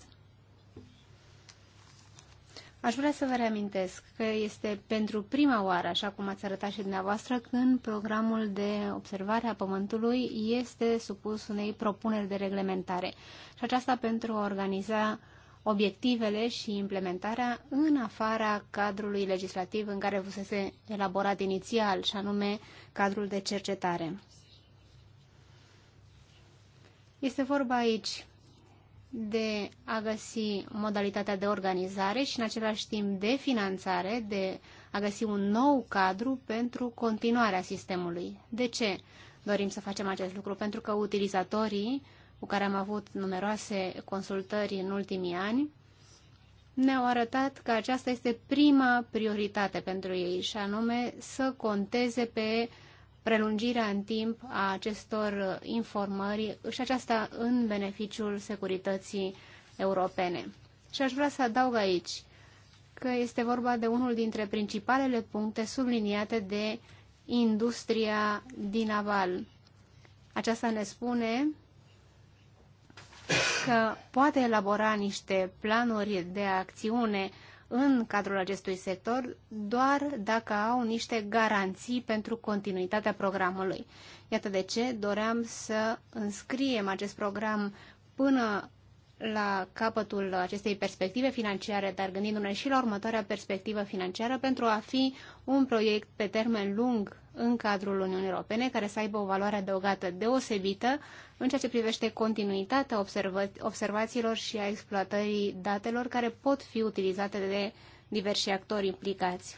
Aș vrea să vă reamintesc că este pentru prima oară, așa cum ați arătat și dumneavoastră, când programul de observare a Pământului este supus unei propuneri de reglementare. Și aceasta pentru a organiza obiectivele și implementarea în afara cadrului legislativ în care fusese elaborat inițial, și anume cadrul de cercetare. Este vorba aici de a găsi modalitatea de organizare și în același timp de finanțare, de a găsi un nou cadru pentru continuarea sistemului. De ce dorim să facem acest lucru? Pentru că utilizatorii cu care am avut numeroase consultări în ultimii ani, ne-au arătat că aceasta este prima prioritate pentru ei și anume să conteze pe prelungirea în timp a acestor informări și aceasta în beneficiul securității europene. Și aș vrea să adaug aici că este vorba de unul dintre principalele puncte subliniate de industria din aval. Aceasta ne spune că poate elabora niște planuri de acțiune în cadrul acestui sector doar dacă au niște garanții pentru continuitatea programului. Iată de ce doream să înscriem acest program până la capătul acestei perspective financiare, dar gândindu-ne și la următoarea perspectivă financiară pentru a fi un proiect pe termen lung în cadrul Uniunii Europene, care să aibă o valoare adăugată deosebită în ceea ce privește continuitatea observa- observațiilor și a exploatării datelor care pot fi utilizate de diversi actori implicați.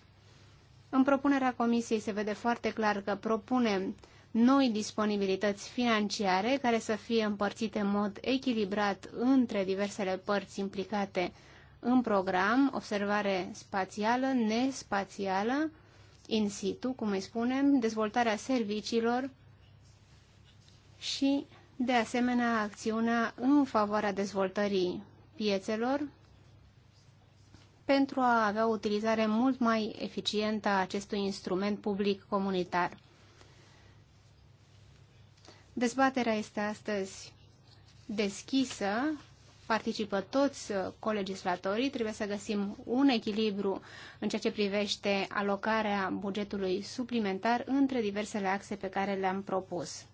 În propunerea Comisiei se vede foarte clar că propunem noi disponibilități financiare care să fie împărțite în mod echilibrat între diversele părți implicate în program, observare spațială, nespațială, in situ, cum îi spunem, dezvoltarea serviciilor și, de asemenea, acțiunea în favoarea dezvoltării piețelor pentru a avea o utilizare mult mai eficientă a acestui instrument public comunitar. Dezbaterea este astăzi deschisă, participă toți uh, colegislatorii, trebuie să găsim un echilibru în ceea ce privește alocarea bugetului suplimentar între diversele axe pe care le-am propus.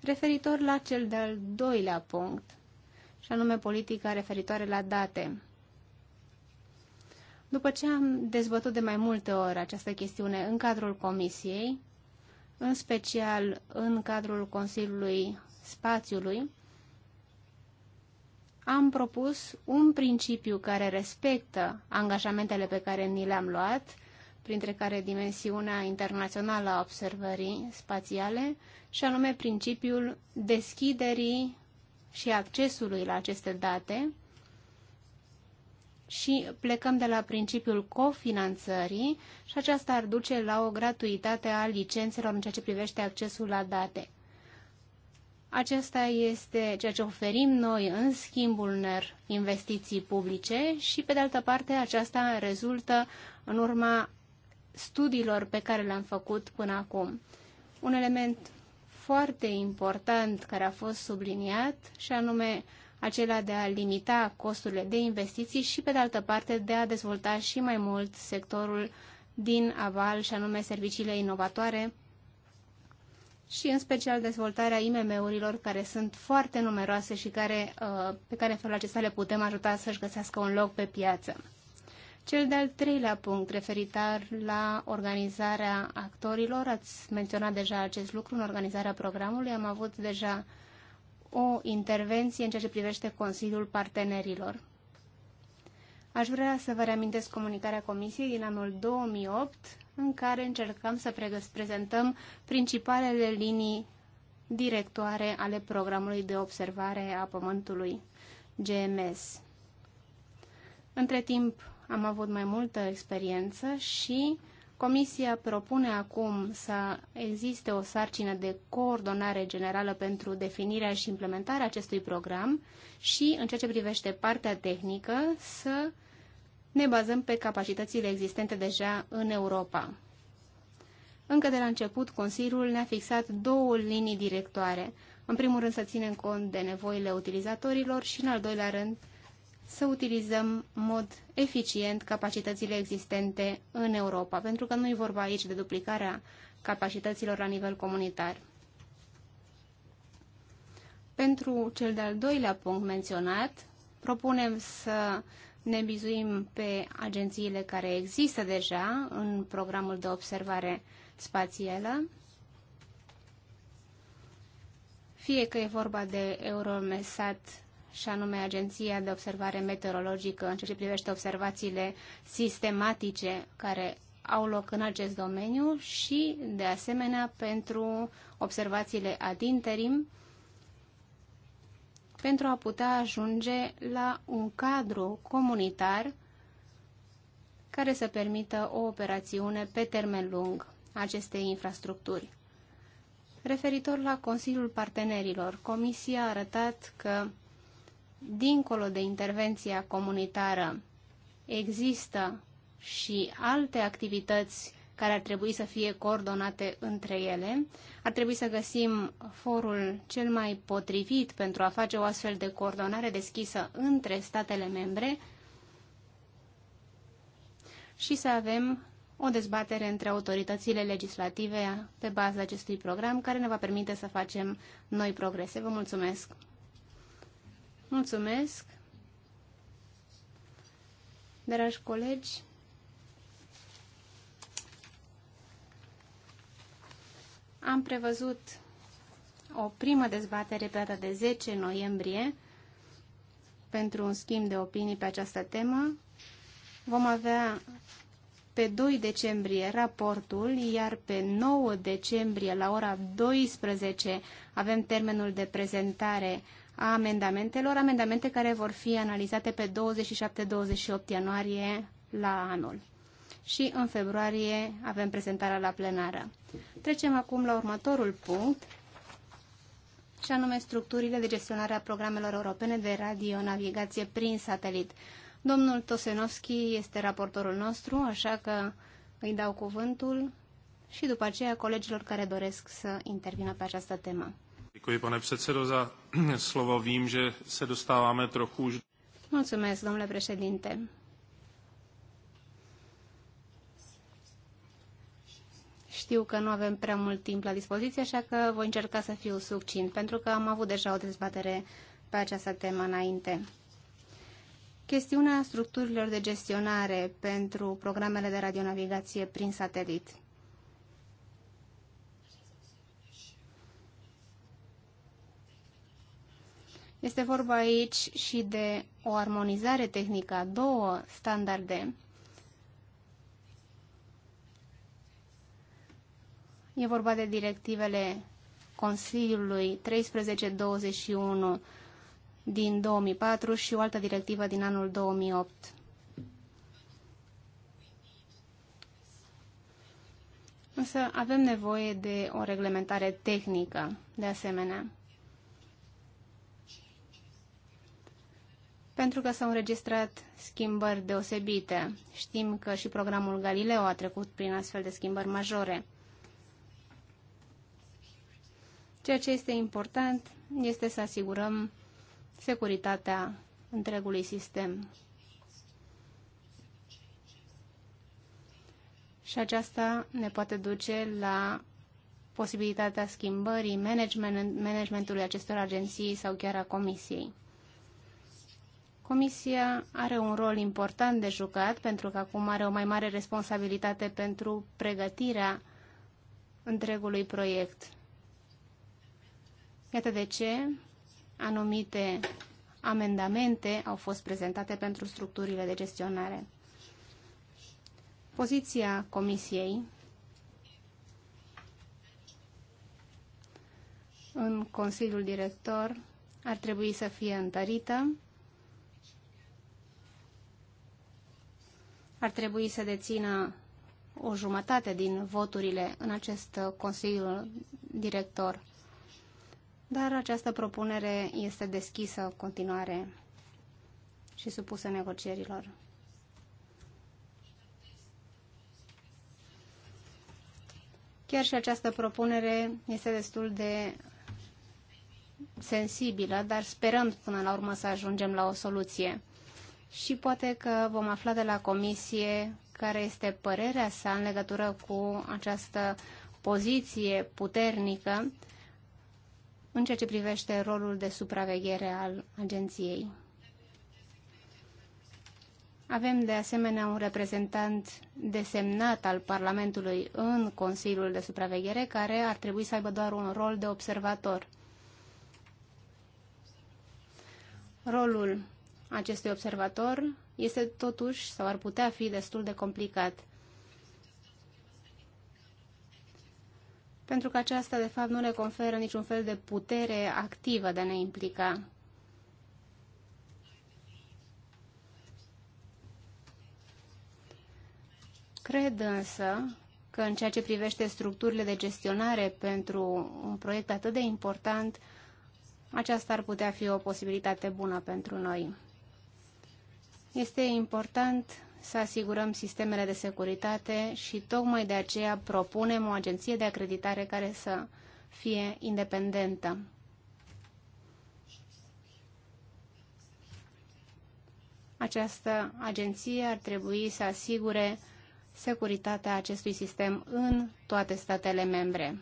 Referitor la cel de-al doilea punct, și anume politica referitoare la date. După ce am dezbătut de mai multe ori această chestiune în cadrul comisiei, în special în cadrul Consiliului Spațiului, am propus un principiu care respectă angajamentele pe care ni le-am luat, printre care dimensiunea internațională a observării spațiale, și anume principiul deschiderii și accesului la aceste date, și plecăm de la principiul cofinanțării și aceasta ar duce la o gratuitate a licențelor în ceea ce privește accesul la date. Acesta este ceea ce oferim noi în schimbul unor investiții publice și, pe de altă parte, aceasta rezultă în urma studiilor pe care le-am făcut până acum. Un element foarte important care a fost subliniat și anume acela de a limita costurile de investiții și, pe de altă parte, de a dezvolta și mai mult sectorul din aval, și anume serviciile inovatoare și, în special, dezvoltarea IMM-urilor, care sunt foarte numeroase și care, uh, pe care felul acesta le putem ajuta să-și găsească un loc pe piață. Cel de-al treilea punct, referitor la organizarea actorilor, ați menționat deja acest lucru în organizarea programului, am avut deja uh, o intervenție în ceea ce privește Consiliul Partenerilor. Aș vrea să vă reamintesc comunicarea Comisiei din anul 2008, în care încercăm să prezentăm principalele linii directoare ale programului de observare a Pământului, GMS. Între timp, am avut mai multă experiență și Comisia propune acum să existe o sarcină de coordonare generală pentru definirea și implementarea acestui program și, în ceea ce privește partea tehnică, să ne bazăm pe capacitățile existente deja în Europa. Încă de la început, Consiliul ne-a fixat două linii directoare. În primul rând să ținem cont de nevoile utilizatorilor și, în al doilea rând, să utilizăm în mod eficient capacitățile existente în Europa, pentru că nu e vorba aici de duplicarea capacităților la nivel comunitar. Pentru cel de-al doilea punct menționat, propunem să ne bizuim pe agențiile care există deja în programul de observare spațială, fie că e vorba de Euromesat și anume Agenția de Observare Meteorologică în ceea ce privește observațiile sistematice care au loc în acest domeniu și, de asemenea, pentru observațiile ad interim, pentru a putea ajunge la un cadru comunitar care să permită o operațiune pe termen lung acestei infrastructuri. Referitor la Consiliul Partenerilor, Comisia a arătat că dincolo de intervenția comunitară, există și alte activități care ar trebui să fie coordonate între ele. Ar trebui să găsim forul cel mai potrivit pentru a face o astfel de coordonare deschisă între statele membre și să avem o dezbatere între autoritățile legislative pe baza acestui program care ne va permite să facem noi progrese. Vă mulțumesc! Mulțumesc! Dragi colegi, am prevăzut o primă dezbatere pe data de 10 noiembrie pentru un schimb de opinii pe această temă. Vom avea pe 2 decembrie raportul, iar pe 9 decembrie la ora 12 avem termenul de prezentare a amendamentelor, amendamente care vor fi analizate pe 27-28 ianuarie la anul. Și în februarie avem prezentarea la plenară. Trecem acum la următorul punct, și anume structurile de gestionare a programelor europene de radionavigație prin satelit. Domnul Tosenovski este raportorul nostru, așa că îi dau cuvântul și după aceea colegilor care doresc să intervină pe această temă. Děkuji, pane předsedo, za slovo. Vím, že se dostáváme trochu už... Mulțumesc, domnule președinte. Știu că nu avem prea mult timp la dispoziție, așa că voi încerca să fiu succint, pentru că am avut deja o dezbatere pe această temă înainte. Chestiunea structurilor de gestionare pentru programele de radionavigație prin satelit. Este vorba aici și de o armonizare tehnică a două standarde. E vorba de directivele Consiliului 1321 din 2004 și o altă directivă din anul 2008. Însă avem nevoie de o reglementare tehnică, de asemenea. pentru că s-au înregistrat schimbări deosebite. Știm că și programul Galileo a trecut prin astfel de schimbări majore. Ceea ce este important este să asigurăm securitatea întregului sistem. Și aceasta ne poate duce la posibilitatea schimbării management, managementului acestor agenții sau chiar a comisiei. Comisia are un rol important de jucat pentru că acum are o mai mare responsabilitate pentru pregătirea întregului proiect. Iată de ce anumite amendamente au fost prezentate pentru structurile de gestionare. Poziția Comisiei în Consiliul Director ar trebui să fie întărită ar trebui să dețină o jumătate din voturile în acest uh, Consiliu Director. Dar această propunere este deschisă în continuare și supusă negocierilor. Chiar și această propunere este destul de sensibilă, dar sperăm până la urmă să ajungem la o soluție și poate că vom afla de la comisie care este părerea sa în legătură cu această poziție puternică în ceea ce privește rolul de supraveghere al agenției. Avem de asemenea un reprezentant desemnat al Parlamentului în Consiliul de Supraveghere, care ar trebui să aibă doar un rol de observator. Rolul acestui observator este totuși sau ar putea fi destul de complicat. Pentru că aceasta, de fapt, nu ne conferă niciun fel de putere activă de a ne implica. Cred însă că în ceea ce privește structurile de gestionare pentru un proiect atât de important, aceasta ar putea fi o posibilitate bună pentru noi. Este important să asigurăm sistemele de securitate și tocmai de aceea propunem o agenție de acreditare care să fie independentă. Această agenție ar trebui să asigure securitatea acestui sistem în toate statele membre.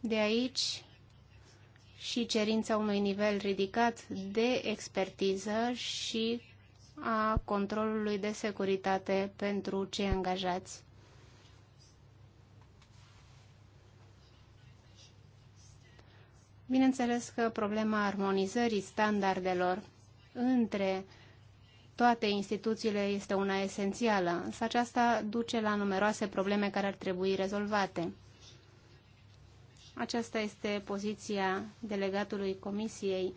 De aici și cerința unui nivel ridicat de expertiză și a controlului de securitate pentru cei angajați. Bineînțeles că problema armonizării standardelor între toate instituțiile este una esențială, însă aceasta duce la numeroase probleme care ar trebui rezolvate. Aceasta este poziția delegatului Comisiei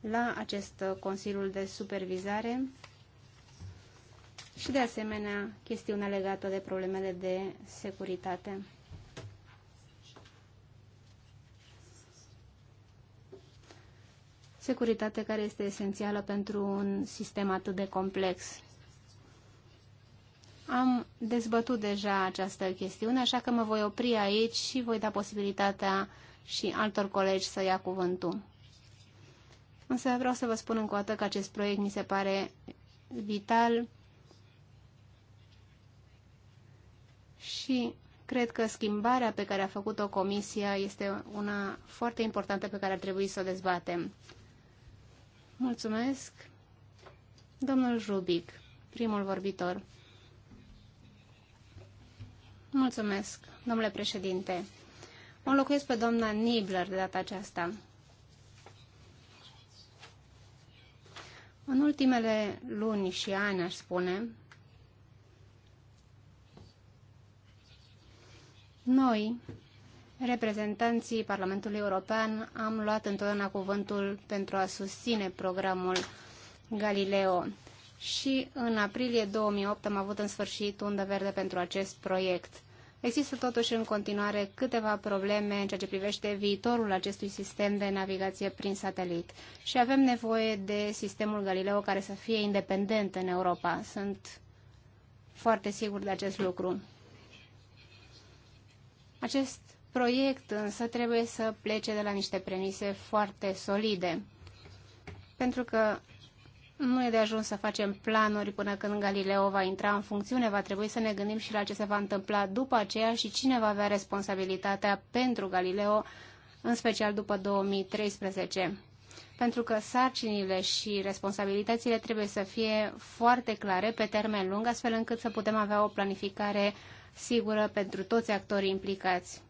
la acest Consiliul de Supervizare și, de asemenea, chestiunea legată de problemele de securitate. Securitate care este esențială pentru un sistem atât de complex. Am dezbătut deja această chestiune, așa că mă voi opri aici și voi da posibilitatea și altor colegi să ia cuvântul. Însă vreau să vă spun încă o dată că acest proiect mi se pare vital și cred că schimbarea pe care a făcut-o Comisia este una foarte importantă pe care ar trebui să o dezbatem. Mulțumesc. Domnul Rubic, primul vorbitor. Mulțumesc, domnule președinte. O înlocuiesc pe doamna Nibler de data aceasta. În ultimele luni și ani, aș spune, noi, reprezentanții Parlamentului European, am luat întotdeauna cuvântul pentru a susține programul Galileo și în aprilie 2008 am avut în sfârșit undă verde pentru acest proiect. Există totuși în continuare câteva probleme în ceea ce privește viitorul acestui sistem de navigație prin satelit și avem nevoie de sistemul Galileo care să fie independent în Europa. Sunt foarte sigur de acest lucru. Acest proiect însă trebuie să plece de la niște premise foarte solide, pentru că nu e de ajuns să facem planuri până când Galileo va intra în funcțiune. Va trebui să ne gândim și la ce se va întâmpla după aceea și cine va avea responsabilitatea pentru Galileo, în special după 2013. Pentru că sarcinile și responsabilitățile trebuie să fie foarte clare pe termen lung, astfel încât să putem avea o planificare sigură pentru toți actorii implicați.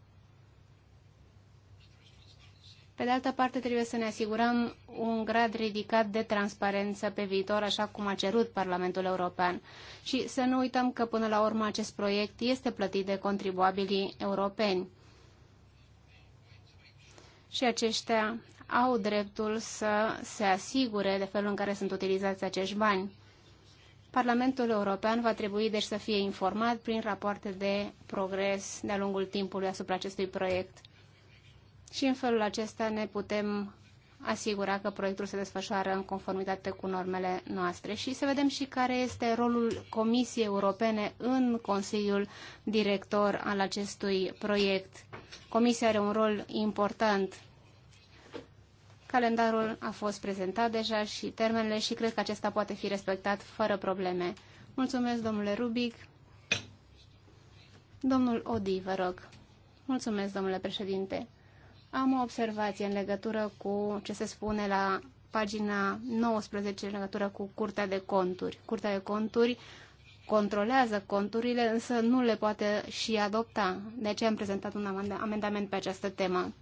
Pe de altă parte, trebuie să ne asigurăm un grad ridicat de transparență pe viitor, așa cum a cerut Parlamentul European. Și să nu uităm că, până la urmă, acest proiect este plătit de contribuabilii europeni. Și aceștia au dreptul să se asigure de felul în care sunt utilizați acești bani. Parlamentul European va trebui deci să fie informat prin rapoarte de progres de-a lungul timpului asupra acestui proiect și în felul acesta ne putem asigura că proiectul se desfășoară în conformitate cu normele noastre și să vedem și care este rolul Comisiei Europene în Consiliul Director al acestui proiect. Comisia are un rol important. Calendarul a fost prezentat deja și termenele și cred că acesta poate fi respectat fără probleme. Mulțumesc, domnule Rubic. Domnul Odi, vă rog. Mulțumesc, domnule președinte. Am o observație în legătură cu ce se spune la pagina 19 în legătură cu Curtea de Conturi. Curtea de Conturi controlează conturile, însă nu le poate și adopta. De aceea am prezentat un amendament pe această temă.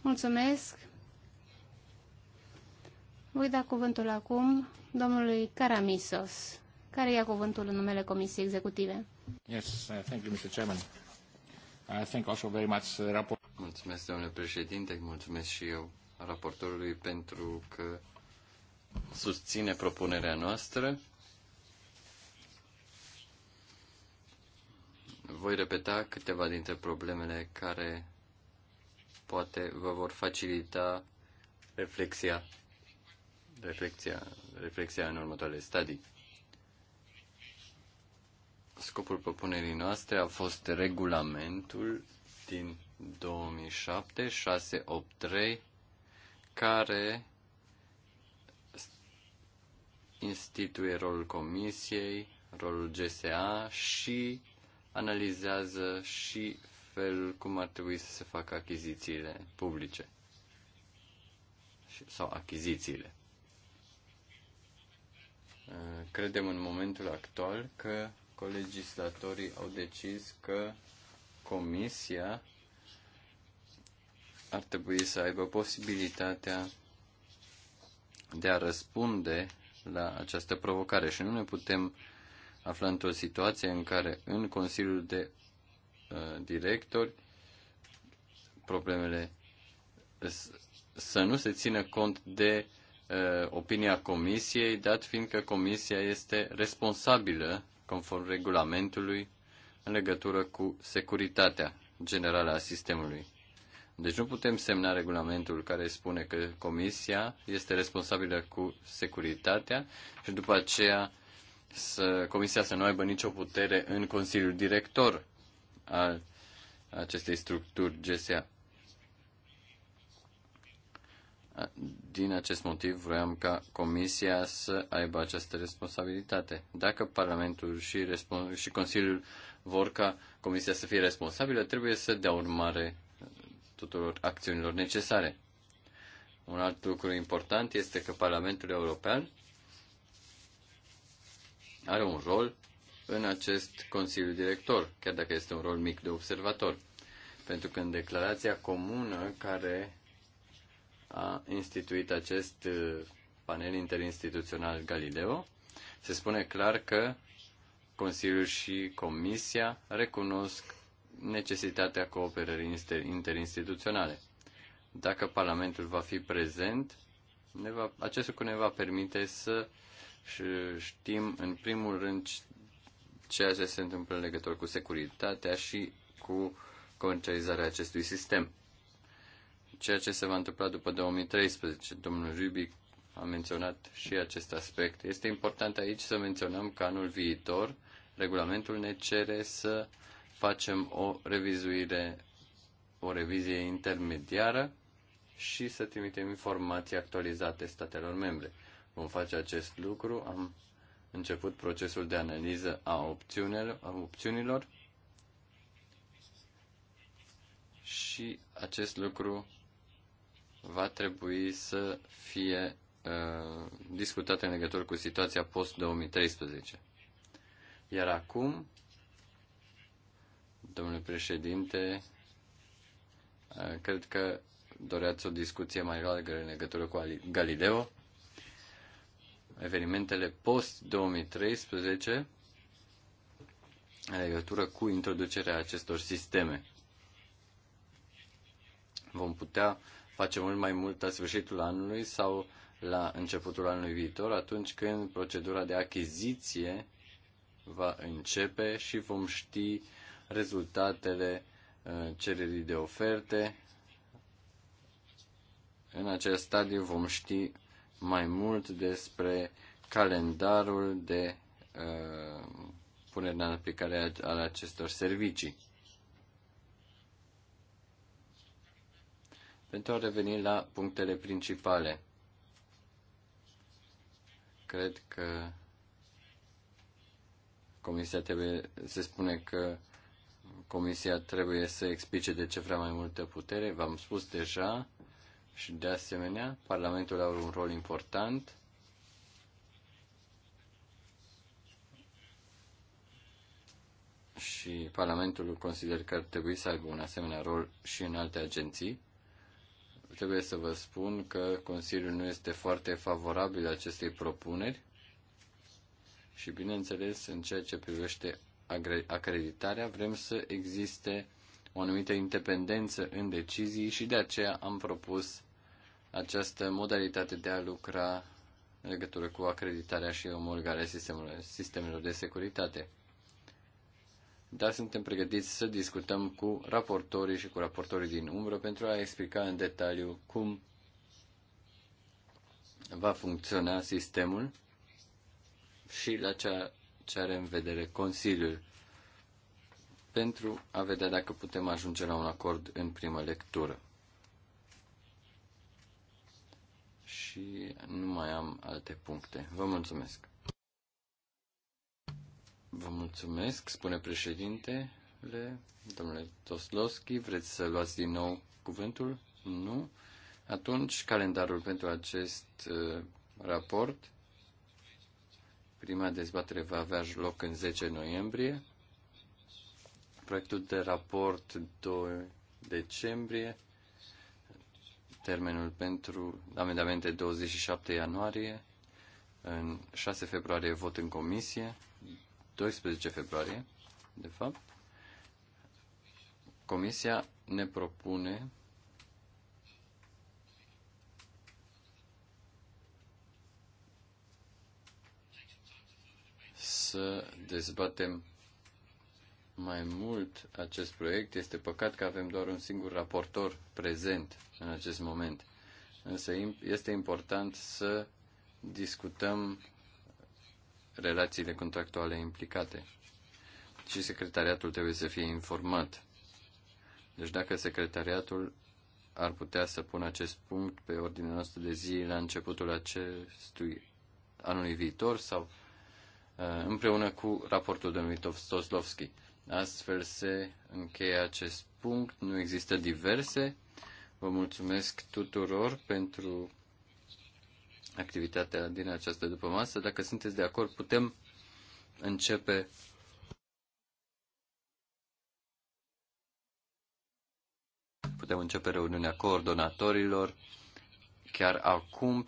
Mulțumesc! Voi da cuvântul acum domnului Karamisos, care ia cuvântul în numele Comisiei Executive. Yes, uh, thank you, Mr. Chairman. I thank also very much, uh, Mulțumesc, domnule președinte, mulțumesc și eu raportorului pentru că susține propunerea noastră. Voi repeta câteva dintre problemele care poate vă vor facilita reflexia, reflexia, reflexia în următoarele stadii. Scopul propunerii noastre a fost regulamentul din 2007 683 care instituie rolul comisiei, rolul GSA și analizează și felul cum ar trebui să se facă achizițiile publice sau achizițiile. Credem în momentul actual că colegislatorii au decis că comisia ar trebui să aibă posibilitatea de a răspunde la această provocare și nu ne putem afla într-o situație în care în Consiliul de uh, Directori problemele să nu se țină cont de uh, opinia Comisiei, dat fiindcă Comisia este responsabilă, conform regulamentului, în legătură cu securitatea generală a sistemului. Deci nu putem semna regulamentul care spune că Comisia este responsabilă cu securitatea și după aceea să, Comisia să nu aibă nicio putere în Consiliul Director al acestei structuri GSA. Din acest motiv vroiam ca Comisia să aibă această responsabilitate. Dacă Parlamentul și, și Consiliul vor ca Comisia să fie responsabilă, trebuie să dea urmare tuturor acțiunilor necesare. Un alt lucru important este că Parlamentul European are un rol în acest Consiliu Director, chiar dacă este un rol mic de observator. Pentru că în declarația comună care a instituit acest uh, panel interinstituțional Galileo, se spune clar că Consiliul și Comisia recunosc necesitatea cooperării interinstituționale. Dacă Parlamentul va fi prezent, ne va, acest lucru ne va permite să știm, în primul rând, ceea ce se întâmplă în legătură cu securitatea și cu comercializarea acestui sistem. Ceea ce se va întâmpla după 2013, domnul Rubic a menționat și acest aspect. Este important aici să menționăm că anul viitor regulamentul ne cere să uh, facem o revizuire, o revizie intermediară și să trimitem informații actualizate statelor membre. Vom face acest lucru, am început procesul de analiză a opțiunilor, a opțiunilor și acest lucru va trebui să fie uh, discutat în legătură cu situația post-2013. Iar acum Domnule președinte, cred că doreați o discuție mai largă în legătură cu Galileo. Evenimentele post-2013 în legătură cu introducerea acestor sisteme. Vom putea face mult mai mult la sfârșitul anului sau la începutul anului viitor, atunci când procedura de achiziție va începe și vom ști rezultatele uh, cererii de oferte. În acest stadiu vom ști mai mult despre calendarul de uh, punere în aplicare al acestor servicii. Pentru a reveni la punctele principale, cred că Comisia trebuie să spune că Comisia trebuie să explice de ce vrea mai multă putere, v-am spus deja, și de asemenea, Parlamentul are un rol important. Și Parlamentul consider că ar trebui să aibă un asemenea rol și în alte agenții. Trebuie să vă spun că Consiliul nu este foarte favorabil acestei propuneri și, bineînțeles, în ceea ce privește acreditarea, vrem să existe o anumită independență în decizii și de aceea am propus această modalitate de a lucra în legătură cu acreditarea și omologarea sistemelor, sistemelor de securitate. Dar suntem pregătiți să discutăm cu raportorii și cu raportorii din umbră pentru a explica în detaliu cum va funcționa sistemul și la ce ce are în vedere Consiliul pentru a vedea dacă putem ajunge la un acord în primă lectură. Și nu mai am alte puncte. Vă mulțumesc. Vă mulțumesc, spune președintele. Domnule Toslowski, vreți să luați din nou cuvântul? Nu? Atunci, calendarul pentru acest uh, raport Prima dezbatere va avea loc în 10 noiembrie, proiectul de raport 2 decembrie, termenul pentru amendamente 27 ianuarie, în 6 februarie vot în comisie, 12 februarie, de fapt, comisia ne propune să dezbatem mai mult acest proiect. Este păcat că avem doar un singur raportor prezent în acest moment. Însă este important să discutăm relațiile contractuale implicate. Și secretariatul trebuie să fie informat. Deci dacă secretariatul ar putea să pună acest punct pe ordinea noastră de zi la începutul acestui anului viitor sau Uh, împreună cu raportul domnului Tostoslovski. Astfel se încheie acest punct. Nu există diverse. Vă mulțumesc tuturor pentru activitatea din această după masă. Dacă sunteți de acord, putem începe putem începe reuniunea coordonatorilor chiar acum.